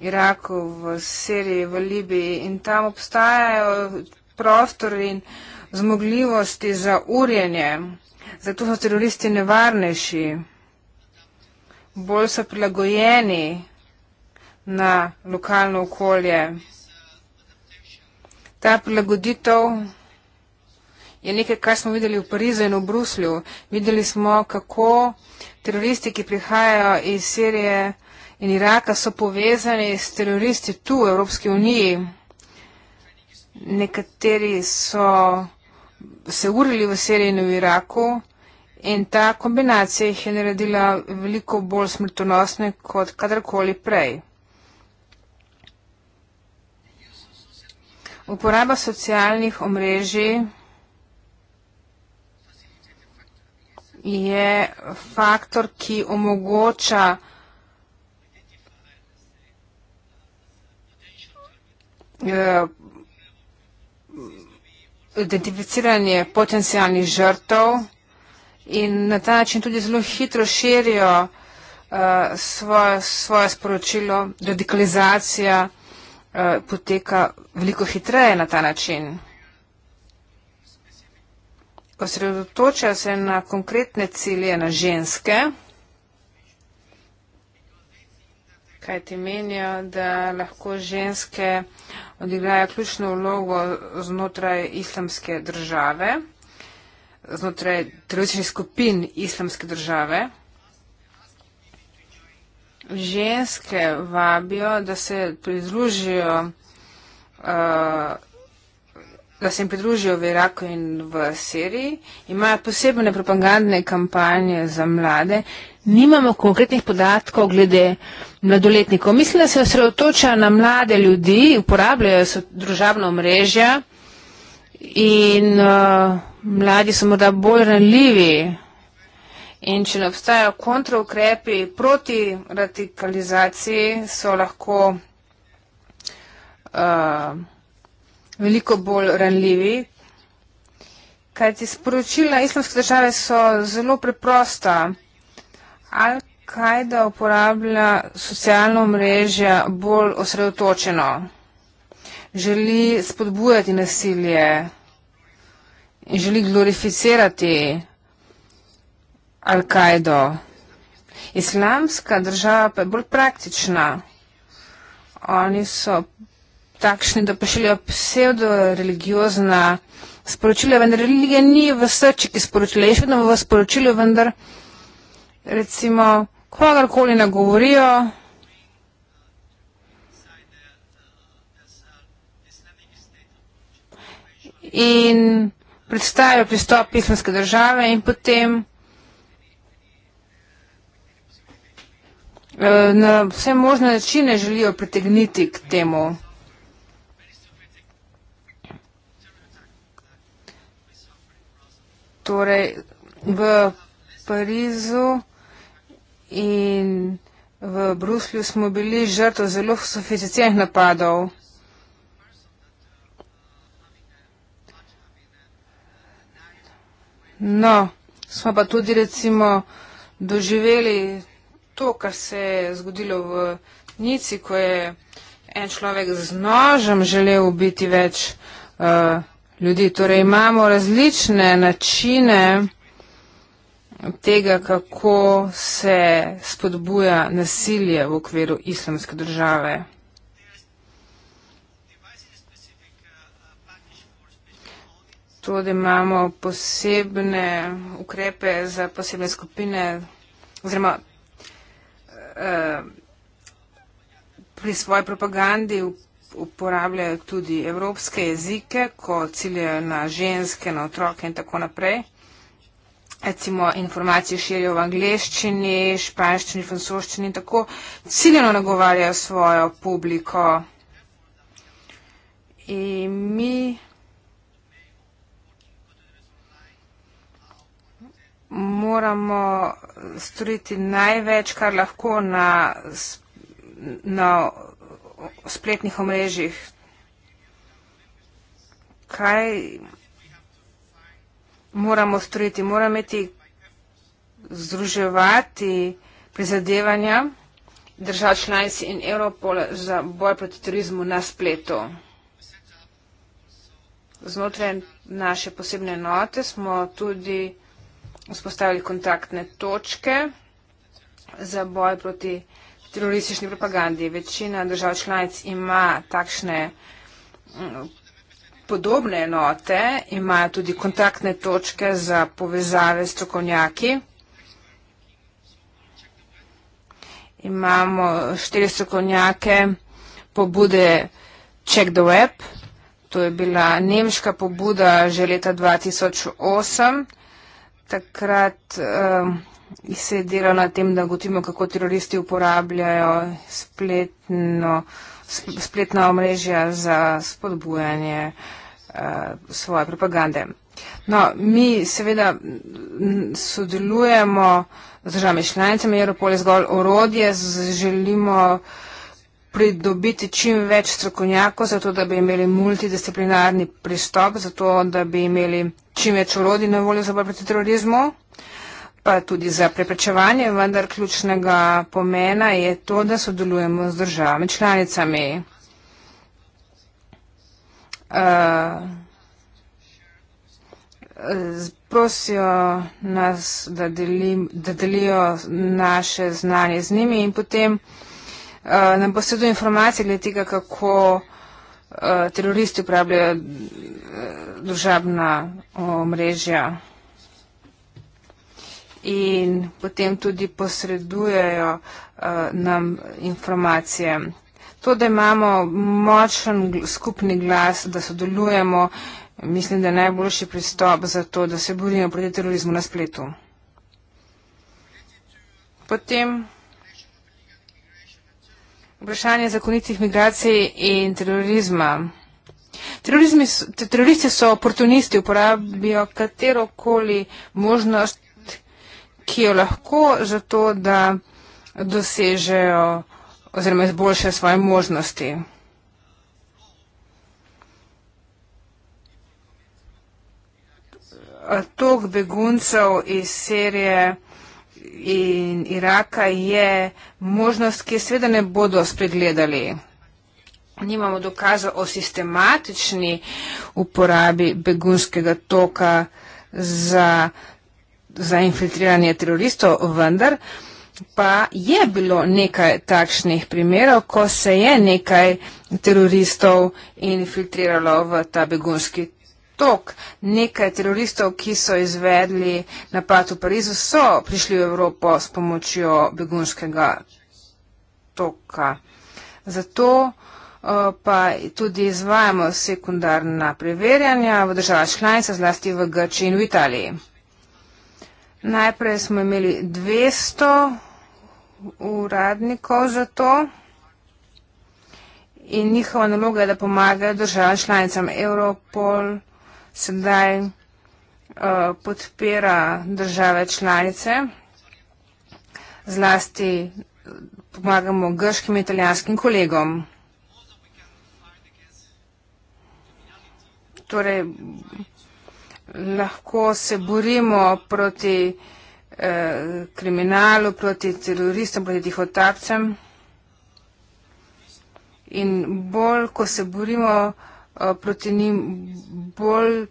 Iraku, v Siriji, v Libiji in tam obstajajo prostor in zmogljivosti za urjenje. Zato so teroristi nevarnejši, bolj so prilagojeni na lokalno okolje. Ta prilagoditev je nekaj, kar smo videli v Parizu in v Bruslju. Videli smo, kako teroristi, ki prihajajo iz Sirije in Iraka, so povezani s teroristi tu v Evropski uniji. Nekateri so se urili v Siriji in v Iraku in ta kombinacija jih je naredila veliko bolj smrtonosne kot kadarkoli prej. Uporaba socialnih omrežij je faktor, ki omogoča eh, identificiranje potencijalnih žrtov in na ta način tudi zelo hitro širijo eh, svoje sporočilo, radikalizacija, Eh, poteka veliko hitreje na ta način. Osredotočajo se na konkretne cilje na ženske, kaj ti menijo, da lahko ženske odigrajo ključno vlogo znotraj islamske države, znotraj trojičnih skupin islamske države ženske vabijo, da se pridružijo, uh, da se jim pridružijo v Iraku in v Siriji, imajo posebne propagandne kampanje za mlade. Nimamo konkretnih podatkov glede mladoletnikov. Mislim, da se osredotoča na mlade ljudi, uporabljajo se družabno mrežja in uh, mladi so morda bolj ranljivi. In če ne obstajajo kontraukrepi proti radikalizaciji, so lahko uh, veliko bolj ranljivi. Kajti sporočila islamske države so zelo preprosta. Al-Kaida uporablja socialno mrežje bolj osredotočeno. Želi spodbujati nasilje in želi glorificirati Al-Kaido. Islamska država pa je bolj praktična. Oni so takšni, da pošiljajo pseudo-religiozna sporočila, vendar religija ni v srčiki, ki sporočila, je še vedno v sporočilu, vendar recimo, kogarkoli nagovorijo, in predstavijo pristop islamske države in potem Eh, na vse možne načine želijo pritegniti k temu. Torej, v Parizu in v Bruslju smo bili žrtvo zelo sofisticiranih napadov. No, smo pa tudi recimo doživeli to, kar se je zgodilo v Nici, ko je en človek z nožem želel ubiti več uh, ljudi. Torej imamo različne načine tega, kako se spodbuja nasilje v okviru islamske države. Tudi imamo posebne ukrepe za posebne skupine, oziroma Eh, pri svoji propagandi uporabljajo tudi evropske jezike, ko ciljajo na ženske, na otroke in tako naprej. Recimo informacije širijo v angleščini, španščini, francoščini in tako ciljeno nagovarjajo svojo publiko. In mi moramo storiti največ, kar lahko na, na spletnih omrežjih. Kaj moramo storiti? Moramo imeti združevati prizadevanja držav članic in Europol za boj proti turizmu na spletu. Znotraj naše posebne note smo tudi vzpostavili kontaktne točke za boj proti teroristični propagandi. Večina držav članic ima takšne mm, podobne enote, imajo tudi kontaktne točke za povezave s strokovnjaki. Imamo štiri strokovnjake pobude Check the Web. To je bila nemška pobuda že leta 2008 takrat uh, se je delo na tem, da gotimo, kako teroristi uporabljajo spletno, sp spletna omrežja za spodbujanje uh, svoje propagande. No, mi seveda sodelujemo z državami članicami, Europol je zgolj orodje, želimo uh, pridobiti čim več strokovnjakov, zato da bi imeli multidisciplinarni pristop, zato da bi imeli čim več urodij na voljo za boj proti terorizmu, pa tudi za preprečevanje, vendar ključnega pomena je to, da sodelujemo z državami članicami. Uh, prosijo nas, da, delim, da delijo naše znanje z njimi in potem Eh, nam posreduje informacije glede tega, kako eh, teroristi uporabljajo eh, družabna omrežja in potem tudi posredujejo nam informacije. To, da imamo močen skupni glas, da sodelujemo, mislim, da je najboljši pristop za to, da se borimo proti terorizmu na spletu. Potem vprašanje zakonitih migracij in terorizma. So, teroristi so oportunisti, uporabijo katerokoli možnost, ki jo lahko za to, da dosežejo oziroma izboljšajo svoje možnosti. Tok beguncev iz serije in Iraka je možnost, ki je sveda ne bodo spregledali. Nimamo dokaza o sistematični uporabi begunskega toka za, za infiltriranje teroristov, vendar pa je bilo nekaj takšnih primerov, ko se je nekaj teroristov infiltriralo v ta begunski tok. Nekaj teroristov, ki so izvedli napad v Parizu, so prišli v Evropo s pomočjo begunskega toka. Zato uh, pa tudi izvajamo sekundarna preverjanja v državah članica, zlasti v Grčiji in v Italiji. Najprej smo imeli 200 uradnikov za to in njihova naloga je, da pomagajo državam članicam Europol sedaj uh, podpira države članice, zlasti pomagamo grškim in italijanskim kolegom. Torej, lahko se borimo proti eh, kriminalu, proti teroristom, proti tihotapcem in bolj, ko se borimo proti Eh, proti njim bolj eh,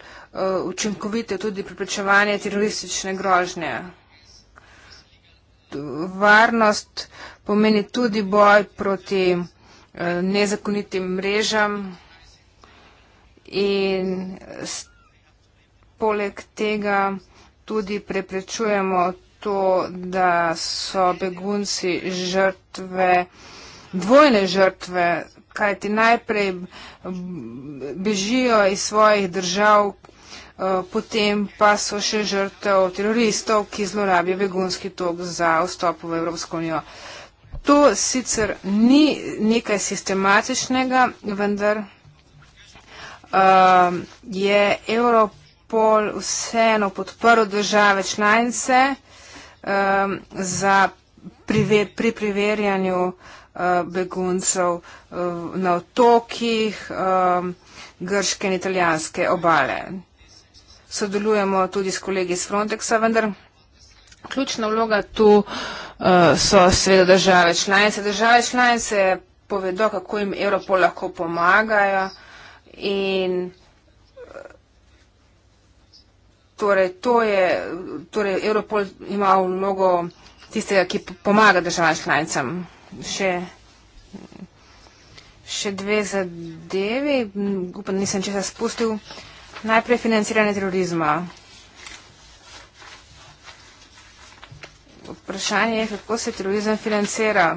učinkovite tudi priprečevanje teroristične grožnje. Varnost pomeni tudi boj proti eh, nezakonitim mrežam in poleg tega tudi preprečujemo to, da so begunci žrtve, dvojne žrtve kaj ti najprej bežijo iz svojih držav, eh, potem pa so še žrtev teroristov, ki zlorabijo begunski tok za vstop v Evropsko unijo. To sicer ni nekaj sistematičnega, vendar uh, je Europol vseeno podprl države članice uh, za prive, pri preverjanju uh, Eh, beguncev eh, na otokih eh, grške in italijanske obale. Sodelujemo tudi s kolegi iz Frontexa, vendar ključna vloga tu so sveda države članice. Države članice povedo, kako jim Evropol lahko pomagajo in torej, to je, torej Evropol ima vlogo tistega, ki pomaga državam članicam še, še dve zadevi, upam, nisem česa spustil. Najprej financiranje terorizma. Vprašanje je, kako se terorizem financira.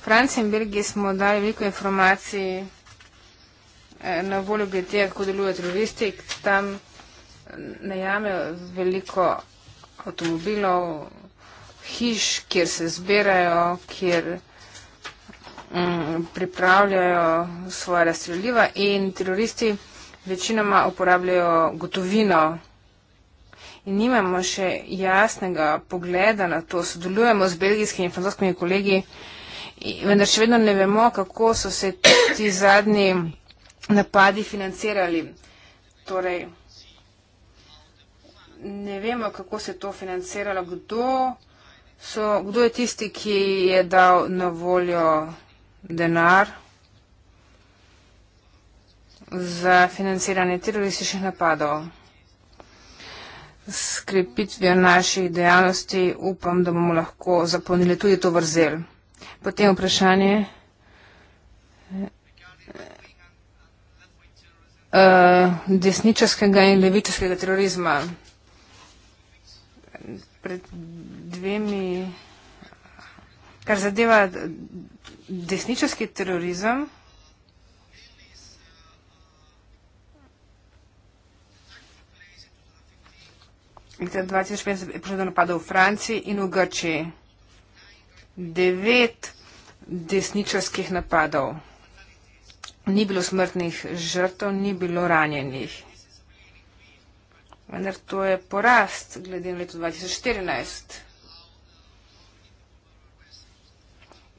Francija in Belgija smo dali veliko informacij eh, na voljo glede tega, kako delujejo teroristi. Tam ne jamejo veliko avtomobilov, hiš, kjer se zbirajo, kjer mm, pripravljajo svoje razstreljiva in teroristi večinoma uporabljajo gotovino. In nimamo še jasnega pogleda na to. Sodelujemo z belgijskimi in francoskimi kolegi, vendar še vedno ne vemo, kako so se ti zadnji napadi financirali. Torej, ne vemo, kako se je to financiralo, kdo, so, kdo je tisti, ki je dal na voljo denar za financiranje terorističnih napadov. S krepitvijo naših dejavnosti upam, da bomo lahko zapolnili tudi to vrzel. Potem vprašanje. Uh, desničarskega in levičarskega terorizma pred dvemi, kar zadeva desničarski terorizem, Leta 2015 je prišlo do napadov v Franciji in v Grčiji. Devet desničarskih napadov. Ni bilo smrtnih žrtev, ni bilo ranjenih vendar to je porast glede na leto 2014.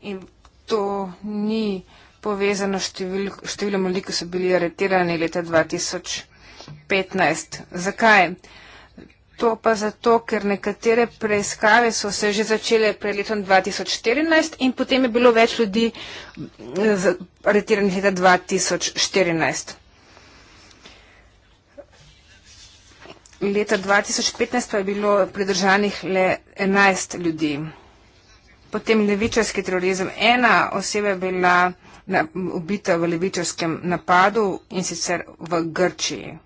In to ni povezano s številom ljudi, ki so bili aretirani leta 2015. Zakaj? To pa zato, ker nekatere preiskave so se že začele pred letom 2014 in potem je bilo več ljudi aretiranih leta 2014. leta 2015 pa je bilo pridržanih le 11 ljudi. Potem levičarski terorizem. Ena oseba je bila ubita v levičarskem napadu in sicer v Grčiji.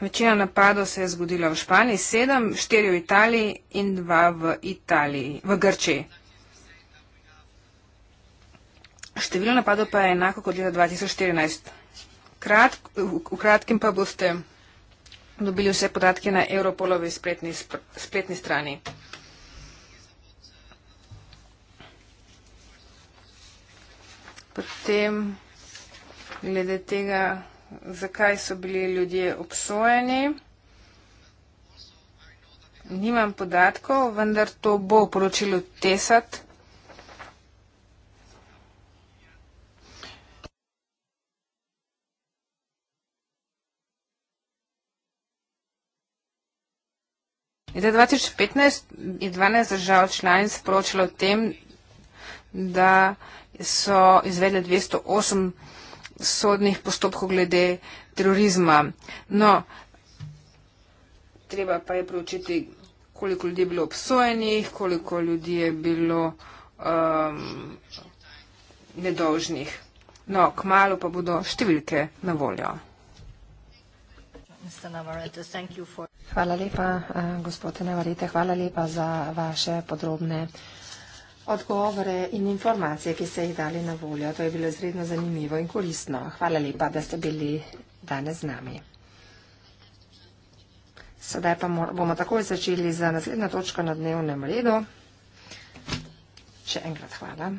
Večina napadov se je zgodila v Španiji, sedem, štiri v Italiji in dva v Italiji, v Grčiji. Število napadov pa je enako kot leta 2014. Kratk, v kratkem pa boste dobili vse podatke na Europolovi spletni, spletni strani. Potem, glede tega, zakaj so bili ljudje obsojeni, nimam podatkov, vendar to bo poročilo TESAT. Leta 2015 je 12 držav članic poročalo o tem, da so izvedli 208 sodnih postopkov glede terorizma. No, treba pa je preučiti, koliko ljudi je bilo obsojenih, koliko ljudi je bilo um, nedolžnih. No, kmalo pa bodo številke na voljo. Hvala lepa, eh, gospod Navarite, hvala lepa za vaše podrobne odgovore in informacije, ki ste jih dali na voljo. To je bilo izredno zanimivo in koristno. Hvala lepa, da ste bili danes z nami. Sedaj pa bomo takoj začeli za naslednjo točko na dnevnem redu. Še enkrat hvala.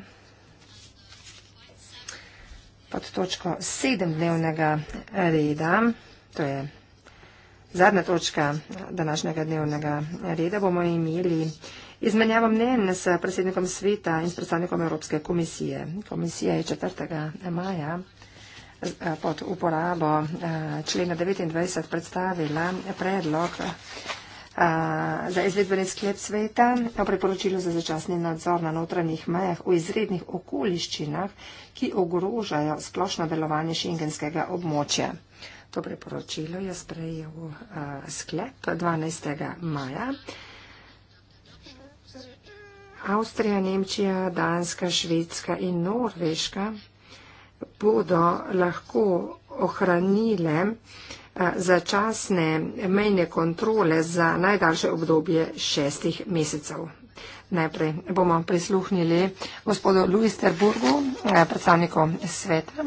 Pod točko sedem dnevnega reda, to je Zadnja točka današnjega dnevnega reda bomo imeli izmenjavo mnen s predsednikom sveta in s predstavnikom Evropske komisije. Komisija je 4. maja eh, pod uporabo eh, člena 29 predstavila predlog eh, za izvedbeni sklep sveta o priporočilu za začasni nadzor na notranjih mejah v izrednih okoliščinah, ki ogrožajo splošno delovanje šengenskega območja. To priporočilo je sprejel eh, sklep 12. maja. Avstrija, Nemčija, Danska, Švedska in Norveška bodo lahko ohranile eh, začasne mejne kontrole za najdaljše obdobje šestih mesecev. Najprej bomo prisluhnili gospodu Louis Terburgu, eh, predstavniku sveta,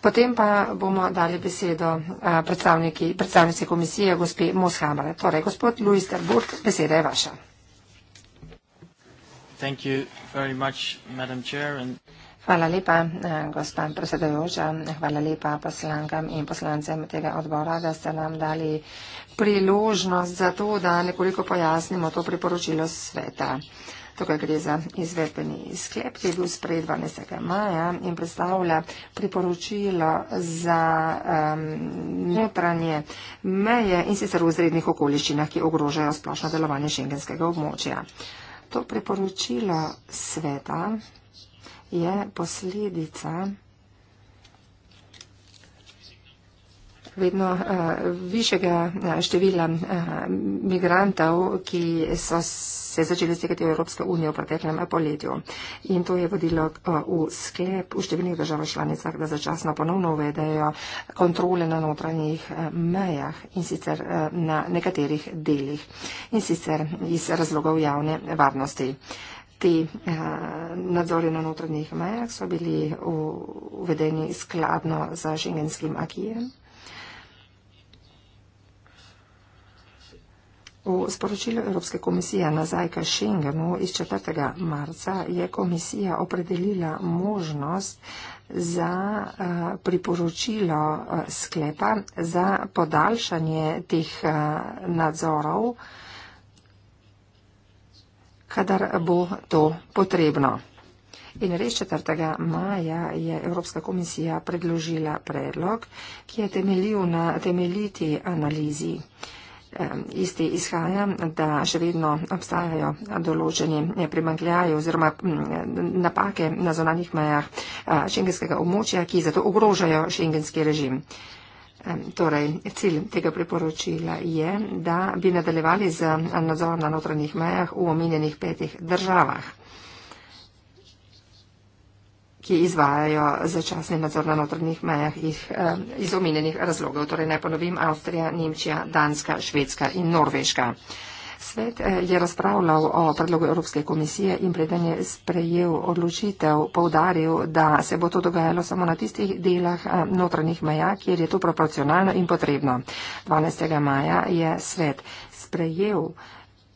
potem pa bomo dali besedo eh, predstavnici komisije, gospi Moshamer. Torej, gospod Louis Terburg, beseda je vaša. Thank you very much, Madam Chair. And... Hvala lepa, eh, gospa predsedujoča. Hvala lepa poslankam in poslancem tega odbora, da ste nam dali priložnost za to, da nekoliko pojasnimo to priporočilo sveta. Tukaj gre za izvedbeni sklep, ki je bil sprejet 12. maja in predstavlja priporočilo za notranje um, meje in sicer v zrednih okoliščinah, ki ogrožajo splošno delovanje šengenskega območja. To priporočilo sveta je posledica vedno uh, višjega eh, števila uh, migrantov, ki so se začeli stekati v Evropsko unijo v preteklem poletju. In to je vodilo uh, v sklep v številnih državah članicah, da začasno ponovno uvedejo kontrole na notranjih uh, mejah in sicer uh, na nekaterih delih in sicer iz razlogov javne varnosti. Uh, Ti eh, nadzori na notranjih mejah so bili uvedeni skladno z šengenskim akijem. V sporočilu Evropske komisije nazaj k Schengenu iz 4. marca je komisija opredelila možnost za eh, priporočilo eh, sklepa za podaljšanje teh nadzorov kadar bo to potrebno. In res 4. maja je Evropska komisija predložila predlog, ki je temeljil na temeljiti analizi. Isti izhaja, da še vedno obstajajo določeni primankljaji oziroma napake na zonanih mejah šengenskega območja, ki zato ogrožajo šengenski režim. Torej, cilj tega priporočila je, da bi nadaljevali z nadzorom na notranjih mejah v omenjenih petih državah, ki izvajajo začasni nadzor na notranjih mejah jih, iz omenjenih razlogov. Torej, naj ponovim, Avstrija, Nemčija, Danska, Švedska in Norveška. Svet eh, je razpravljal o predlogu Evropske komisije in preden je sprejel odločitev, povdaril, da se bo to dogajalo samo na tistih delah eh, notranjih meja, kjer je to proporcionalno in potrebno. 12. maja je svet sprejel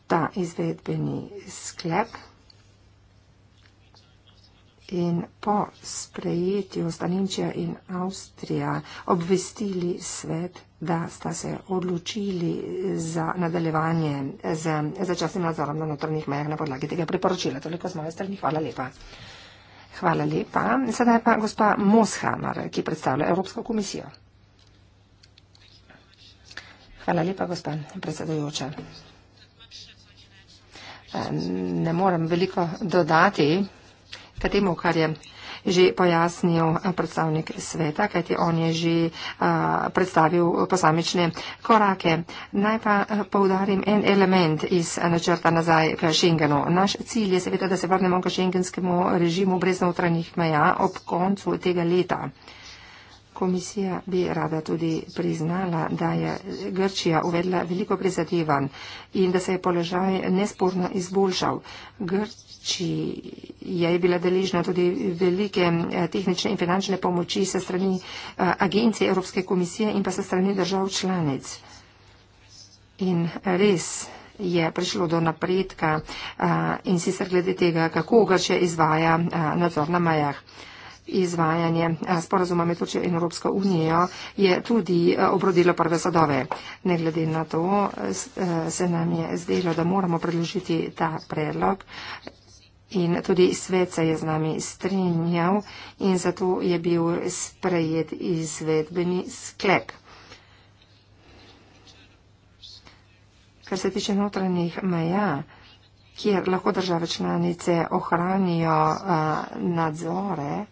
ta izvedbeni sklep in po sprejetju sta Nemčija in Avstrija obvestili svet da sta se odločili za nadaljevanje z začasnim nadzorom na notranjih mejah na podlagi tega priporočila. Toliko z moje strani. Hvala lepa. Hvala lepa. Sedaj pa gospa Moshamar, ki predstavlja Evropsko komisijo. Hvala lepa, gospa predsedujoča. Ne morem veliko dodati k temu, kar je že pojasnil eh, predstavnik sveta, kajti on je že eh, predstavil posamične korake. Naj pa eh, poudarim en element iz načrta nazaj k Schengenu. Naš cilj je seveda, da se vrnemo k šengenskemu režimu brez notranjih meja ob koncu tega leta. Komisija bi rada tudi priznala, da je Grčija uvedla veliko prizadevanj in da se je položaj nesporno izboljšal. Grč Nemčiji je bila deležna tudi velike eh, tehnične in finančne pomoči sa strani eh, agencije Evropske komisije in pa sa strani držav članic. In res je prišlo do napredka eh, in sicer glede tega, kako ga še izvaja nadzor na majah. Izvajanje sporazuma med Turčijo in Evropsko unijo je tudi obrodilo prve sadove. Ne glede na to se nam je zdelo, da moramo predložiti ta predlog In tudi svet se je z nami strinjal in zato je bil sprejet izvedbeni sklep. Kar se tiče notranjih meja, kjer lahko države članice ohranijo uh, nadzore,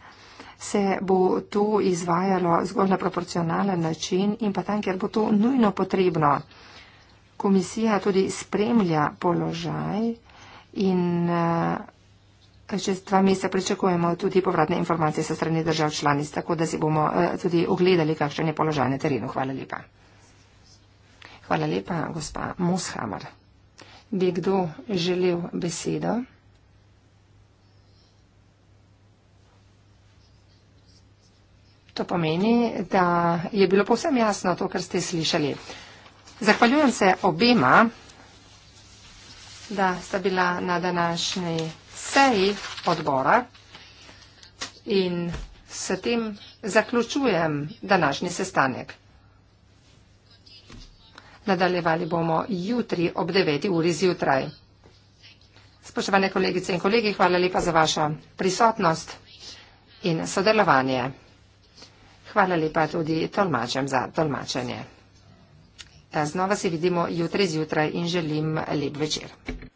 se bo to izvajalo zgolj na proporcionalen način in pa tam, kjer bo to nujno potrebno. Komisija tudi spremlja položaj in uh, Čez dva meseca pričakujemo tudi povratne informacije sa strani držav članic, tako da si bomo eh, tudi ogledali, kakšen je položaj na terenu. Hvala lepa. Hvala lepa, gospa Mushamar. Bi kdo želel besedo? To pomeni, da je bilo povsem jasno to, kar ste slišali. Zahvaljujem se obema, da sta bila na današnji seji odbora in s tem zaključujem današnji sestanek. Nadaljevali bomo jutri ob 9. uri zjutraj. Spoštovane kolegice in kolegi, hvala lepa za vašo prisotnost in sodelovanje. Hvala lepa tudi tolmačem za tolmačenje. Znova se vidimo jutri zjutraj in želim lep večer.